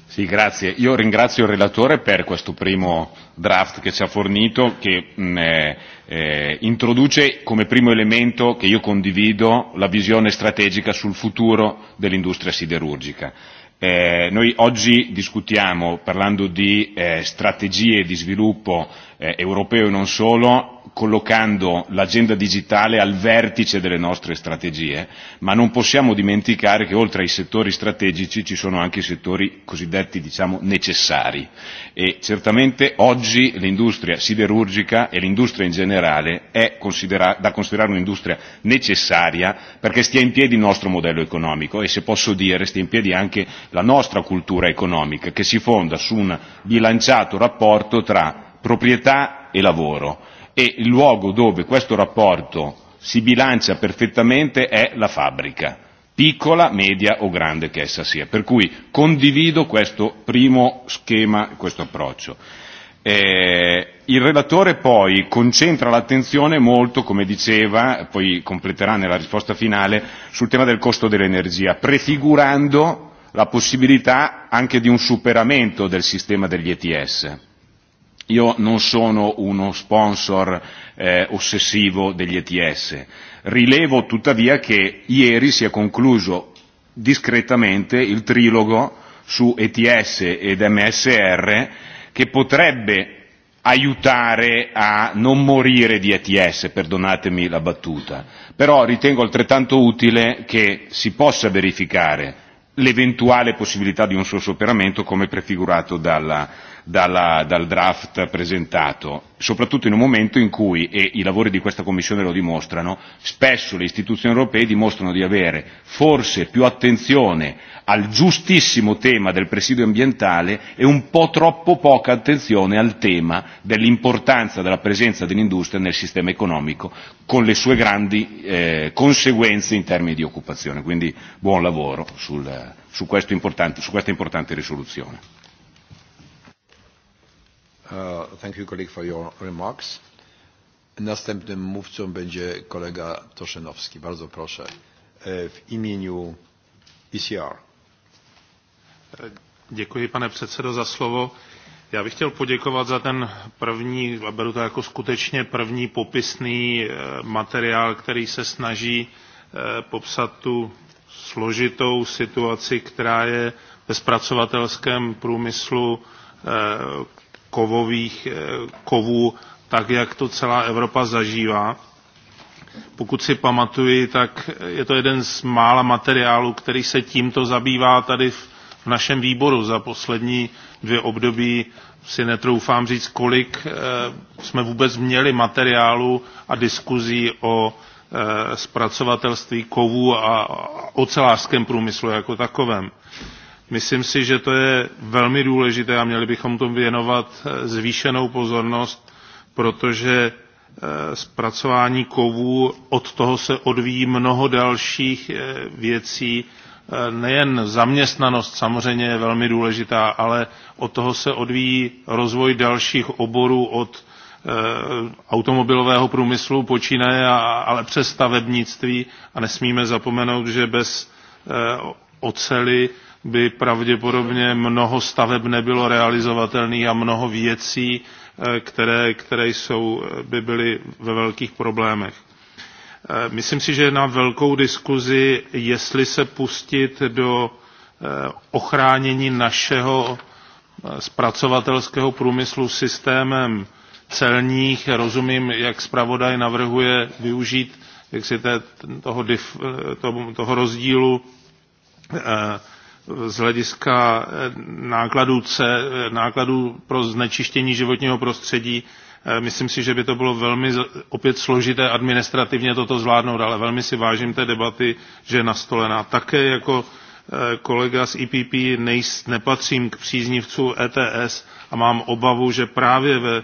Sì, grazie. Io ringrazio il relatore per questo primo draft che ci ha fornito, che mh, mm, eh, eh, introduce come primo elemento che io condivido la visione strategica sul futuro dell'industria siderurgica Eh, noi oggi discutiamo, parlando di eh, strategie di sviluppo eh, europeo e non solo, collocando l'agenda digitale al vertice delle nostre strategie, ma non possiamo dimenticare che oltre ai settori strategici ci sono anche i settori cosiddetti diciamo, necessari e certamente oggi l'industria siderurgica e l'industria in generale è considera- da considerare un'industria necessaria perché stia in piedi il nostro modello economico e se posso dire stia in piedi anche la nostra cultura economica che si fonda su un bilanciato rapporto tra proprietà e lavoro e il luogo dove questo rapporto si bilancia perfettamente è la fabbrica, piccola, media o grande che essa sia. Per cui condivido questo primo schema, questo approccio. Eh, il relatore poi concentra l'attenzione molto, come diceva, poi completerà nella risposta finale, sul tema del costo dell'energia, prefigurando la possibilità anche di un superamento del sistema degli ETS Io non sono uno sponsor eh, ossessivo degli ETS. Rilevo tuttavia che ieri si è concluso discretamente il trilogo su ETS ed MSR che potrebbe aiutare a non morire di ETS, perdonatemi la battuta. Però ritengo altrettanto utile che si possa verificare l'eventuale possibilità di un suo superamento come prefigurato dalla dalla, dal draft presentato, soprattutto in un momento in cui, e i lavori di questa Commissione lo dimostrano, spesso le istituzioni europee dimostrano di avere forse più attenzione al giustissimo tema del presidio ambientale e un po' troppo poca attenzione al tema dell'importanza della presenza dell'industria nel sistema economico, con le sue grandi eh, conseguenze in termini di occupazione. Quindi buon lavoro sul, su, su questa importante risoluzione. Uh, thank you, colleague, for your remarks. Następnym mówcą będzie kolega Toszynowski. Bardzo proszę. E, w imieniu ECR. Děkuji, pane předsedo, za slovo. Já bych chtěl poděkovat za ten první, a beru to jako skutečně první popisný e, materiál, který se snaží e, popsat tu složitou situaci, která je ve zpracovatelském průmyslu, kovových eh, kovů, tak jak to celá Evropa zažívá. Pokud si pamatuju, tak je to jeden z mála materiálů, který se tímto zabývá tady v našem výboru za poslední dvě období si netroufám říct, kolik eh, jsme vůbec měli materiálu a diskuzí o eh, zpracovatelství kovů a ocelářském průmyslu jako takovém. Myslím si, že to je velmi důležité a měli bychom tomu věnovat eh, zvýšenou pozornost, protože eh, zpracování kovů, od toho se odvíjí mnoho dalších eh, věcí, nejen zaměstnanost samozřejmě je velmi důležitá, ale od toho se odvíjí rozvoj dalších oborů od automobilového průmyslu počínaje, ale přes stavebnictví a nesmíme zapomenout, že bez ocely by pravděpodobně mnoho staveb nebylo realizovatelných a mnoho věcí, eh, které, které jsou, eh, by byly ve velkých problémech. Eh, myslím si, že je na velkou diskuzi, jestli se pustit do ochránění našeho zpracovatelského průmyslu systémem celních. Rozumím, jak zpravodaj navrhuje využít jak si té, toho, dif, toho, toho rozdílu z hlediska eh, nákladů, C, eh, nákladů pro znečištění životního prostředí. Eh, myslím si, že by to bylo velmi opět složité administrativně toto zvládnout, ale velmi si vážím té debaty, že je nastolená. Také jako kolega z IPP e nejs, nepatřím k příznivcům ETS a mám obavu, že právě ve,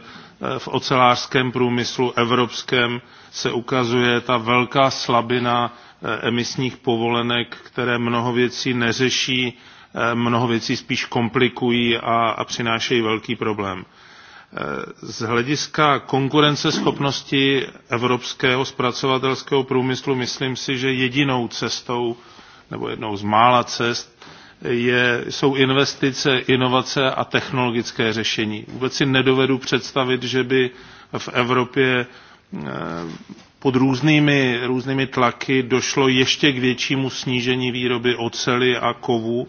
v ocelářském průmyslu evropském se ukazuje ta velká slabina Eh, emisních povolenek, které mnoho věcí neřeší, eh, mnoho věcí spíš komplikují a, a přinášejí velký problém. Eh, z hlediska konkurenceschopnosti evropského zpracovatelského průmyslu myslím si, že jedinou cestou nebo jednou z mála cest je, jsou investice, inovace a technologické řešení. Vůbec si nedovedu představit, že by v Evropě pod různými, různými tlaky došlo ještě k většímu snížení výroby ocely a kovů,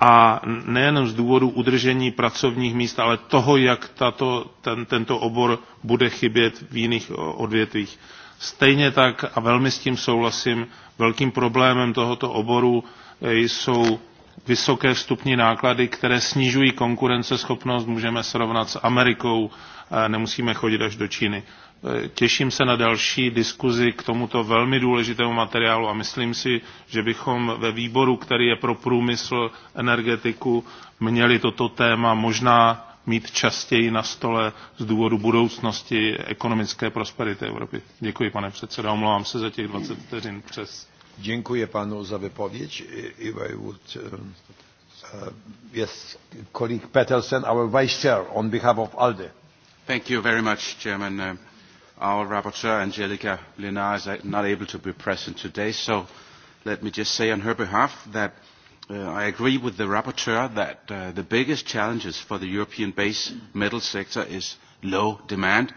a nejen z důvodu udržení pracovních míst, ale toho, jak tato, ten, tento obor bude chybět v jiných odvětvích. Stejně tak, a velmi s tím souhlasím, velkým problémem tohoto oboru e, jsou vysoké vstupní náklady, které snižují konkurenceschopnost, můžeme srovnat s Amerikou, e, nemusíme chodit až do Číny. E, těším se na další diskuzi k tomuto velmi důležitému materiálu a myslím si, že bychom ve výboru, který je pro průmysl, energetiku, měli toto téma možná mít častěji na stole z důvodu budoucnosti ekonomické prosperity Evropy. Děkuji, pane předsedo, omlouvám se za těch 20 vteřin přes. Děkuji panu za vypověď. Uh, uh, yes, colleague our vice chair, on behalf of ALDE. Thank you very much, Chairman. Uh, Our rapporteur, Angelica Linar, is uh, not able to be present today, so let me just say on her behalf that uh, I agree with the rapporteur that uh, the biggest challenges for the European base metal sector is low demand,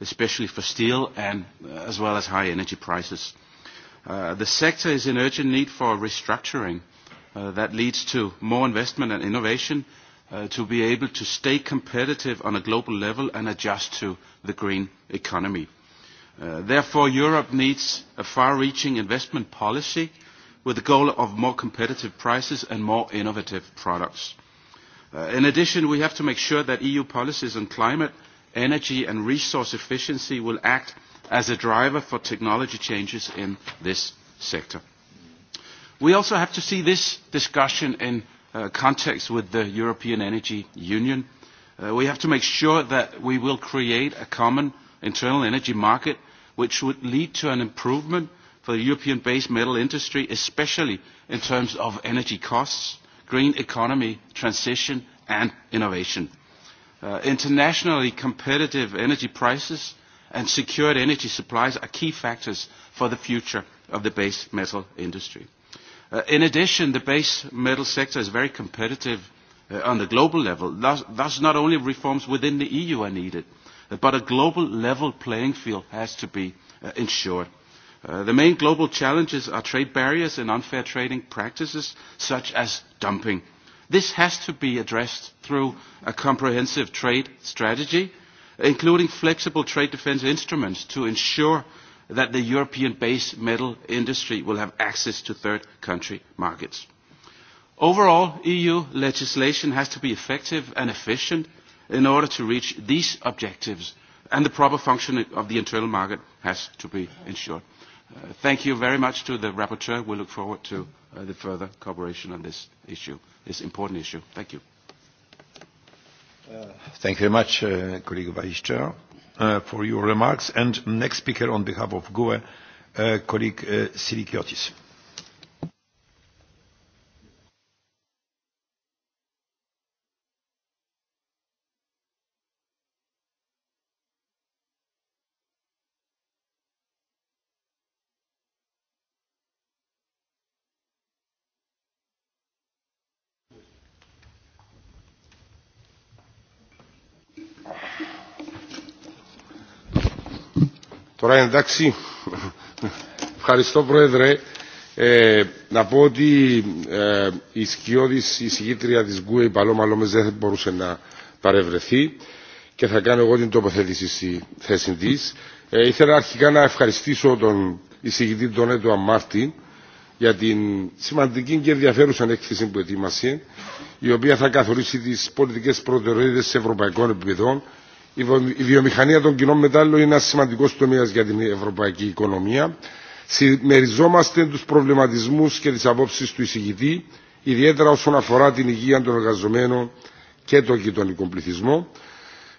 especially for steel and uh, as well as high energy prices. Uh, the sector is in urgent need for restructuring uh, that leads to more investment and innovation – uh, to be able to stay competitive on a global level and adjust to the green economy. Uh, therefore, Europe needs a far-reaching investment policy with the goal of more competitive prices and more innovative products. Uh, in addition, we have to make sure that EU policies on climate, energy and resource efficiency will act as a driver for technology changes in this sector. We also have to see this discussion in uh, context with the European Energy Union. Uh, we have to make sure that we will create a common internal energy market which would lead to an improvement for the European-based metal industry, especially in terms of energy costs, green economy, transition and innovation. Uh, internationally competitive energy prices and secured energy supplies are key factors for the future of the base metal industry. Uh, in addition, the base metal sector is very competitive uh, on the global level. Thus, thus, not only reforms within the EU are needed, uh, but a global level playing field has to be uh, ensured. Uh, the main global challenges are trade barriers and unfair trading practices, such as dumping. This has to be addressed through a comprehensive trade strategy, including flexible trade defense instruments to ensure that the European-based metal industry will have access to third country markets. Overall, EU legislation has to be effective and efficient in order to reach these objectives, and the proper functioning of the internal market has to be ensured. Uh, thank you very much to the rapporteur. We look forward to uh, the further cooperation on this issue, this important issue. Thank you. Uh, thank you very much, uh, colleague Vice Chair. Uh, for your remarks. And next speaker on behalf of GUE, uh, colleague uh, Τώρα εντάξει, ευχαριστώ Πρόεδρε. Ε, να πω ότι ε, η σκιώδης εισηγήτρια της ΓΚΟΕ, η Παλώμα Λόμες, δεν μπορούσε να παρευρεθεί και θα κάνω εγώ την τοποθέτηση στη θέση τη. Ε, ήθελα αρχικά να ευχαριστήσω τον εισηγητή τον Έντο Αμάρτιν για την σημαντική και ενδιαφέρουσα έκθεση που ετοίμασε, η οποία θα καθορίσει τις πολιτικές προτεραιότητες σε ευρωπαϊκών επίπεδων Η βιομηχανία των κοινών μετάλλων είναι ένα σημαντικό τομέα για την ευρωπαϊκή οικονομία. Συμμεριζόμαστε του προβληματισμού και τι απόψει του εισηγητή, ιδιαίτερα όσον αφορά την υγεία των εργαζομένων και τον γειτονικό πληθυσμό.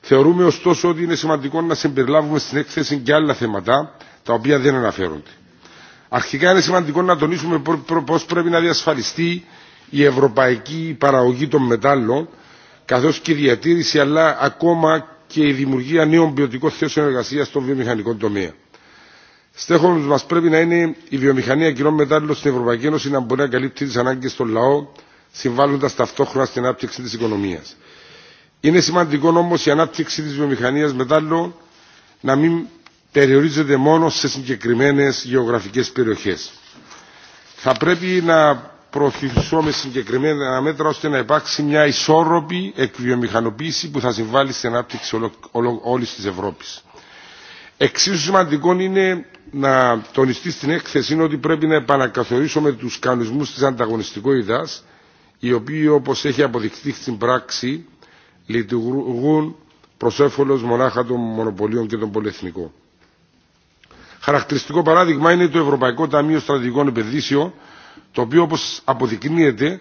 Θεωρούμε ωστόσο ότι είναι σημαντικό να συμπεριλάβουμε στην έκθεση και άλλα θέματα τα οποία δεν αναφέρονται. Αρχικά είναι σημαντικό να τονίσουμε πώ πρέπει να διασφαλιστεί η ευρωπαϊκή παραγωγή των μετάλλων καθώς και η διατήρηση αλλά ακόμα και η δημιουργία νέων ποιοτικών θέσεων εργασία στον βιομηχανικό τομέα. Στέχομαι μα πρέπει να είναι η βιομηχανία κοινών μετάλλων στην Ευρωπαϊκή Ένωση να μπορεί να καλύπτει τι ανάγκε των λαών, συμβάλλοντα ταυτόχρονα στην ανάπτυξη τη οικονομία. Είναι σημαντικό όμω η ανάπτυξη τη βιομηχανία μετάλλων να μην περιορίζεται μόνο σε συγκεκριμένε γεωγραφικέ περιοχέ. Θα πρέπει να προχειρήσουμε συγκεκριμένα μέτρα ώστε να υπάρξει μια ισόρροπη εκβιομηχανοποίηση που θα συμβάλλει στην ανάπτυξη όλη τη Ευρώπη. Εξίσου σημαντικό είναι να τονιστεί στην έκθεση είναι ότι πρέπει να επανακαθορίσουμε του κανονισμού τη ανταγωνιστικότητα, οι οποίοι όπω έχει αποδειχθεί στην πράξη λειτουργούν προ όφελο μονάχα των μονοπωλίων και των πολυεθνικών. Χαρακτηριστικό παράδειγμα είναι το Ευρωπαϊκό Ταμείο Στρατηγικών Επενδύσεων το οποίο όπως αποδεικνύεται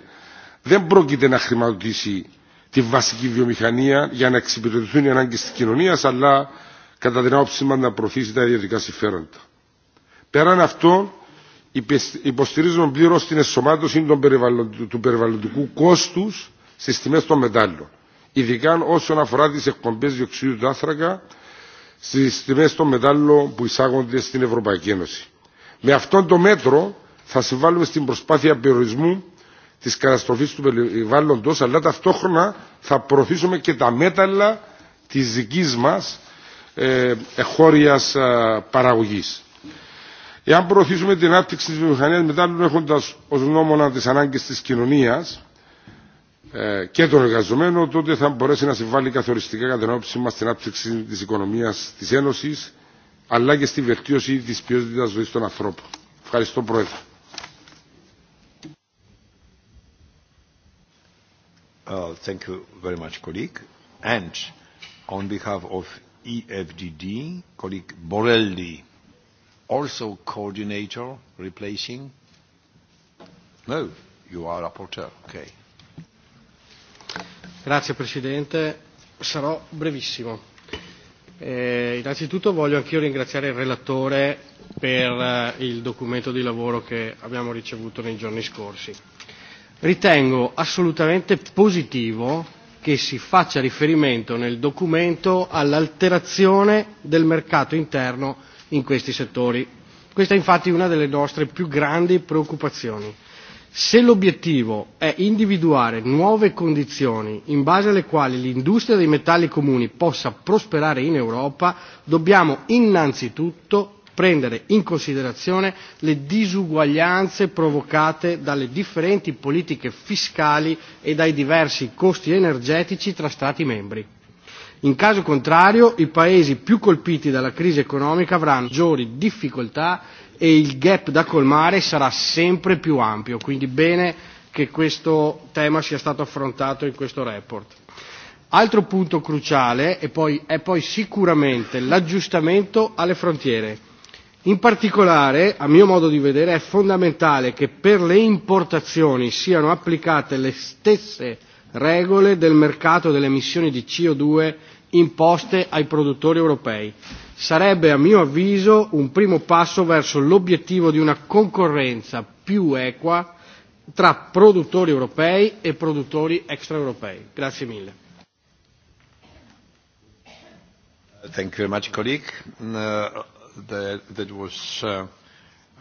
δεν πρόκειται να χρηματοδοτήσει τη βασική βιομηχανία για να εξυπηρετηθούν οι ανάγκες της κοινωνίας, αλλά κατά την άποψή μας να προωθήσει τα ιδιωτικά συμφέροντα. Πέραν αυτό, υποστηρίζουμε πλήρω την εσωμάτωση του περιβαλλοντικού κόστου στι τιμέ των μετάλλων, ειδικά όσον αφορά τι εκπομπές διοξιδίου του άνθρακα στι τιμέ των μετάλλων που εισάγονται στην Ευρωπαϊκή Ένωση. Με αυτόν το μέτρο θα συμβάλλουμε στην προσπάθεια περιορισμού της καταστροφής του περιβάλλοντος, αλλά ταυτόχρονα θα προωθήσουμε και τα μέταλλα της δικής μας εχώριας ε, παραγωγής. Εάν προωθήσουμε την άπτυξη της βιομηχανίας μετάλλων έχοντας ως νόμονα τις ανάγκες της κοινωνίας ε, και των εργαζομένων, τότε θα μπορέσει να συμβάλλει καθοριστικά κατά την όψη μας στην άπτυξη της οικονομίας της Ένωσης, αλλά και στη βελτίωση της ποιότητας ζωής των ανθρώπων. Ευχαριστώ Πρόεδρε. Uh, thank you very much, colleague. And on behalf of EFDD, colleague Borelli, also coordinator, replacing? No, you are rapporteur, okay. Grazie Presidente, sarò brevissimo. Eh, innanzitutto voglio anch'io ringraziare il relatore per eh, il documento di lavoro che abbiamo ricevuto nei giorni scorsi. Ritengo assolutamente positivo che si faccia riferimento nel documento all'alterazione del mercato interno in questi settori. Questa è infatti una delle nostre più grandi preoccupazioni. Se l'obiettivo è individuare nuove condizioni in base alle quali l'industria dei metalli comuni possa prosperare in Europa, dobbiamo innanzitutto prendere in considerazione le disuguaglianze provocate dalle differenti politiche fiscali e dai diversi costi energetici tra Stati membri. In caso contrario, i paesi più colpiti dalla crisi economica avranno maggiori difficoltà e il gap da colmare sarà sempre più ampio, quindi bene che questo tema sia stato affrontato in questo report. Altro punto cruciale è e poi, è poi sicuramente l'aggiustamento alle frontiere In particolare, a mio modo di vedere, è fondamentale che per le importazioni siano applicate le stesse regole del mercato delle emissioni di CO2 imposte ai produttori europei. Sarebbe, a mio avviso, un primo passo verso l'obiettivo di una concorrenza più equa tra produttori europei e produttori extraeuropei. Grazie mille. Thank you very much, colleague. Uh, there, there was uh,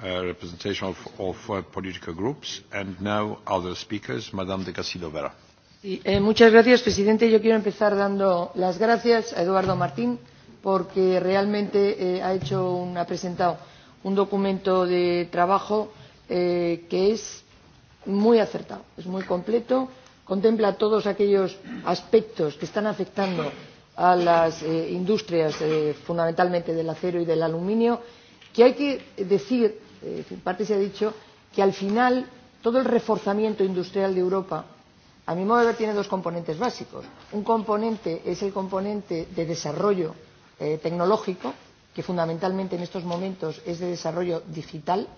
a representation of, of uh, political groups and now other speakers, Madame de Castillo Vera. Sí, eh, muchas gracias, presidente. Yo quiero empezar dando las gracias a Eduardo Martín porque realmente eh, ha, hecho un, ha presentado un documento de trabajo eh, que es muy acertado, es muy completo, contempla todos aquellos aspectos que están afectando a las eh, industrias eh, fundamentalmente del acero y del aluminio, que hay que decir, eh, en parte se ha dicho, que al final todo el reforzamiento industrial de Europa, a mi modo de ver, tiene dos componentes básicos. Un componente es el componente de desarrollo eh, tecnológico, que fundamentalmente en estos momentos es de desarrollo digital,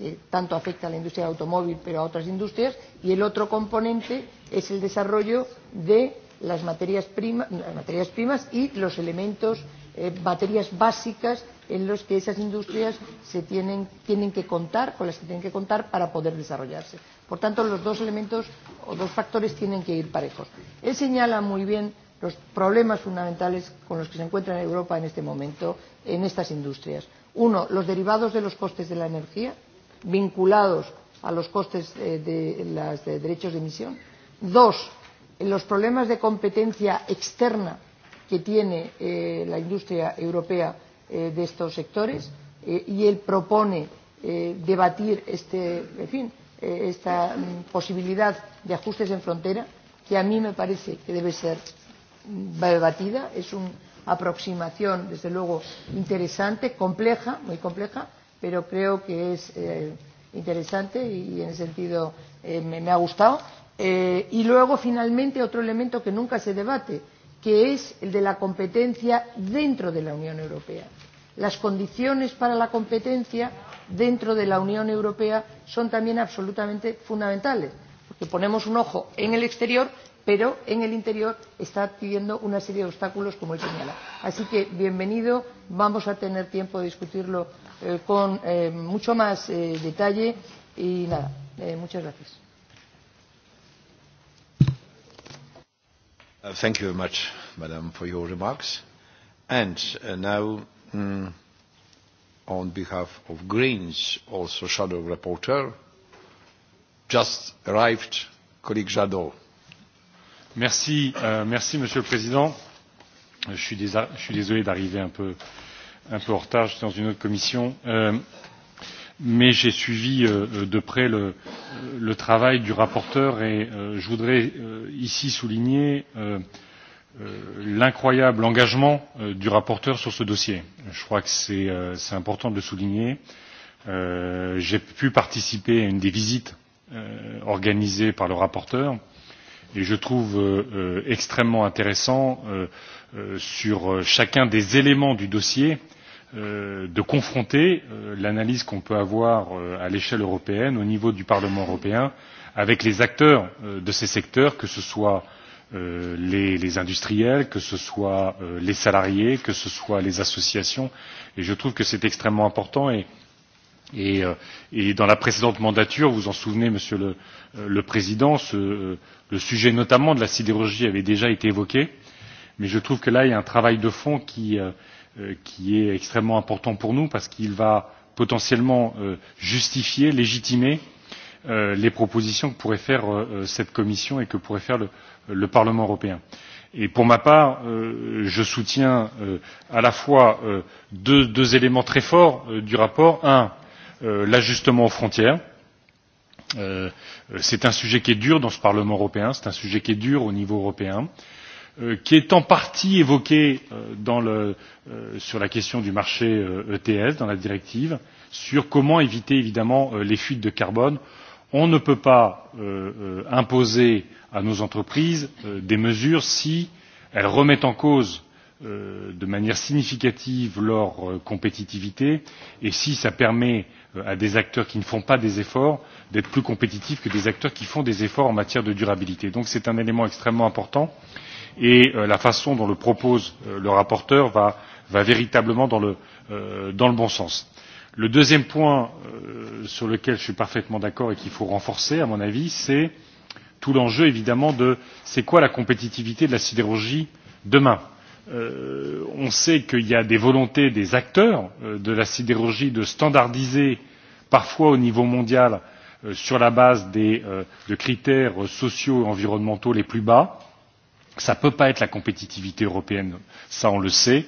eh, tanto afecta a la industria del automóvil pero a otras industrias, y el otro componente es el desarrollo de las materias, prima, materias primas y los elementos, eh, materias básicas en los que esas industrias se tienen, tienen que contar, con las que tienen que contar para poder desarrollarse. Por tanto, los dos elementos o dos factores tienen que ir parejos. Él señala muy bien los problemas fundamentales con los que se encuentra en Europa en este momento en estas industrias. Uno, los derivados de los costes de la energía, vinculados a los costes eh, de los de derechos de emisión. Dos, en los problemas de competencia externa que tiene eh, la industria europea eh, de estos sectores eh, y él propone eh, debatir este, en fin, eh, esta mm, posibilidad de ajustes en frontera que a mí me parece que debe ser mm, debatida. Es una aproximación, desde luego, interesante, compleja, muy compleja, pero creo que es eh, interesante y, y en ese sentido eh, me, me ha gustado Eh, y luego, finalmente, otro elemento que nunca se debate, que es el de la competencia dentro de la Unión Europea. Las condiciones para la competencia dentro de la Unión Europea son también absolutamente fundamentales, porque ponemos un ojo en el exterior, pero en el interior está pidiendo una serie de obstáculos, como él señala. Así que, bienvenido, vamos a tener tiempo de discutirlo eh, con eh, mucho más eh, detalle y nada, eh, muchas gracias. Uh, thank you very much, Madam, for your remarks. And uh, now, mm, on behalf of Greens, also Shadow reporter, just arrived colleague Jadot. Merci, euh, merci Monsieur le Président. Je suis, je suis désolé d'arriver un peu, un peu en retard, Je suis dans une autre commission. Euh, mais j'ai suivi euh, euh, de près le, le travail du rapporteur et euh, je voudrais euh, ici souligner euh, euh l'incroyable engagement euh, du rapporteur sur ce dossier. Je crois que c'est euh, important de le souligner. Euh, J'ai pu participer à une des visites euh, organisées par le rapporteur et je trouve euh, euh, extrêmement intéressant euh, euh, sur euh, chacun des éléments du dossier euh, Euh, de confronter euh, l'analyse qu'on peut avoir euh, à l'échelle européenne, au niveau du Parlement européen, avec les acteurs de ces secteurs, que ce soit les, les industriels, que ce soit les salariés, que ce soit les associations. Et je trouve que c'est extrêmement important. Et, et, et dans la précédente mandature, vous en souvenez, Monsieur le, le Président, ce, le sujet notamment de la sidérurgie avait déjà été évoqué. Mais je trouve que là, il y a un travail de fond qui, Euh, qui est extrêmement important pour nous parce qu'il va potentiellement euh, justifier, légitimer euh, les propositions que pourrait faire cette Commission et que pourrait faire le, le Parlement européen. Et pour ma part, euh, je soutiens euh, à la fois euh, deux, deux éléments très forts euh, du rapport. Un, euh, l'ajustement aux frontières. Euh, c'est un sujet qui est dur dans ce Parlement européen, c'est un sujet qui est dur au niveau européen. Euh, Euh, qui est en partie évoqué euh, dans le, euh, sur la question du marché ETS e dans la directive sur comment éviter évidemment les fuites de carbone. On ne peut pas euh, imposer à nos entreprises euh, des mesures si elles remettent en cause de manière significative leur compétitivité et si ça permet à des acteurs qui ne font pas des efforts d'être plus compétitifs que des acteurs qui font des efforts en matière de durabilité. Donc c'est un élément extrêmement important. Euh, et euh, la façon dont le propose euh, le rapporteur va, va véritablement dans le, euh, dans le bon sens. Le deuxième point euh, sur lequel je suis parfaitement d'accord et qu'il faut renforcer, à mon avis, c'est tout l'enjeu évidemment de c'est quoi la compétitivité de la sidérurgie demain. Euh, on sait qu'il y a des volontés des acteurs euh, de la sidérurgie de standardiser parfois au niveau mondial euh, sur la base des, euh, de critères sociaux et environnementaux les plus bas. Euh, ça ne peut pas être la compétitivité européenne, ça on le sait,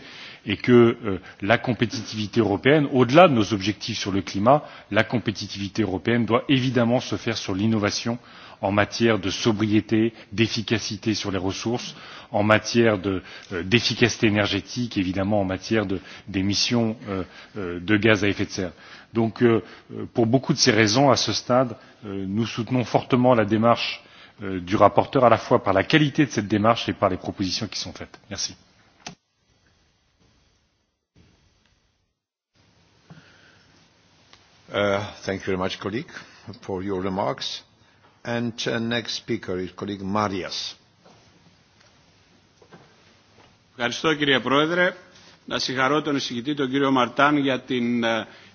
et que euh, la compétitivité européenne, au-delà de nos objectifs sur le climat, la compétitivité européenne doit évidemment se faire sur l'innovation en matière de sobriété, d'efficacité sur les ressources, en matière d'efficacité de, euh, énergétique, évidemment en matière d'émissions euh, euh, de gaz à effet de serre. Donc euh, euh, pour beaucoup de ces raisons, à ce stade, euh, nous soutenons fortement la démarche Euh, du rapporteur, à la fois par la qualité de cette démarche et par les propositions qui sont faites. Merci. Uh, thank you very much, colleague, for your remarks. And uh, next speaker is colleague Marias. Ευχαριστώ κύριε Πρόεδρε. Να συγχαρώ τον εισηγητή τον κύριο Μαρτάν για την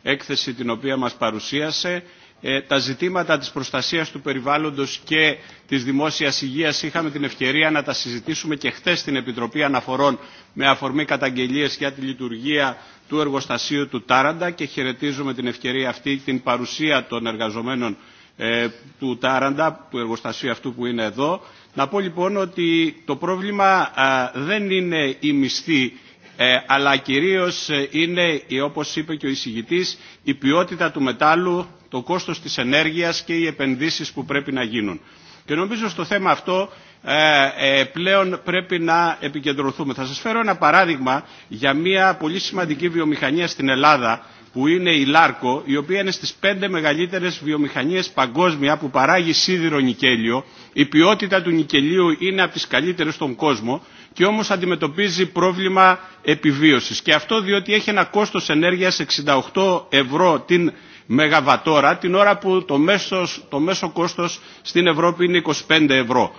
έκθεση την οποία μας παρουσίασε ε, τα ζητήματα της προστασίας του περιβάλλοντος και της δημόσιας υγείας είχαμε την ευκαιρία να τα συζητήσουμε και χθες στην Επιτροπή Αναφορών με αφορμή καταγγελίες για τη λειτουργία του εργοστασίου του Τάραντα και χαιρετίζουμε την ευκαιρία αυτή την παρουσία των εργαζομένων ε, του Τάραντα, του εργοστασίου αυτού που είναι εδώ. Να πω λοιπόν ότι το πρόβλημα α, δεν είναι η μισθή ε, αλλά κυρίως είναι, όπως είπε και ο εισηγητής, η ποιότητα του μετάλλου, το κόστος της ενέργειας και οι επενδύσεις που πρέπει να γίνουν. Και νομίζω στο θέμα αυτό ε, ε, πλέον πρέπει να επικεντρωθούμε. Θα σας φέρω ένα παράδειγμα για μια πολύ σημαντική βιομηχανία στην Ελλάδα που είναι η Λάρκο, η οποία είναι στις πέντε μεγαλύτερες βιομηχανίες παγκόσμια που παράγει σίδηρο νικέλιο. Η ποιότητα του νικελίου είναι από τις καλύτερες στον κόσμο και όμως αντιμετωπίζει πρόβλημα επιβίωσης. Και αυτό διότι έχει ένα κόστος ενέργειας 68 ευρώ την μεγαβατόρα, την ώρα που το, μέσος, το μέσο κόστος στην Ευρώπη είναι 25 ευρώ.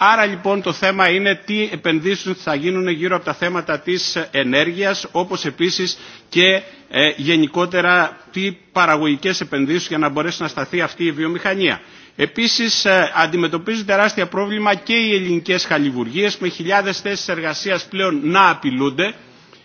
Άρα λοιπόν το θέμα είναι τι επενδύσεις θα γίνουν γύρω από τα θέματα της ενέργειας, όπως επίσης και ε, γενικότερα τι παραγωγικές επενδύσεις για να μπορέσει να σταθεί αυτή η βιομηχανία. Επίσης αντιμετωπίζουν τεράστια πρόβλημα και οι ελληνικές χαλιβουργίες με χιλιάδες θέσεις εργασίας πλέον να απειλούνται.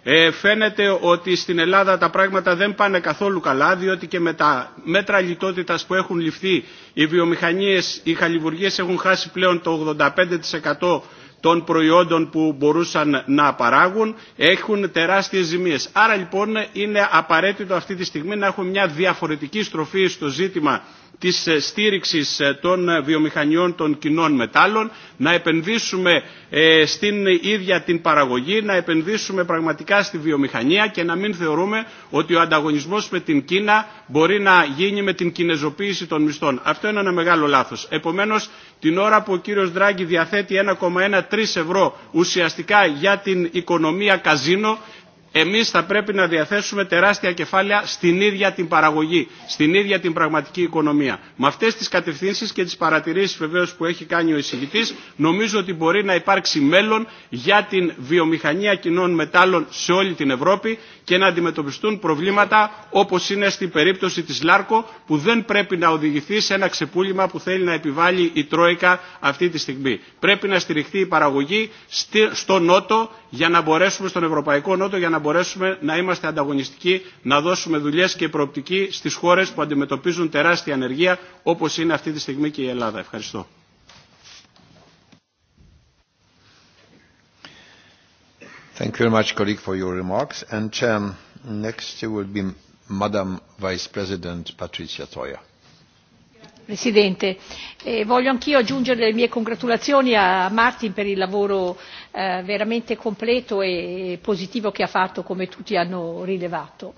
Ε, φαίνεται ότι στην Ελλάδα τα πράγματα δεν πάνε καθόλου καλά διότι και με τα μέτρα λιτότητας που έχουν ληφθεί οι βιομηχανίες, οι χαλιβουργίες έχουν χάσει πλέον το 85% των προϊόντων που μπορούσαν να παράγουν έχουν τεράστιες ζημίες. Άρα λοιπόν είναι απαραίτητο αυτή τη στιγμή να έχουμε μια διαφορετική στροφή στο ζήτημα της στήριξης των βιομηχανιών των κοινών μετάλλων, να επενδύσουμε στην ίδια την παραγωγή, να επενδύσουμε πραγματικά στη βιομηχανία και να μην θεωρούμε ότι ο ανταγωνισμός με την Κίνα μπορεί να γίνει με την κινεζοποίηση των μισθών. Αυτό είναι ένα μεγάλο λάθος. Επομένως, την ώρα που ο κύριος Δράγκη διαθέτει 1,13 ευρώ ουσιαστικά για την οικονομία καζίνο, εμείς θα πρέπει να διαθέσουμε τεράστια κεφάλαια στην ίδια την παραγωγή, στην ίδια την πραγματική οικονομία. Με αυτές τις κατευθύνσεις και τις παρατηρήσεις βεβαίως που έχει κάνει ο εισηγητής, νομίζω ότι μπορεί να υπάρξει μέλλον για την βιομηχανία κοινών μετάλλων σε όλη την Ευρώπη και να αντιμετωπιστούν προβλήματα όπως είναι στην περίπτωση της Λάρκο που δεν πρέπει να οδηγηθεί σε ένα ξεπούλημα που θέλει να επιβάλλει η Τρόικα αυτή τη στιγμή. Πρέπει να στηριχθεί η παραγωγή στο Νότο για να μπορέσουμε, στον Ευρωπαϊκό Νότο, για να μπορέσουμε να είμαστε ανταγωνιστικοί, να δώσουμε δουλειέ και προοπτική στι χώρε που αντιμετωπίζουν τεράστια ανεργία, όπω είναι αυτή τη στιγμή και η Ελλάδα. Ευχαριστώ. Thank you very much, colleague, for your remarks. And um, next will be Madam Vice President Patricia Toya. Presidente, eh, voglio anch'io aggiungere le mie congratulazioni a Martin per il lavoro eh, veramente completo e positivo che ha fatto, come tutti hanno rilevato.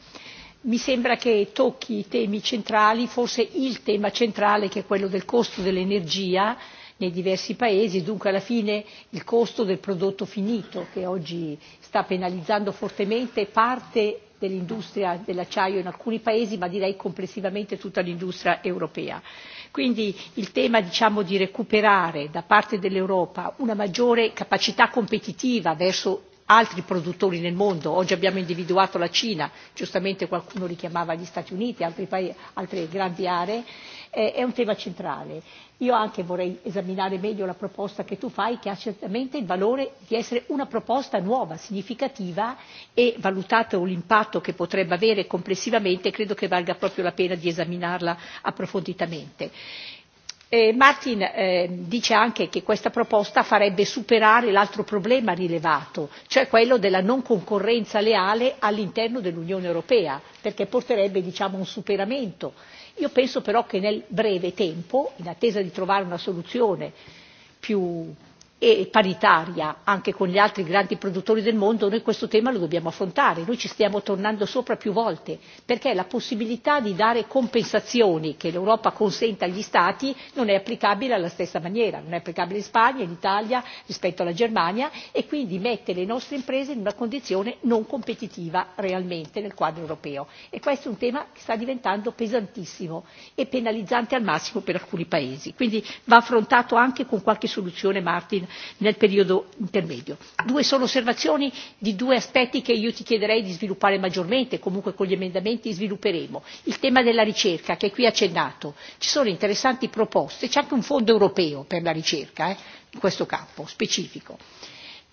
Mi sembra che tocchi i temi centrali, forse il tema centrale che è quello del costo dell'energia, nei diversi paesi, dunque alla fine il costo del prodotto finito che oggi sta penalizzando fortemente parte dell'industria dell'acciaio in alcuni paesi, ma direi complessivamente tutta l'industria europea. Quindi il tema diciamo, di recuperare da parte dell'Europa una maggiore capacità competitiva verso altri produttori nel mondo. Oggi abbiamo individuato la Cina, giustamente qualcuno richiamava gli Stati Uniti, altri, altre grandi aree, è un tema centrale. Io anche vorrei esaminare meglio la proposta che tu fai, che ha certamente il valore di essere una proposta nuova, significativa e valutato l'impatto che potrebbe avere complessivamente, credo che valga proprio la pena di esaminarla approfonditamente. Eh, Martin eh, dice anche che questa proposta farebbe superare l'altro problema rilevato, cioè quello della non concorrenza leale all'interno dell'Unione Europea, perché porterebbe diciamo, un superamento Io penso però che nel breve tempo, in attesa di trovare una soluzione più e paritaria anche con gli altri grandi produttori del mondo, noi questo tema lo dobbiamo affrontare, noi ci stiamo tornando sopra più volte, perché la possibilità di dare compensazioni che l'Europa consente agli Stati non è applicabile alla stessa maniera, non è applicabile in Spagna, in Italia rispetto alla Germania e quindi mette le nostre imprese in una condizione non competitiva realmente nel quadro europeo. E questo è un tema che sta diventando pesantissimo e penalizzante al massimo per alcuni paesi, quindi va affrontato anche con qualche soluzione Martin nel periodo intermedio. Due sono osservazioni di due aspetti che io ti chiederei di sviluppare maggiormente, comunque con gli emendamenti svilupperemo. Il tema della ricerca che è qui accennato, ci sono interessanti proposte, c'è anche un fondo europeo per la ricerca eh, in questo campo specifico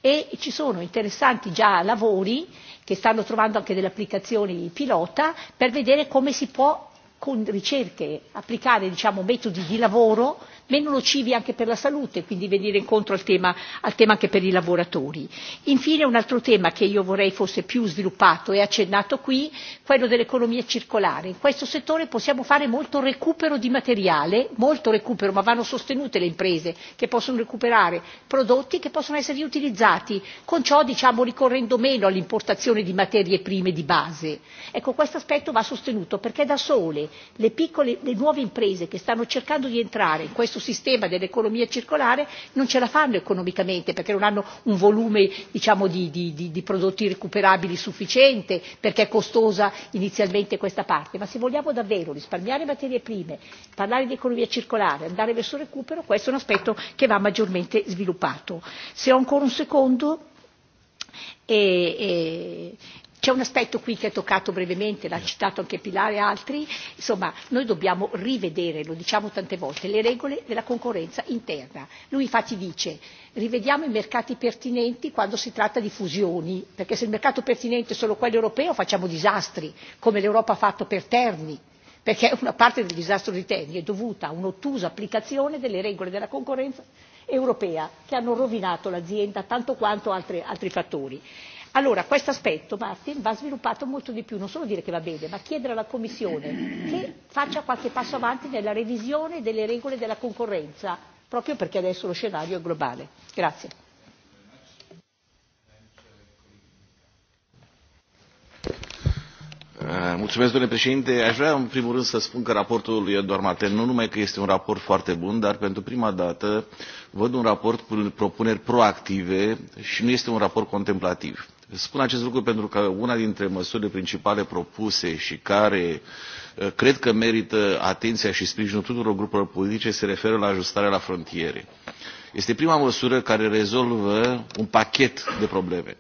e ci sono interessanti già lavori che stanno trovando anche delle applicazioni pilota per vedere come si può con ricerche applicare diciamo, metodi di lavoro meno nocivi anche per la salute, quindi venire incontro al tema, al tema anche per i lavoratori. Infine un altro tema che io vorrei fosse più sviluppato e accennato qui, quello dell'economia circolare. In questo settore possiamo fare molto recupero di materiale, molto recupero, ma vanno sostenute le imprese che possono recuperare prodotti che possono essere riutilizzati, con ciò diciamo ricorrendo meno all'importazione di materie prime di base. Ecco, questo aspetto va sostenuto perché da sole le piccole, le nuove imprese che stanno cercando di entrare in questo sistema dell'economia circolare non ce la fanno economicamente perché non hanno un volume diciamo, di, di, di, di prodotti recuperabili sufficiente, perché è costosa inizialmente questa parte, ma se vogliamo davvero risparmiare materie prime, parlare di economia circolare, andare verso il recupero, questo è un aspetto che va maggiormente sviluppato. Se ho ancora un secondo, e, e, C'è un aspetto qui che ha toccato brevemente, l'ha citato anche Pilare e altri, insomma noi dobbiamo rivedere, lo diciamo tante volte, le regole della concorrenza interna. Lui infatti dice rivediamo i mercati pertinenti quando si tratta di fusioni, perché se il mercato pertinente è solo quello europeo facciamo disastri, come l'Europa ha fatto per Terni, perché *laughs* una parte del disastro di Terni è dovuta a un'ottusa applicazione delle regole della concorrenza europea che hanno rovinato l'azienda tanto quanto altri, altri fattori. Allora, questo aspetto, Martin, va sviluppato molto di più, non solo dire che va bene, ma chiedere alla Commissione che faccia qualche passo avanti nella revisione delle regole della concorrenza, proprio perché adesso lo scenario è globale. Grazie. Eh, mulțumesc, domnule președinte. Aș vrea, în primul rând, să spun că raportul lui Eduard Maten nu numai că este un raport foarte bun, dar pentru prima dată văd un raport cu propuneri proactive și nu este un raport contemplativ. Spun acest lucru pentru că una dintre măsurile principale propuse și care uh, cred că merită atenția și sprijinul tuturor grupurilor politice se referă la ajustarea la frontiere. Este prima măsură care rezolvă un pachet de probleme.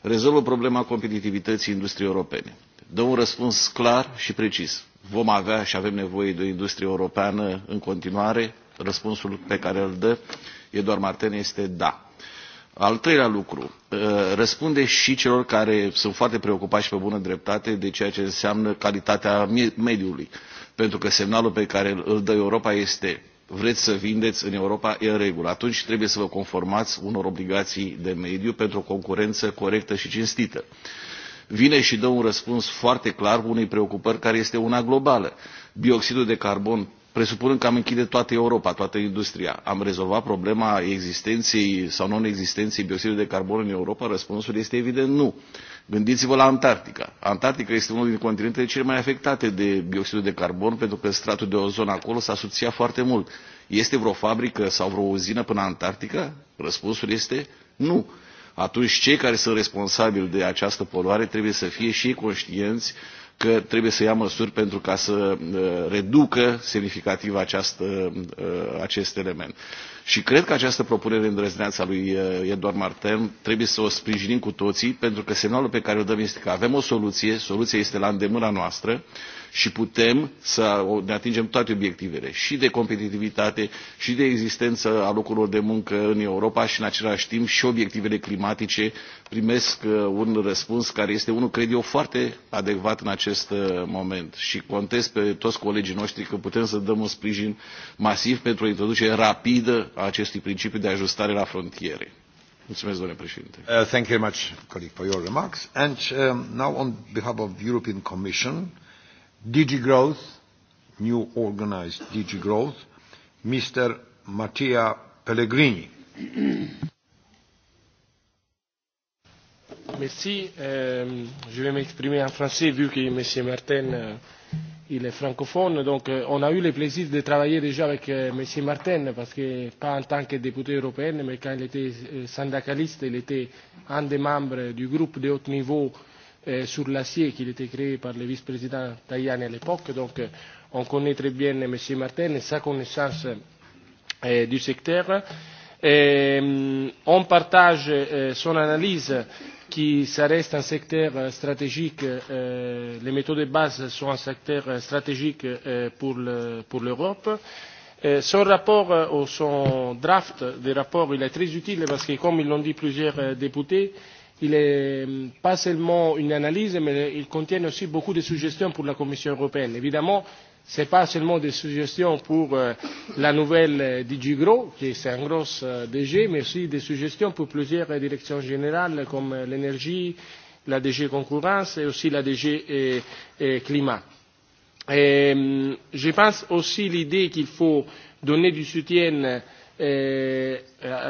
Rezolvă problema competitivității industriei europene. Dă un răspuns clar și precis. Vom avea și avem nevoie de o industrie europeană în continuare? Răspunsul pe care îl dă Eduard Marten este da Al treilea lucru, răspunde și celor care sunt foarte preocupați și pe bună dreptate de ceea ce înseamnă calitatea mediului. Pentru că semnalul pe care îl dă Europa este vreți să vindeți în Europa, e în regulă. Atunci trebuie să vă conformați unor obligații de mediu pentru o concurență corectă și cinstită. Vine și dă un răspuns foarte clar unei preocupări care este una globală. Bioxidul de carbon presupunând că am închide toată Europa, toată industria, am rezolvat problema existenței sau non-existenței biosidului de carbon în Europa? Răspunsul este evident nu. Gândiți-vă la Antarctica. Antarctica este unul din continentele cele mai afectate de bioxidul de carbon pentru că stratul de ozon acolo s-a subțiat foarte mult. Este vreo fabrică sau vreo uzină până Antarctica? Răspunsul este nu. Atunci cei care sunt responsabili de această poluare trebuie să fie și conștienți că trebuie să ia măsuri pentru ca să uh, reducă semnificativ această, uh, uh, acest element. Și cred că această propunere îndrăzneață a lui Eduard Martin trebuie să o sprijinim cu toții, pentru că semnalul pe care o dăm este că avem o soluție, soluția este la îndemâna noastră, și putem să ne atingem toate obiectivele, și de competitivitate, și de existență a locurilor de muncă în Europa și în același timp și obiectivele climatice primesc uh, un răspuns care este unul, cred eu, foarte adecvat în acest uh, moment. Și contez pe toți colegii noștri că putem să dăm un sprijin masiv pentru o introducere rapidă a acestui principiu de ajustare la frontiere. Mulțumesc, domnule președinte. Uh, thank you very much, colleague, for your remarks. And um, now, on behalf of the European Commission, DG Growth, new organized DG Growth, Mr. Mattia Pellegrini. Merci. Euh, je vais m'exprimer en français vu que M. Martin euh, il est francophone. Donc euh, on a eu le plaisir de travailler déjà avec euh, M. Martin parce que pas en tant que député européen mais quand il était euh, syndicaliste, il était un des membres du groupe de haut niveau euh, euh, sur l'acier qui était créé par le vice-président Tajani à l'époque. Donc euh, on connaît très bien M. Martin et sa connaissance euh, du secteur. Et, euh, on partage euh, son analyse qui ça reste un secteur euh, stratégique, euh, les méthodes de base sont un secteur stratégique euh, pour l'Europe. Le, euh, son rapport euh, ou son draft des rapports, il est très utile parce que, comme ils l'ont dit plusieurs euh, députés, il est mm, pas seulement une analyse, mais il contient aussi beaucoup de suggestions pour la Commission européenne. Évidemment, ce n'est pas seulement des suggestions pour euh, la nouvelle euh, DG Gros, qui est un gros euh, DG, mais aussi des suggestions pour plusieurs directions générales comme l'énergie, la DG concurrence et aussi la DG et, et climat. Et, mm, je pense aussi l'idée qu'il faut donner du soutien euh, à eh,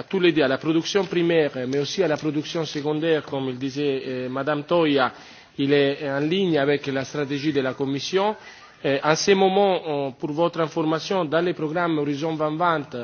tous les deux, à la production primaire, mais aussi à la production secondaire, comme le disait euh, Madame Toya, il est en ligne avec la stratégie de la Commission. Euh, en ce moment, on, pour votre information, dans les programmes Horizon 2020,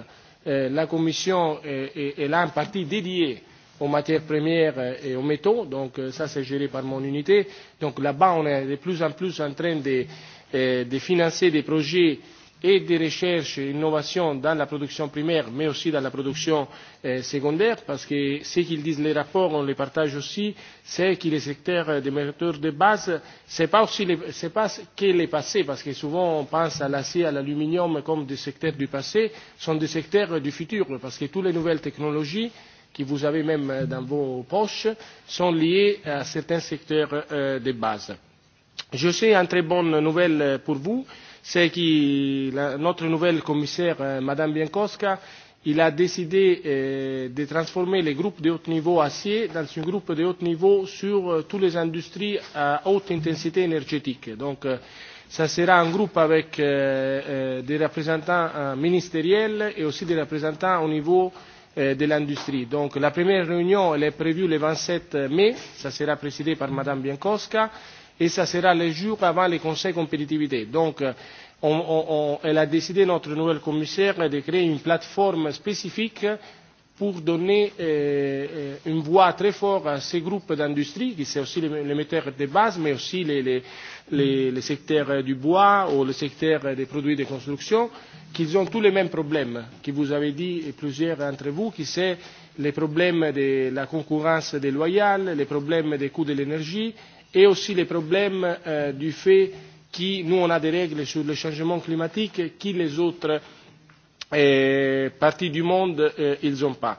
euh, la Commission est, est là en partie dédiée aux matières premières eh, et aux métaux, donc euh, ça c'est géré par mon unité. Donc là-bas, on est de plus en plus en train de, eh, de financer des projets et de recherche et d'innovation dans la production primaire, mais aussi dans la production euh, secondaire, parce que ce qu'ils disent les rapports, on les partage aussi, c'est que les secteurs euh, des moteurs de base, ce n'est pas, aussi les, pas que les passés, parce que souvent on pense à l'acier, à l'aluminium comme des secteurs du passé, sont des secteurs du futur, parce que toutes les nouvelles technologies qui vous avez même euh, dans vos poches sont liées à certains secteurs euh, de base. Je sais une très bonne nouvelle euh, pour vous, c'est que la, notre nouvelle commissaire, euh, Madame Biankowska, il a décidé euh, de transformer les groupes de haut niveau acier dans un groupe de haut niveau sur euh, toutes les industries à haute intensité énergétique. Donc, euh, ça sera un groupe avec euh, euh, des représentants euh, ministériels et aussi des représentants au niveau euh, de l'industrie. Donc, la première réunion, elle est prévue le 27 mai, ça sera présidé par Madame Biankowska et ça sera le jour avant les conseils compétitivité. Donc, euh, on, on, on, elle a décidé, notre nouvelle commissaire, de créer une plateforme spécifique pour donner euh, euh une voix très forte à ces groupes d'industrie, qui sont aussi les, les metteurs de base, mais aussi les, les, les, les secteurs du bois ou le secteur des produits de construction, qu'ils ont tous les mêmes problèmes, que vous avez dit et plusieurs d'entre vous, qui c'est les problèmes de la concurrence déloyale, les problèmes des coûts de l'énergie, et aussi les problèmes euh, du fait que nous, on a des règles sur le changement climatique qui les autres euh, parties du monde, euh, ils n'ont pas.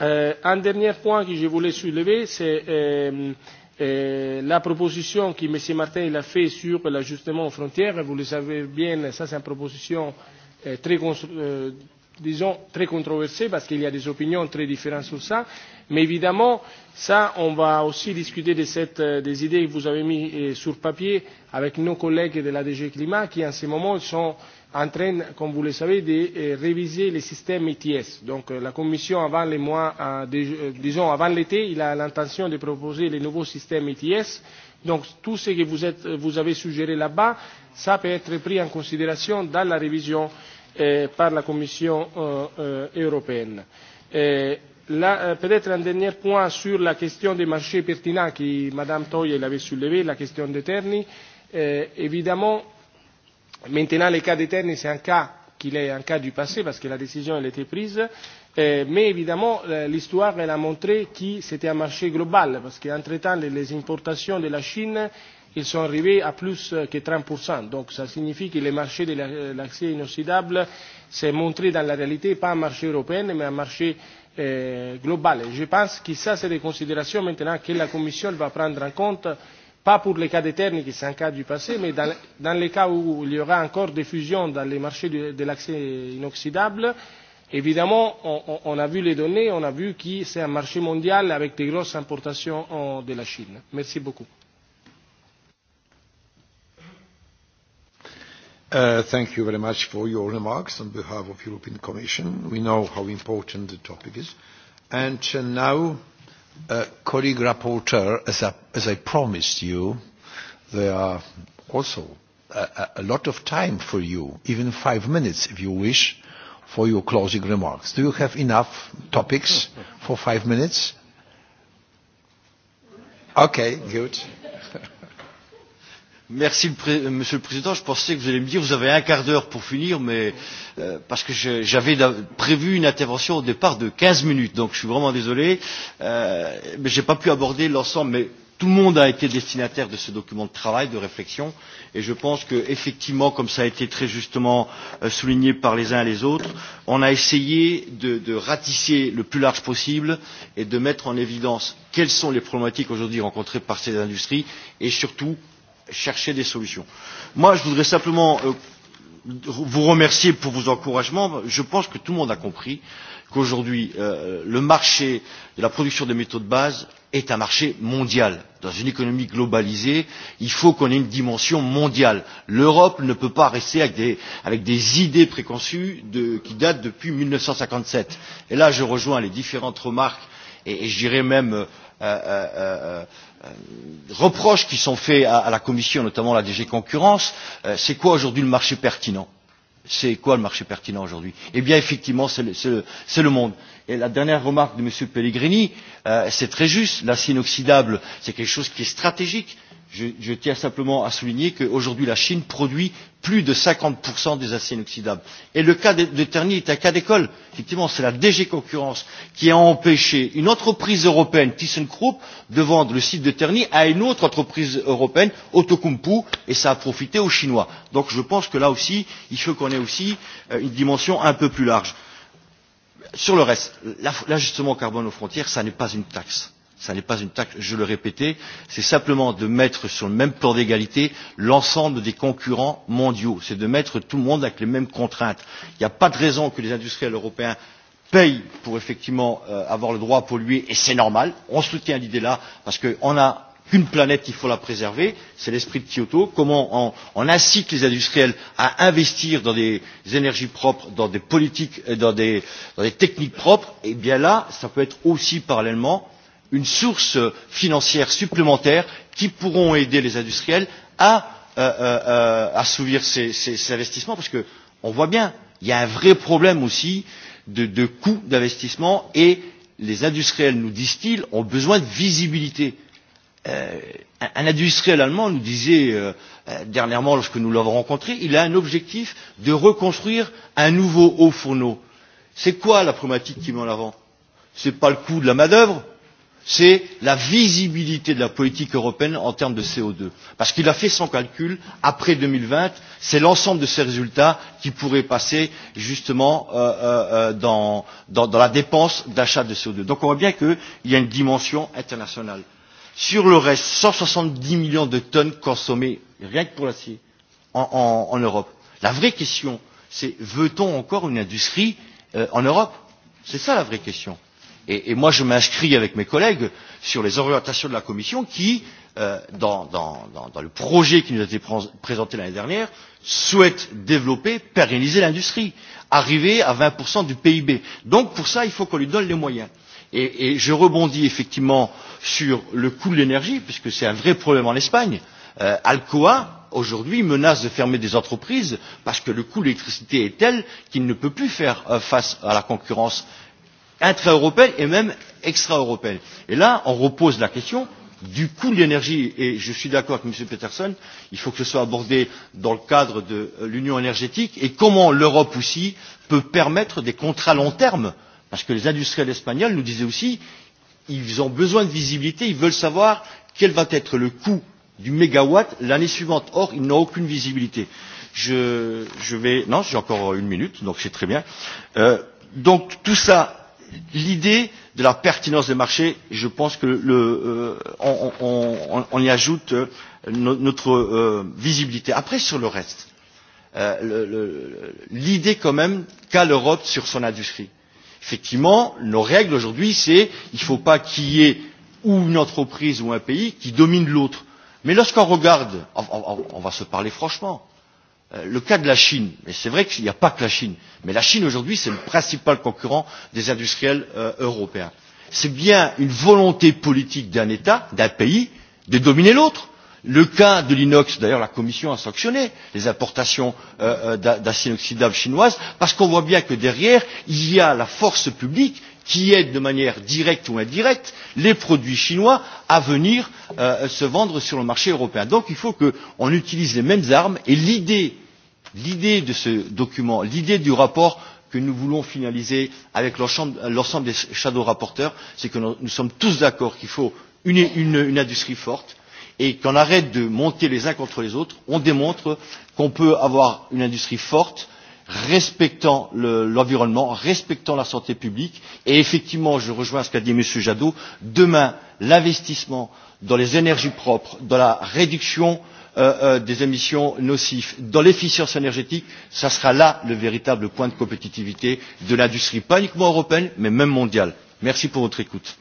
Euh, un dernier point que je voulais soulever, c'est euh, euh, la proposition que M. Martin il a fait sur l'ajustement aux frontières. Vous le savez bien, ça c'est une proposition euh, très, euh, disons, très controversée parce qu'il y a des opinions très différentes sur ça. Mais évidemment, ça, on va aussi discuter de cette, euh, des idées que vous avez mises euh, sur papier avec nos collègues de la DG Climat qui, en ce moment, sont en train, comme vous le savez, de euh, réviser les systèmes ETS. Donc la Commission, avant les mois, disons avant l'été, il a l'intention de proposer les nouveaux systèmes ETS. Donc tout ce que vous, êtes, vous avez suggéré là-bas, ça peut être pris en considération dans la révision eh, par la Commission euh, euh, européenne. Eh, Euh, Peut-être un dernier point sur la question des marchés pertinents que Madame Toye l'avait soulevé, la question d'Eterni. Euh, évidemment, maintenant le cas d'Eterni, c'est un cas qu'il est un cas du passé parce que la décision elle était prise. Euh, mais évidemment, euh, l'histoire elle a montré que c'était un marché global parce qu'entre-temps, les, les importations de la Chine ils sont arrivés à plus euh, que 30%. Donc ça signifie que le marché de euh, l'acier inoxydable s'est montré dans la réalité pas un marché européen, mais un marché euh, globale. Je pense que ça, c'est des considérations maintenant que la Commission va prendre en compte, pas pour les cas d'éternes qui sont un cas du passé, mais dans, dans les cas où il y aura encore des fusions dans les marchés de, de l'accès inoxydable. Évidemment, on, on a vu les données, on a vu que c'est un marché mondial avec des grosses importations de la Chine. Merci beaucoup. Uh, thank you very much for your remarks on behalf of European Commission. We know how important the topic is. And uh, now, uh, colleague rapporteur, as I, as I promised you, there are also a, a lot of time for you, even five minutes if you wish, for your closing remarks. Do you have enough topics for five minutes? Okay, good. Merci Monsieur le Président. Je pensais que vous allez me dire vous avez un quart d'heure pour finir, mais euh, parce que j'avais prévu une intervention au départ de 15 minutes, donc je suis vraiment désolé, euh, mais j'ai pas pu aborder l'ensemble. Mais tout le monde a été destinataire de ce document de travail, de réflexion, et je pense que effectivement, comme ça a été très justement euh, souligné par les uns et les autres, on a essayé de, de ratisser le plus large possible et de mettre en évidence quelles sont les problématiques aujourd'hui rencontrées par ces industries et surtout chercher des solutions. Moi, je voudrais simplement euh, vous remercier pour vos encouragements. Je pense que tout le monde a compris qu'aujourd'hui, euh, le marché de la production des métaux de base est un marché mondial. Dans une économie globalisée, il faut qu'on ait une dimension mondiale. L'Europe ne peut pas rester avec des, avec des idées préconçues de, qui datent depuis 1957. Et là, je rejoins les différentes remarques et, et je dirais même euh, euh, euh, euh Euh, reproches qui sont faits à, à la Commission, notamment à la DG Concurrence, euh, c'est quoi aujourd'hui le marché pertinent C'est quoi le marché pertinent aujourd'hui Eh bien, effectivement, c'est le, le, le monde. Et la dernière remarque de M. Pellegrini, euh, c'est très juste, l'acier inoxydable, c'est quelque chose qui est stratégique Je, je tiens simplement à souligner qu'aujourd'hui la Chine produit plus de 50% des aciers inoxydables. Et le cas de, de Terni est un cas d'école. Effectivement, c'est la DG Concurrence qui a empêché une entreprise européenne, ThyssenKrupp, de vendre le site de Terni à une autre entreprise européenne, Otokumpu, et ça a profité aux Chinois. Donc je pense que là aussi, il faut qu'on ait aussi euh, une dimension un peu plus large. Sur le reste, l'ajustement carbone aux frontières, ça n'est pas une taxe Ça n'est pas une taxe, je le répétais, c'est simplement de mettre sur le même plan d'égalité l'ensemble des concurrents mondiaux. C'est de mettre tout le monde avec les mêmes contraintes. Il n'y a pas de raison que les industriels européens payent pour effectivement euh, avoir le droit à polluer, et c'est normal. On soutient l'idée là, parce qu'on a une planète, il faut la préserver, c'est l'esprit de Kyoto, comment on, on incite les industriels à investir dans des énergies propres, dans des politiques, euh, dans des, dans des techniques propres, et eh bien là, ça peut être aussi parallèlement une source financière supplémentaire qui pourront aider les industriels à euh, euh, assouvir ces, ces, ces investissements parce qu'on voit bien, il y a un vrai problème aussi de, de coûts d'investissement et les industriels, nous disent-ils, ont besoin de visibilité. Euh, un, un industriel allemand nous disait euh, euh, dernièrement, lorsque nous l'avons rencontré, il a un objectif de reconstruire un nouveau haut fourneau. C'est quoi la problématique qui met en avant Ce n'est pas le coût de la main-d'œuvre, c'est la visibilité de la politique européenne en termes de CO2. Parce qu'il a fait son calcul, après 2020, c'est l'ensemble de ces résultats qui pourraient passer justement euh, euh, euh, dans, dans, dans la dépense d'achat de CO2. Donc on voit bien qu'il y a une dimension internationale. Sur le reste, 170 millions de tonnes consommées, rien que pour l'acier, en, en, en Europe. La vraie question, c'est veut-on encore une industrie euh, en Europe C'est ça la vraie question. Et, et moi, je m'inscris avec mes collègues sur les orientations de la Commission qui, euh, dans, dans, dans, dans le projet qui nous a été pr présenté l'année dernière, souhaite développer, pérenniser l'industrie, arriver à 20% du PIB. Donc, pour ça, il faut qu'on lui donne les moyens. Et, et je rebondis effectivement sur le coût de l'énergie, puisque c'est un vrai problème en Espagne. Euh, Alcoa, aujourd'hui, menace de fermer des entreprises parce que le coût de l'électricité est tel qu'il ne peut plus faire euh, face à la concurrence intra-européenne et même extra-européenne. Et là, on repose la question du coût de l'énergie, et je suis d'accord avec M. Peterson, il faut que ce soit abordé dans le cadre de l'union énergétique, et comment l'Europe aussi peut permettre des contrats long terme, parce que les industriels espagnols nous disaient aussi, ils ont besoin de visibilité, ils veulent savoir quel va être le coût du mégawatt l'année suivante. Or, ils n'ont aucune visibilité. Je, je vais... Non, j'ai encore une minute, donc c'est très bien. Euh, donc tout ça l'idée de la pertinence des marchés, je pense que le, euh, on, on, on y ajoute euh, notre euh, visibilité. Après, sur le reste, euh, l'idée quand même qu'a l'Europe sur son industrie. Effectivement, nos règles aujourd'hui, c'est qu'il ne faut pas qu'il y ait ou une entreprise ou un pays qui domine l'autre. Mais lorsqu'on regarde, on, on, on va se parler franchement, Euh, le cas de la Chine, et c'est vrai qu'il n'y a pas que la Chine, mais la Chine aujourd'hui c'est le principal concurrent des industriels euh, européens. C'est bien une volonté politique d'un État, d'un pays, de dominer l'autre. Le cas de l'inox, d'ailleurs la Commission a sanctionné les importations euh, euh d'acier inoxydable chinoise, parce qu'on voit bien que derrière, il y a la force publique qui aide de manière directe ou indirecte les produits chinois à venir euh, se vendre sur le marché européen. Donc il faut qu'on utilise les mêmes armes et l'idée l'idée de ce document, l'idée du rapport que nous voulons finaliser avec l'ensemble des shadow rapporteurs, c'est que nous, nous sommes tous d'accord qu'il faut une, une, une industrie forte et qu'on arrête de monter les uns contre les autres. On démontre qu'on peut avoir une industrie forte respectant l'environnement, le, respectant la santé publique. Et effectivement, je rejoins ce qu'a dit M. Jadot, demain, l'investissement dans les énergies propres, dans la réduction euh, euh, euh, des émissions nocives. Dans l'efficience énergétique, ça sera là le véritable point de compétitivité de l'industrie, pas uniquement européenne, mais même mondiale. Merci pour votre écoute.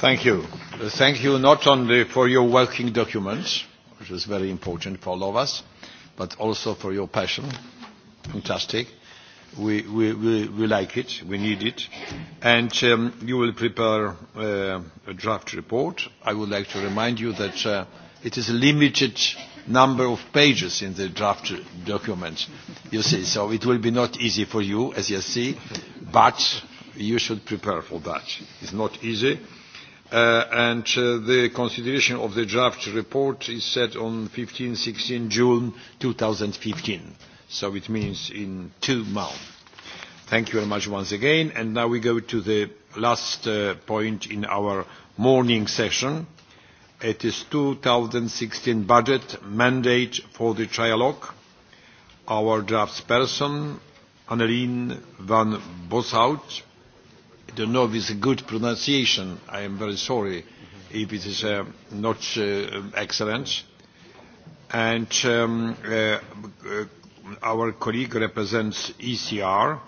Thank you. Thank you not only for your working documents, which is very important for all of us, but also for your passion. Fantastic we, we, we, we like it, we need it, and um, you will prepare uh, a draft report. I would like to remind you that uh, it is a limited number of pages in the draft document, you see, so it will be not easy for you, as you see, but you should prepare for that. It's not easy. Uh, and uh, the consideration of the draft report is set on 15-16 June 2015 so it means in two months. Thank you very much once again. And now we go to the last uh, point in our morning session. It is 2016 budget mandate for the trialogue. Our draftsperson, Annelien van Boshout. I don't know if it's a good pronunciation. I am very sorry if it is uh, not uh, excellent. And um, uh, our colleague represents ECR.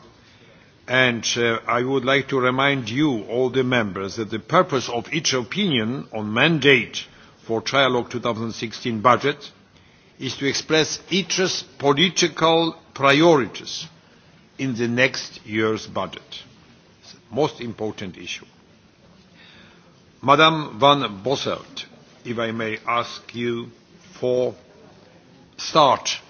And uh, I would like to remind you, all the members, that the purpose of each opinion on mandate for Trialogue 2016 budget is to express each's political priorities in the next year's budget. It's the most important issue. Madame Van Bosselt, if I may ask you for start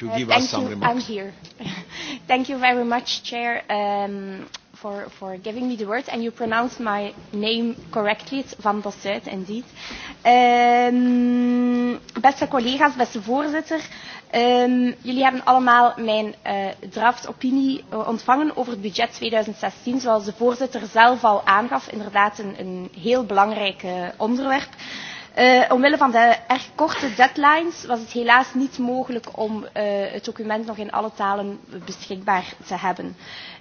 to uh, give us some you. remarks. I'm here. *laughs* thank you very much, Chair, um, for, for giving me the word. And you pronounced my name correctly. It's Van Bosset, indeed. Um, beste collega's, beste voorzitter. Um, jullie hebben allemaal mijn uh, draftopinie uh, ontvangen over het budget 2016. Zoals de voorzitter zelf al aangaf, inderdaad een, een heel belangrijk uh, onderwerp. Uh, omwille van de erg korte deadlines was het helaas niet mogelijk om uh, het document nog in alle talen beschikbaar te hebben.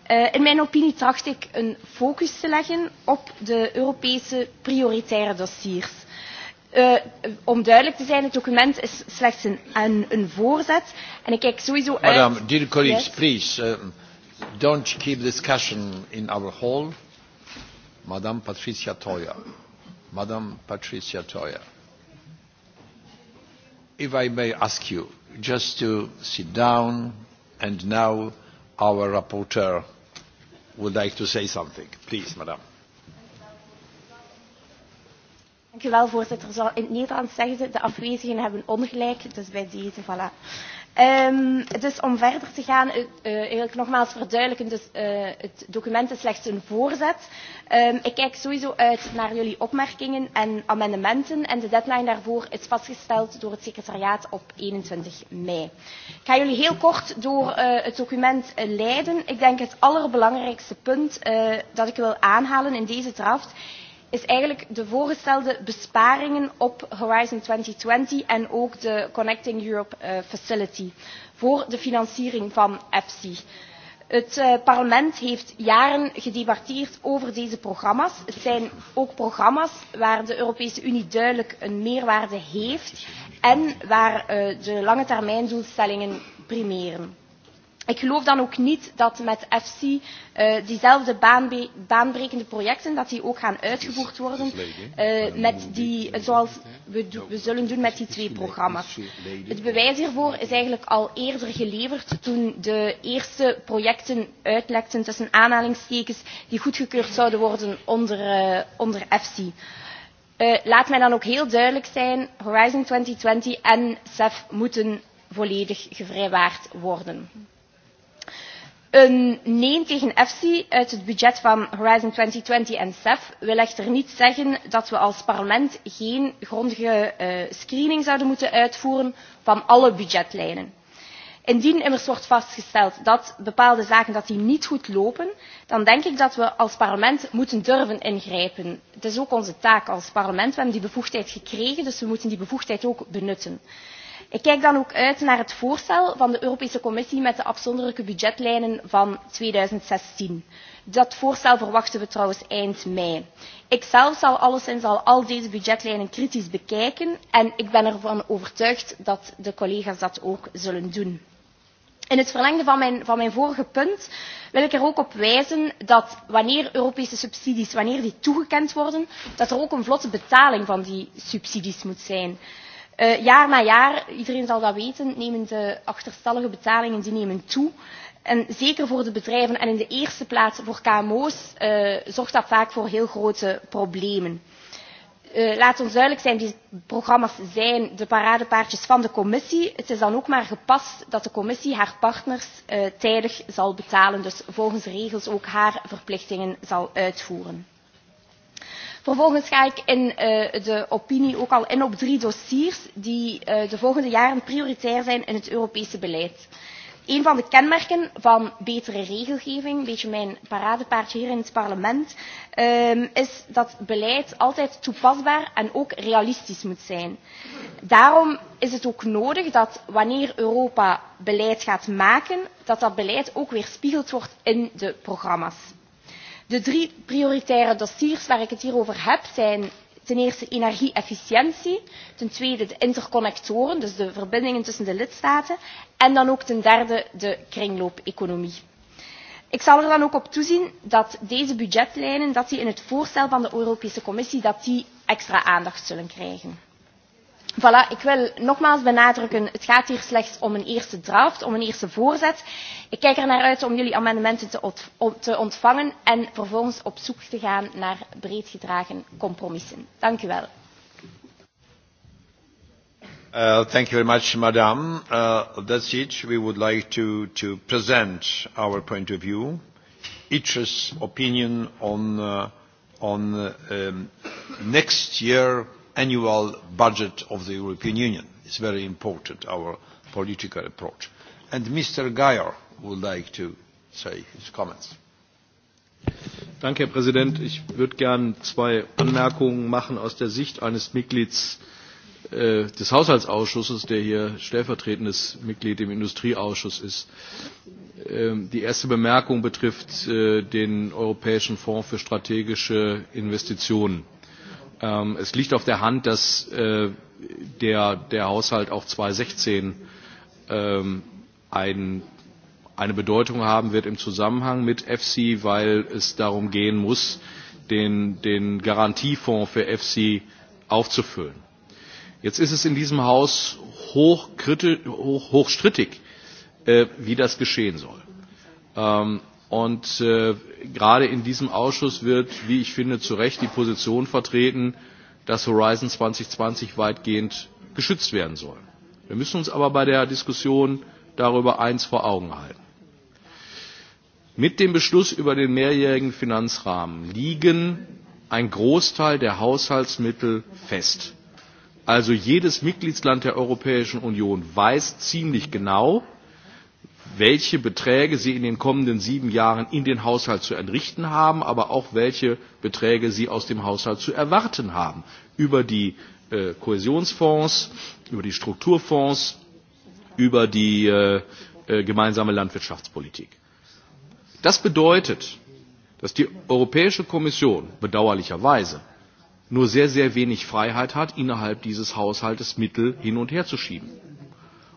Uh, in mijn opinie tracht ik een focus te leggen op de Europese prioritaire dossiers. Uh, om duidelijk te zijn, het document is slechts een, een, een voorzet en ik kijk sowieso Madame, uit... Madame, dear colleagues, yes? please, uh, don't keep discussion in our hall. Madame Patricia Toya. Madam Patricia Toya. If I may ask you just to sit down and now our rapporteur would like to say something. Please, madam. Dank u wel, voorzitter. Ik zal in het Nederlands zeggen, de afwezigen hebben ongelijk, dus bij deze, voilà. Um, dus om verder te gaan, uh, eh, eh, ik nogmaals verduidelijken, dus, uh, het document is slechts een voorzet. Um, ik kijk sowieso uit naar jullie opmerkingen en amendementen en de deadline daarvoor is vastgesteld door het secretariaat op 21 mei. Ik ga jullie heel kort door uh, het document uh, leiden. Ik denk het allerbelangrijkste punt uh, dat ik wil aanhalen in deze draft is eigenlijk de voorgestelde besparingen op Horizon 2020 en ook de Connecting Europe uh, Facility voor de financiering van EFSI. Het eh, parlement heeft jaren gedebatteerd over deze programma's. Het zijn ook programma's waar de Europese Unie duidelijk een meerwaarde heeft en waar eh, de lange termijn doelstellingen primeren. Ik geloof dan ook niet dat met FC uh, eh, diezelfde baanbe baanbrekende projecten, dat die ook gaan uitgevoerd worden, uh, met die, eh, zoals we, do we zullen doen met die twee programma's. Het bewijs hiervoor is eigenlijk al eerder geleverd toen de eerste projecten uitlekten tussen aanhalingstekens die goedgekeurd zouden worden onder, uh, onder FC. Uh, laat mij dan ook heel duidelijk zijn, Horizon 2020 en CEF e moeten volledig gevrijwaard worden. Een neen tegen EFSI uit het budget van Horizon 2020 en CEF wil echter niet zeggen dat we als parlement geen grondige uh, screening zouden moeten uitvoeren van alle budgetlijnen. Indien immers wordt vastgesteld dat bepaalde zaken dat die niet goed lopen, dan denk ik dat we als parlement moeten durven ingrijpen. Het is ook onze taak als parlement, we hebben die bevoegdheid gekregen, dus we moeten die bevoegdheid ook benutten. Ik kijk dan ook uit naar het voorstel van de Europese Commissie met de afzonderlijke budgetlijnen van 2016. Dat voorstel verwachten we trouwens eind mei. Ik zelf zal alleszins al al deze budgetlijnen kritisch bekijken en ik ben ervan overtuigd dat de collega's dat ook zullen doen. In het verlengde van mijn, van mijn vorige punt wil ik er ook op wijzen dat wanneer Europese subsidies, wanneer die toegekend worden, dat er ook een vlotte betaling van die subsidies moet zijn. Uh, jaar na jaar, iedereen zal dat weten, nemen de achterstallige betalingen die nemen toe. En zeker voor de bedrijven en in de eerste plaats voor KMO's uh, eh, zorgt dat vaak voor heel grote problemen. Uh, laat ons duidelijk zijn, die programma's zijn de paradepaardjes van de commissie. Het is dan ook maar gepast dat de commissie haar partners uh, tijdig zal betalen, dus volgens regels ook haar verplichtingen zal uitvoeren. Vervolgens ga ik in uh, de opinie ook al in op drie dossiers die uh, de volgende jaren prioritair zijn in het Europese beleid. Een van de kenmerken van betere regelgeving, een beetje mijn paradepaardje hier in het parlement, um, is dat beleid altijd toepasbaar en ook realistisch moet zijn. Daarom is het ook nodig dat wanneer Europa beleid gaat maken, dat dat beleid ook weer spiegeld wordt in de programma's. De drie prioritaire dossiers waar ik het hier over heb zijn ten eerste energie-efficiëntie, ten tweede de interconnectoren, dus de verbindingen tussen de lidstaten, en dan ook ten derde de kringloop-economie. Ik zal er dan ook op toezien dat deze budgetlijnen dat die in het voorstel van de Europese Commissie dat die extra aandacht zullen krijgen. Voilà, ik wil nogmaals benadrukken, het gaat hier slechts om een eerste draft, om een eerste voorzet. Ik kijk er naar uit om jullie amendementen te, ontvangen en vervolgens op zoek te gaan naar breed gedragen compromissen. Dank u wel. Uh, thank you very much, madame. Uh, that's it. We would like to, to present our point of view, each's opinion on, uh, on uh, um, next year annual budget of the European Union. It's very important, our political approach. And Mr. Geyer would like to say his comments. Danke, Herr Präsident. Ich würde gerne zwei Anmerkungen machen aus der Sicht eines Mitglieds äh, des Haushaltsausschusses, der hier stellvertretendes Mitglied im Industrieausschuss ist. Ähm, die erste Bemerkung betrifft äh, den Europäischen Fonds für strategische Investitionen. Ähm, es liegt auf der Hand, dass äh, der, der Haushalt auch 2016 ähm, ein, eine Bedeutung haben wird im Zusammenhang mit EFSI, weil es darum gehen muss, den, den Garantiefonds für EFSI aufzufüllen. Jetzt ist es in diesem Haus hoch, hoch, hochstrittig, äh, wie das geschehen soll. Ähm, Und äh, gerade in diesem Ausschuss wird, wie ich finde, zu Recht die Position vertreten, dass Horizon 2020 weitgehend geschützt werden soll. Wir müssen uns aber bei der Diskussion darüber eins vor Augen halten. Mit dem Beschluss über den mehrjährigen Finanzrahmen liegen ein Großteil der Haushaltsmittel fest. Also jedes Mitgliedsland der Europäischen Union weiß ziemlich genau, welche Beträge sie in den kommenden sieben Jahren in den Haushalt zu entrichten haben, aber auch welche Beträge sie aus dem Haushalt zu erwarten haben. Über die äh, Kohäsionsfonds, über die Strukturfonds, über die äh, äh gemeinsame Landwirtschaftspolitik. Das bedeutet, dass die Europäische Kommission bedauerlicherweise nur sehr, sehr wenig Freiheit hat, innerhalb dieses Haushaltes Mittel hin und her zu schieben.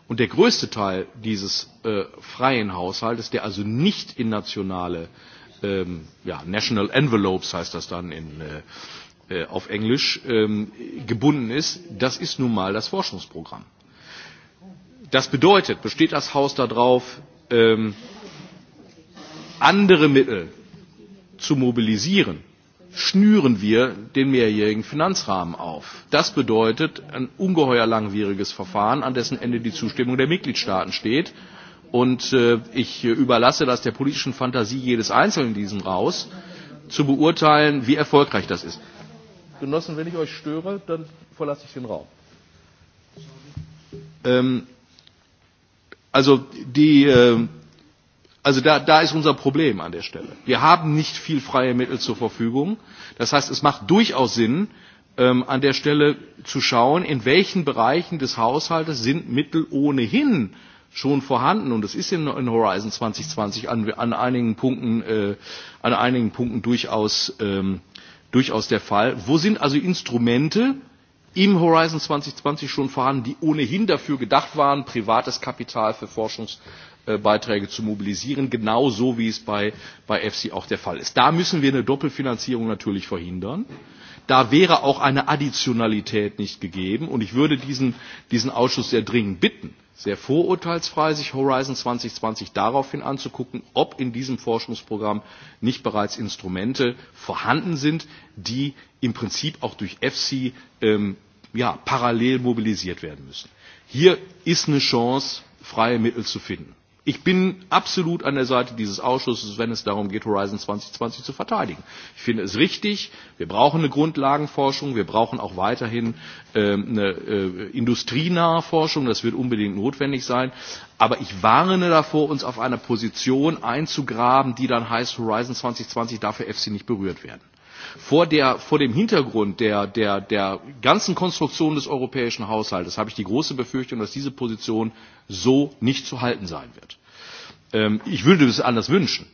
Und der größte Teil dieses äh, freien Haushaltes, der also nicht in nationale, ähm, ja, National Envelopes heißt das dann in, äh, äh auf Englisch, ähm, gebunden ist, das ist nun mal das Forschungsprogramm. Das bedeutet, besteht das Haus darauf, ähm, andere Mittel zu mobilisieren, schnüren wir den mehrjährigen Finanzrahmen auf. Das bedeutet ein ungeheuer langwieriges Verfahren, an dessen Ende die Zustimmung der Mitgliedstaaten steht. Und äh, ich äh, überlasse das der politischen Fantasie jedes Einzelnen in diesem Haus, zu beurteilen, wie erfolgreich das ist. Genossen, wenn ich euch störe, dann verlasse ich den Raum. Ähm, also die, äh, Also da, da ist unser Problem an der Stelle. Wir haben nicht viel freie Mittel zur Verfügung. Das heißt, es macht durchaus Sinn, ähm, an der Stelle zu schauen, in welchen Bereichen des Haushaltes sind Mittel ohnehin schon vorhanden. Und das ist in, in Horizon 2020 an, an, einigen Punkten, äh, an einigen Punkten durchaus, ähm, durchaus der Fall. Wo sind also Instrumente im Horizon 2020 schon vorhanden, die ohnehin dafür gedacht waren, privates Kapital für Forschungs- Äh, Beiträge zu mobilisieren, genauso wie es bei, bei EFSI auch der Fall ist. Da müssen wir eine Doppelfinanzierung natürlich verhindern. Da wäre auch eine Additionalität nicht gegeben und ich würde diesen, diesen Ausschuss sehr dringend bitten, sehr vorurteilsfrei sich Horizon 2020 daraufhin anzugucken, ob in diesem Forschungsprogramm nicht bereits Instrumente vorhanden sind, die im Prinzip auch durch EFSI ähm, ja, parallel mobilisiert werden müssen. Hier ist eine Chance, freie Mittel zu finden. Ich bin absolut an der Seite dieses Ausschusses, wenn es darum geht, Horizon 2020 zu verteidigen. Ich finde es richtig, wir brauchen eine Grundlagenforschung, wir brauchen auch weiterhin äh, eine äh, industrienahe Forschung, das wird unbedingt notwendig sein. Aber ich warne davor, uns auf eine Position einzugraben, die dann heißt, Horizon 2020 darf für EFSI nicht berührt werden vor, der, vor dem Hintergrund der, der, der ganzen Konstruktion des europäischen Haushaltes habe ich die große Befürchtung, dass diese Position so nicht zu halten sein wird. Ähm, ich würde es anders wünschen,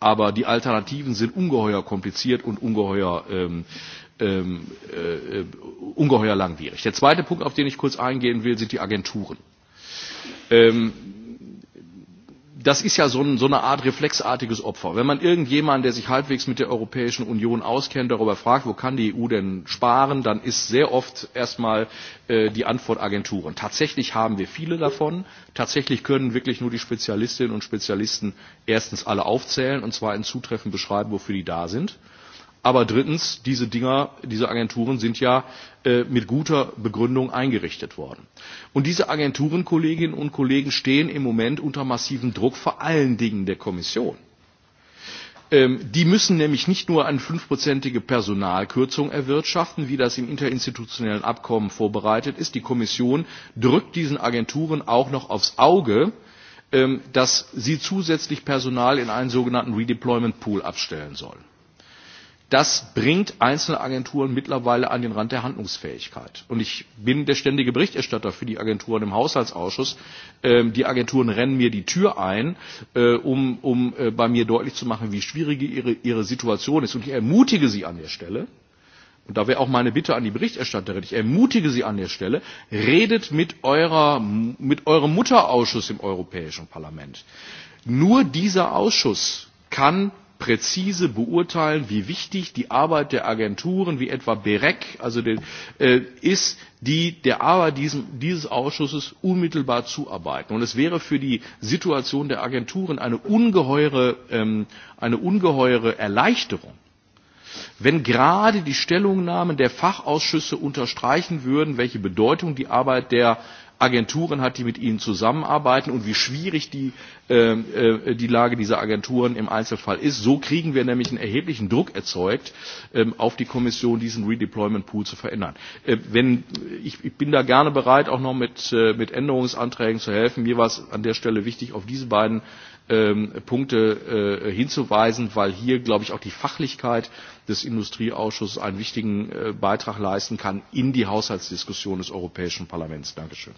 aber die Alternativen sind ungeheuer kompliziert und ungeheuer, ähm, ähm, äh, ungeheuer langwierig. Der zweite Punkt, auf den ich kurz eingehen will, sind die Agenturen. Ähm, das ist ja so, ein, so eine Art reflexartiges Opfer. Wenn man irgendjemand, der sich halbwegs mit der Europäischen Union auskennt, darüber fragt, wo kann die EU denn sparen, dann ist sehr oft erstmal äh, die Antwort Agenturen. Tatsächlich haben wir viele davon. Tatsächlich können wirklich nur die Spezialistinnen und Spezialisten erstens alle aufzählen und zwar in Zutreffen beschreiben, wofür die da sind. Äh, Aber drittens, diese Dinger, diese Agenturen sind ja äh, mit guter Begründung eingerichtet worden. Und diese Agenturen, Kolleginnen und Kollegen, stehen im Moment unter massivem Druck, vor allen Dingen der Kommission. Ähm, die müssen nämlich nicht nur eine fünfprozentige Personalkürzung erwirtschaften, wie das im interinstitutionellen Abkommen vorbereitet ist. Die Kommission drückt diesen Agenturen auch noch aufs Auge, ähm, dass sie zusätzlich Personal in einen sogenannten Redeployment Pool abstellen sollen. Das bringt einzelne Agenturen mittlerweile an den Rand der Handlungsfähigkeit. Und ich bin der ständige Berichterstatter für die Agenturen im Haushaltsausschuss. Ähm, die Agenturen rennen mir die Tür ein, äh, um, um äh, bei mir deutlich zu machen, wie schwierig ihre, ihre Situation ist. Und ich ermutige sie an der Stelle, und da wäre auch meine Bitte an die Berichterstatterin, ich ermutige Sie an der Stelle, redet mit, eurer, mit eurem Mutterausschuss im Europäischen Parlament. Nur dieser Ausschuss kann präzise beurteilen, wie wichtig die Arbeit der Agenturen wie etwa BEREC also den, äh, ist, die der Arbeit diesem, dieses Ausschusses unmittelbar zuarbeiten. Und es wäre für die Situation der Agenturen eine ungeheure, ähm, eine ungeheure Erleichterung, wenn gerade die Stellungnahmen der Fachausschüsse unterstreichen würden, welche Bedeutung die Arbeit der Agenturen hat, die mit ihnen zusammenarbeiten und wie schwierig die, ähm, äh, die Lage dieser Agenturen im Einzelfall ist. So kriegen wir nämlich einen erheblichen Druck erzeugt, äh, auf die Kommission diesen Redeployment Pool zu verändern. Äh, wenn, ich, ich bin da gerne bereit, auch noch mit, äh, mit Änderungsanträgen zu helfen. Mir war es an der Stelle wichtig, auf diese beiden ähm, Punkte äh, hinzuweisen, weil hier, glaube ich, auch die Fachlichkeit des Industrieausschusses einen wichtigen äh, Beitrag leisten kann in die Haushaltsdiskussion des Europäischen Parlaments. Dankeschön.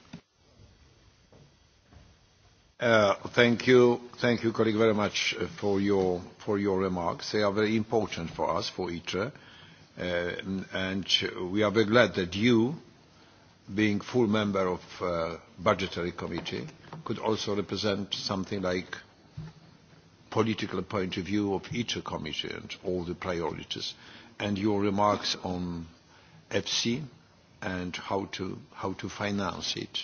Uh, thank you, thank you, colleague, very much uh, for your, for your remarks. They are very important for us, for ITRE, uh, and we are very glad that you, being full member of uh, budgetary committee, could also represent something like political point of view of each committee and all the priorities. And your remarks on FC and how to, how to finance it,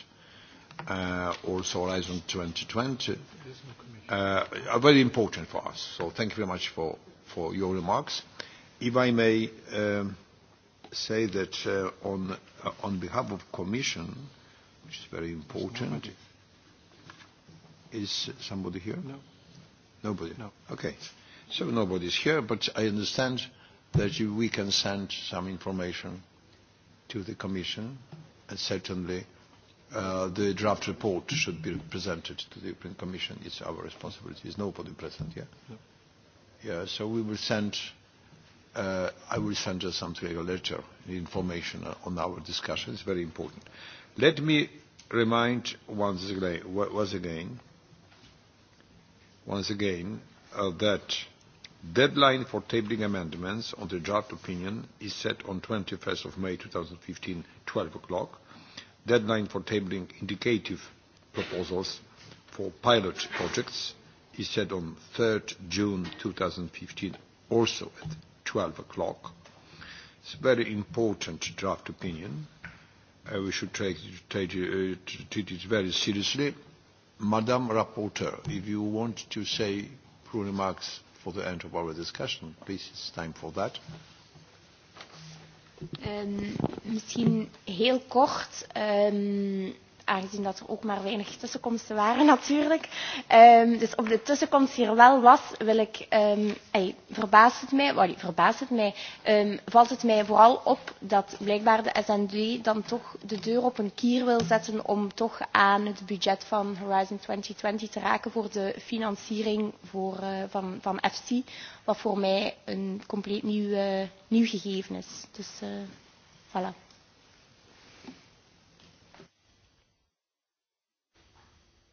uh, also Horizon 2020, uh, are very important for us. So thank you very much for, for your remarks. If I may um, say that uh, on, uh, on behalf of Commission, which is very important, is somebody here? No. Nobody? No. Okay. So nobody's here, but I understand that you, we can send some information to the Commission, and certainly uh, the draft report should be presented to the European Commission. It's our responsibility. There's nobody present here. Yeah? No. yeah, so we will send, uh, I will send just something to a letter, information on our discussion. It's very important. Let me remind once again, once again once again uh, that deadline for tabling amendments on the draft opinion is set on 21st of May 2015, 12 o'clock. Deadline for tabling indicative proposals for pilot projects is set on 3rd June 2015, also at 12 o'clock. It's a very important draft opinion. Uh, we should take, take, uh, treat it very seriously Madam Rapporteur, if you want to say few remarks for the end of our discussion, please, it's time for that. Um, misschien heel kort. Um, aangezien dat er ook maar weinig tussenkomsten waren *laughs* natuurlijk. Um, dus op de tussenkomst hier wel was, wil ik, um, hey, verbaast het mij, well, verbaast het mij, um, valt het mij vooral op dat blijkbaar de SND dan toch de deur op een kier wil zetten om toch aan het budget van Horizon 2020 te raken voor de financiering voor, uh, van, van FC, wat voor mij een compleet nieuw, uh, nieuw gegeven is. Dus uh, voilà.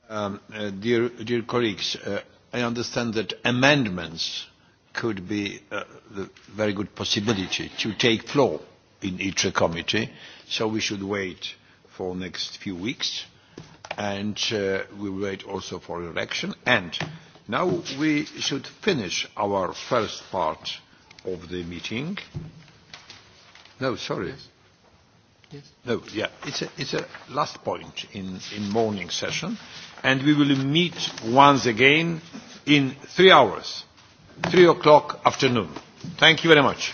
Um, uh, dear, dear colleagues, uh, I understand that amendments could be uh, the very good possibility to take floor in each committee, so we should wait for next few weeks, and uh, we will wait also for election. And now we should finish our first part of the meeting. No, sorry. Yes. Yes. No, yeah, it's a, it's a last point in, in morning session, and we will meet once again in three hours, three o'clock afternoon. Thank you very much.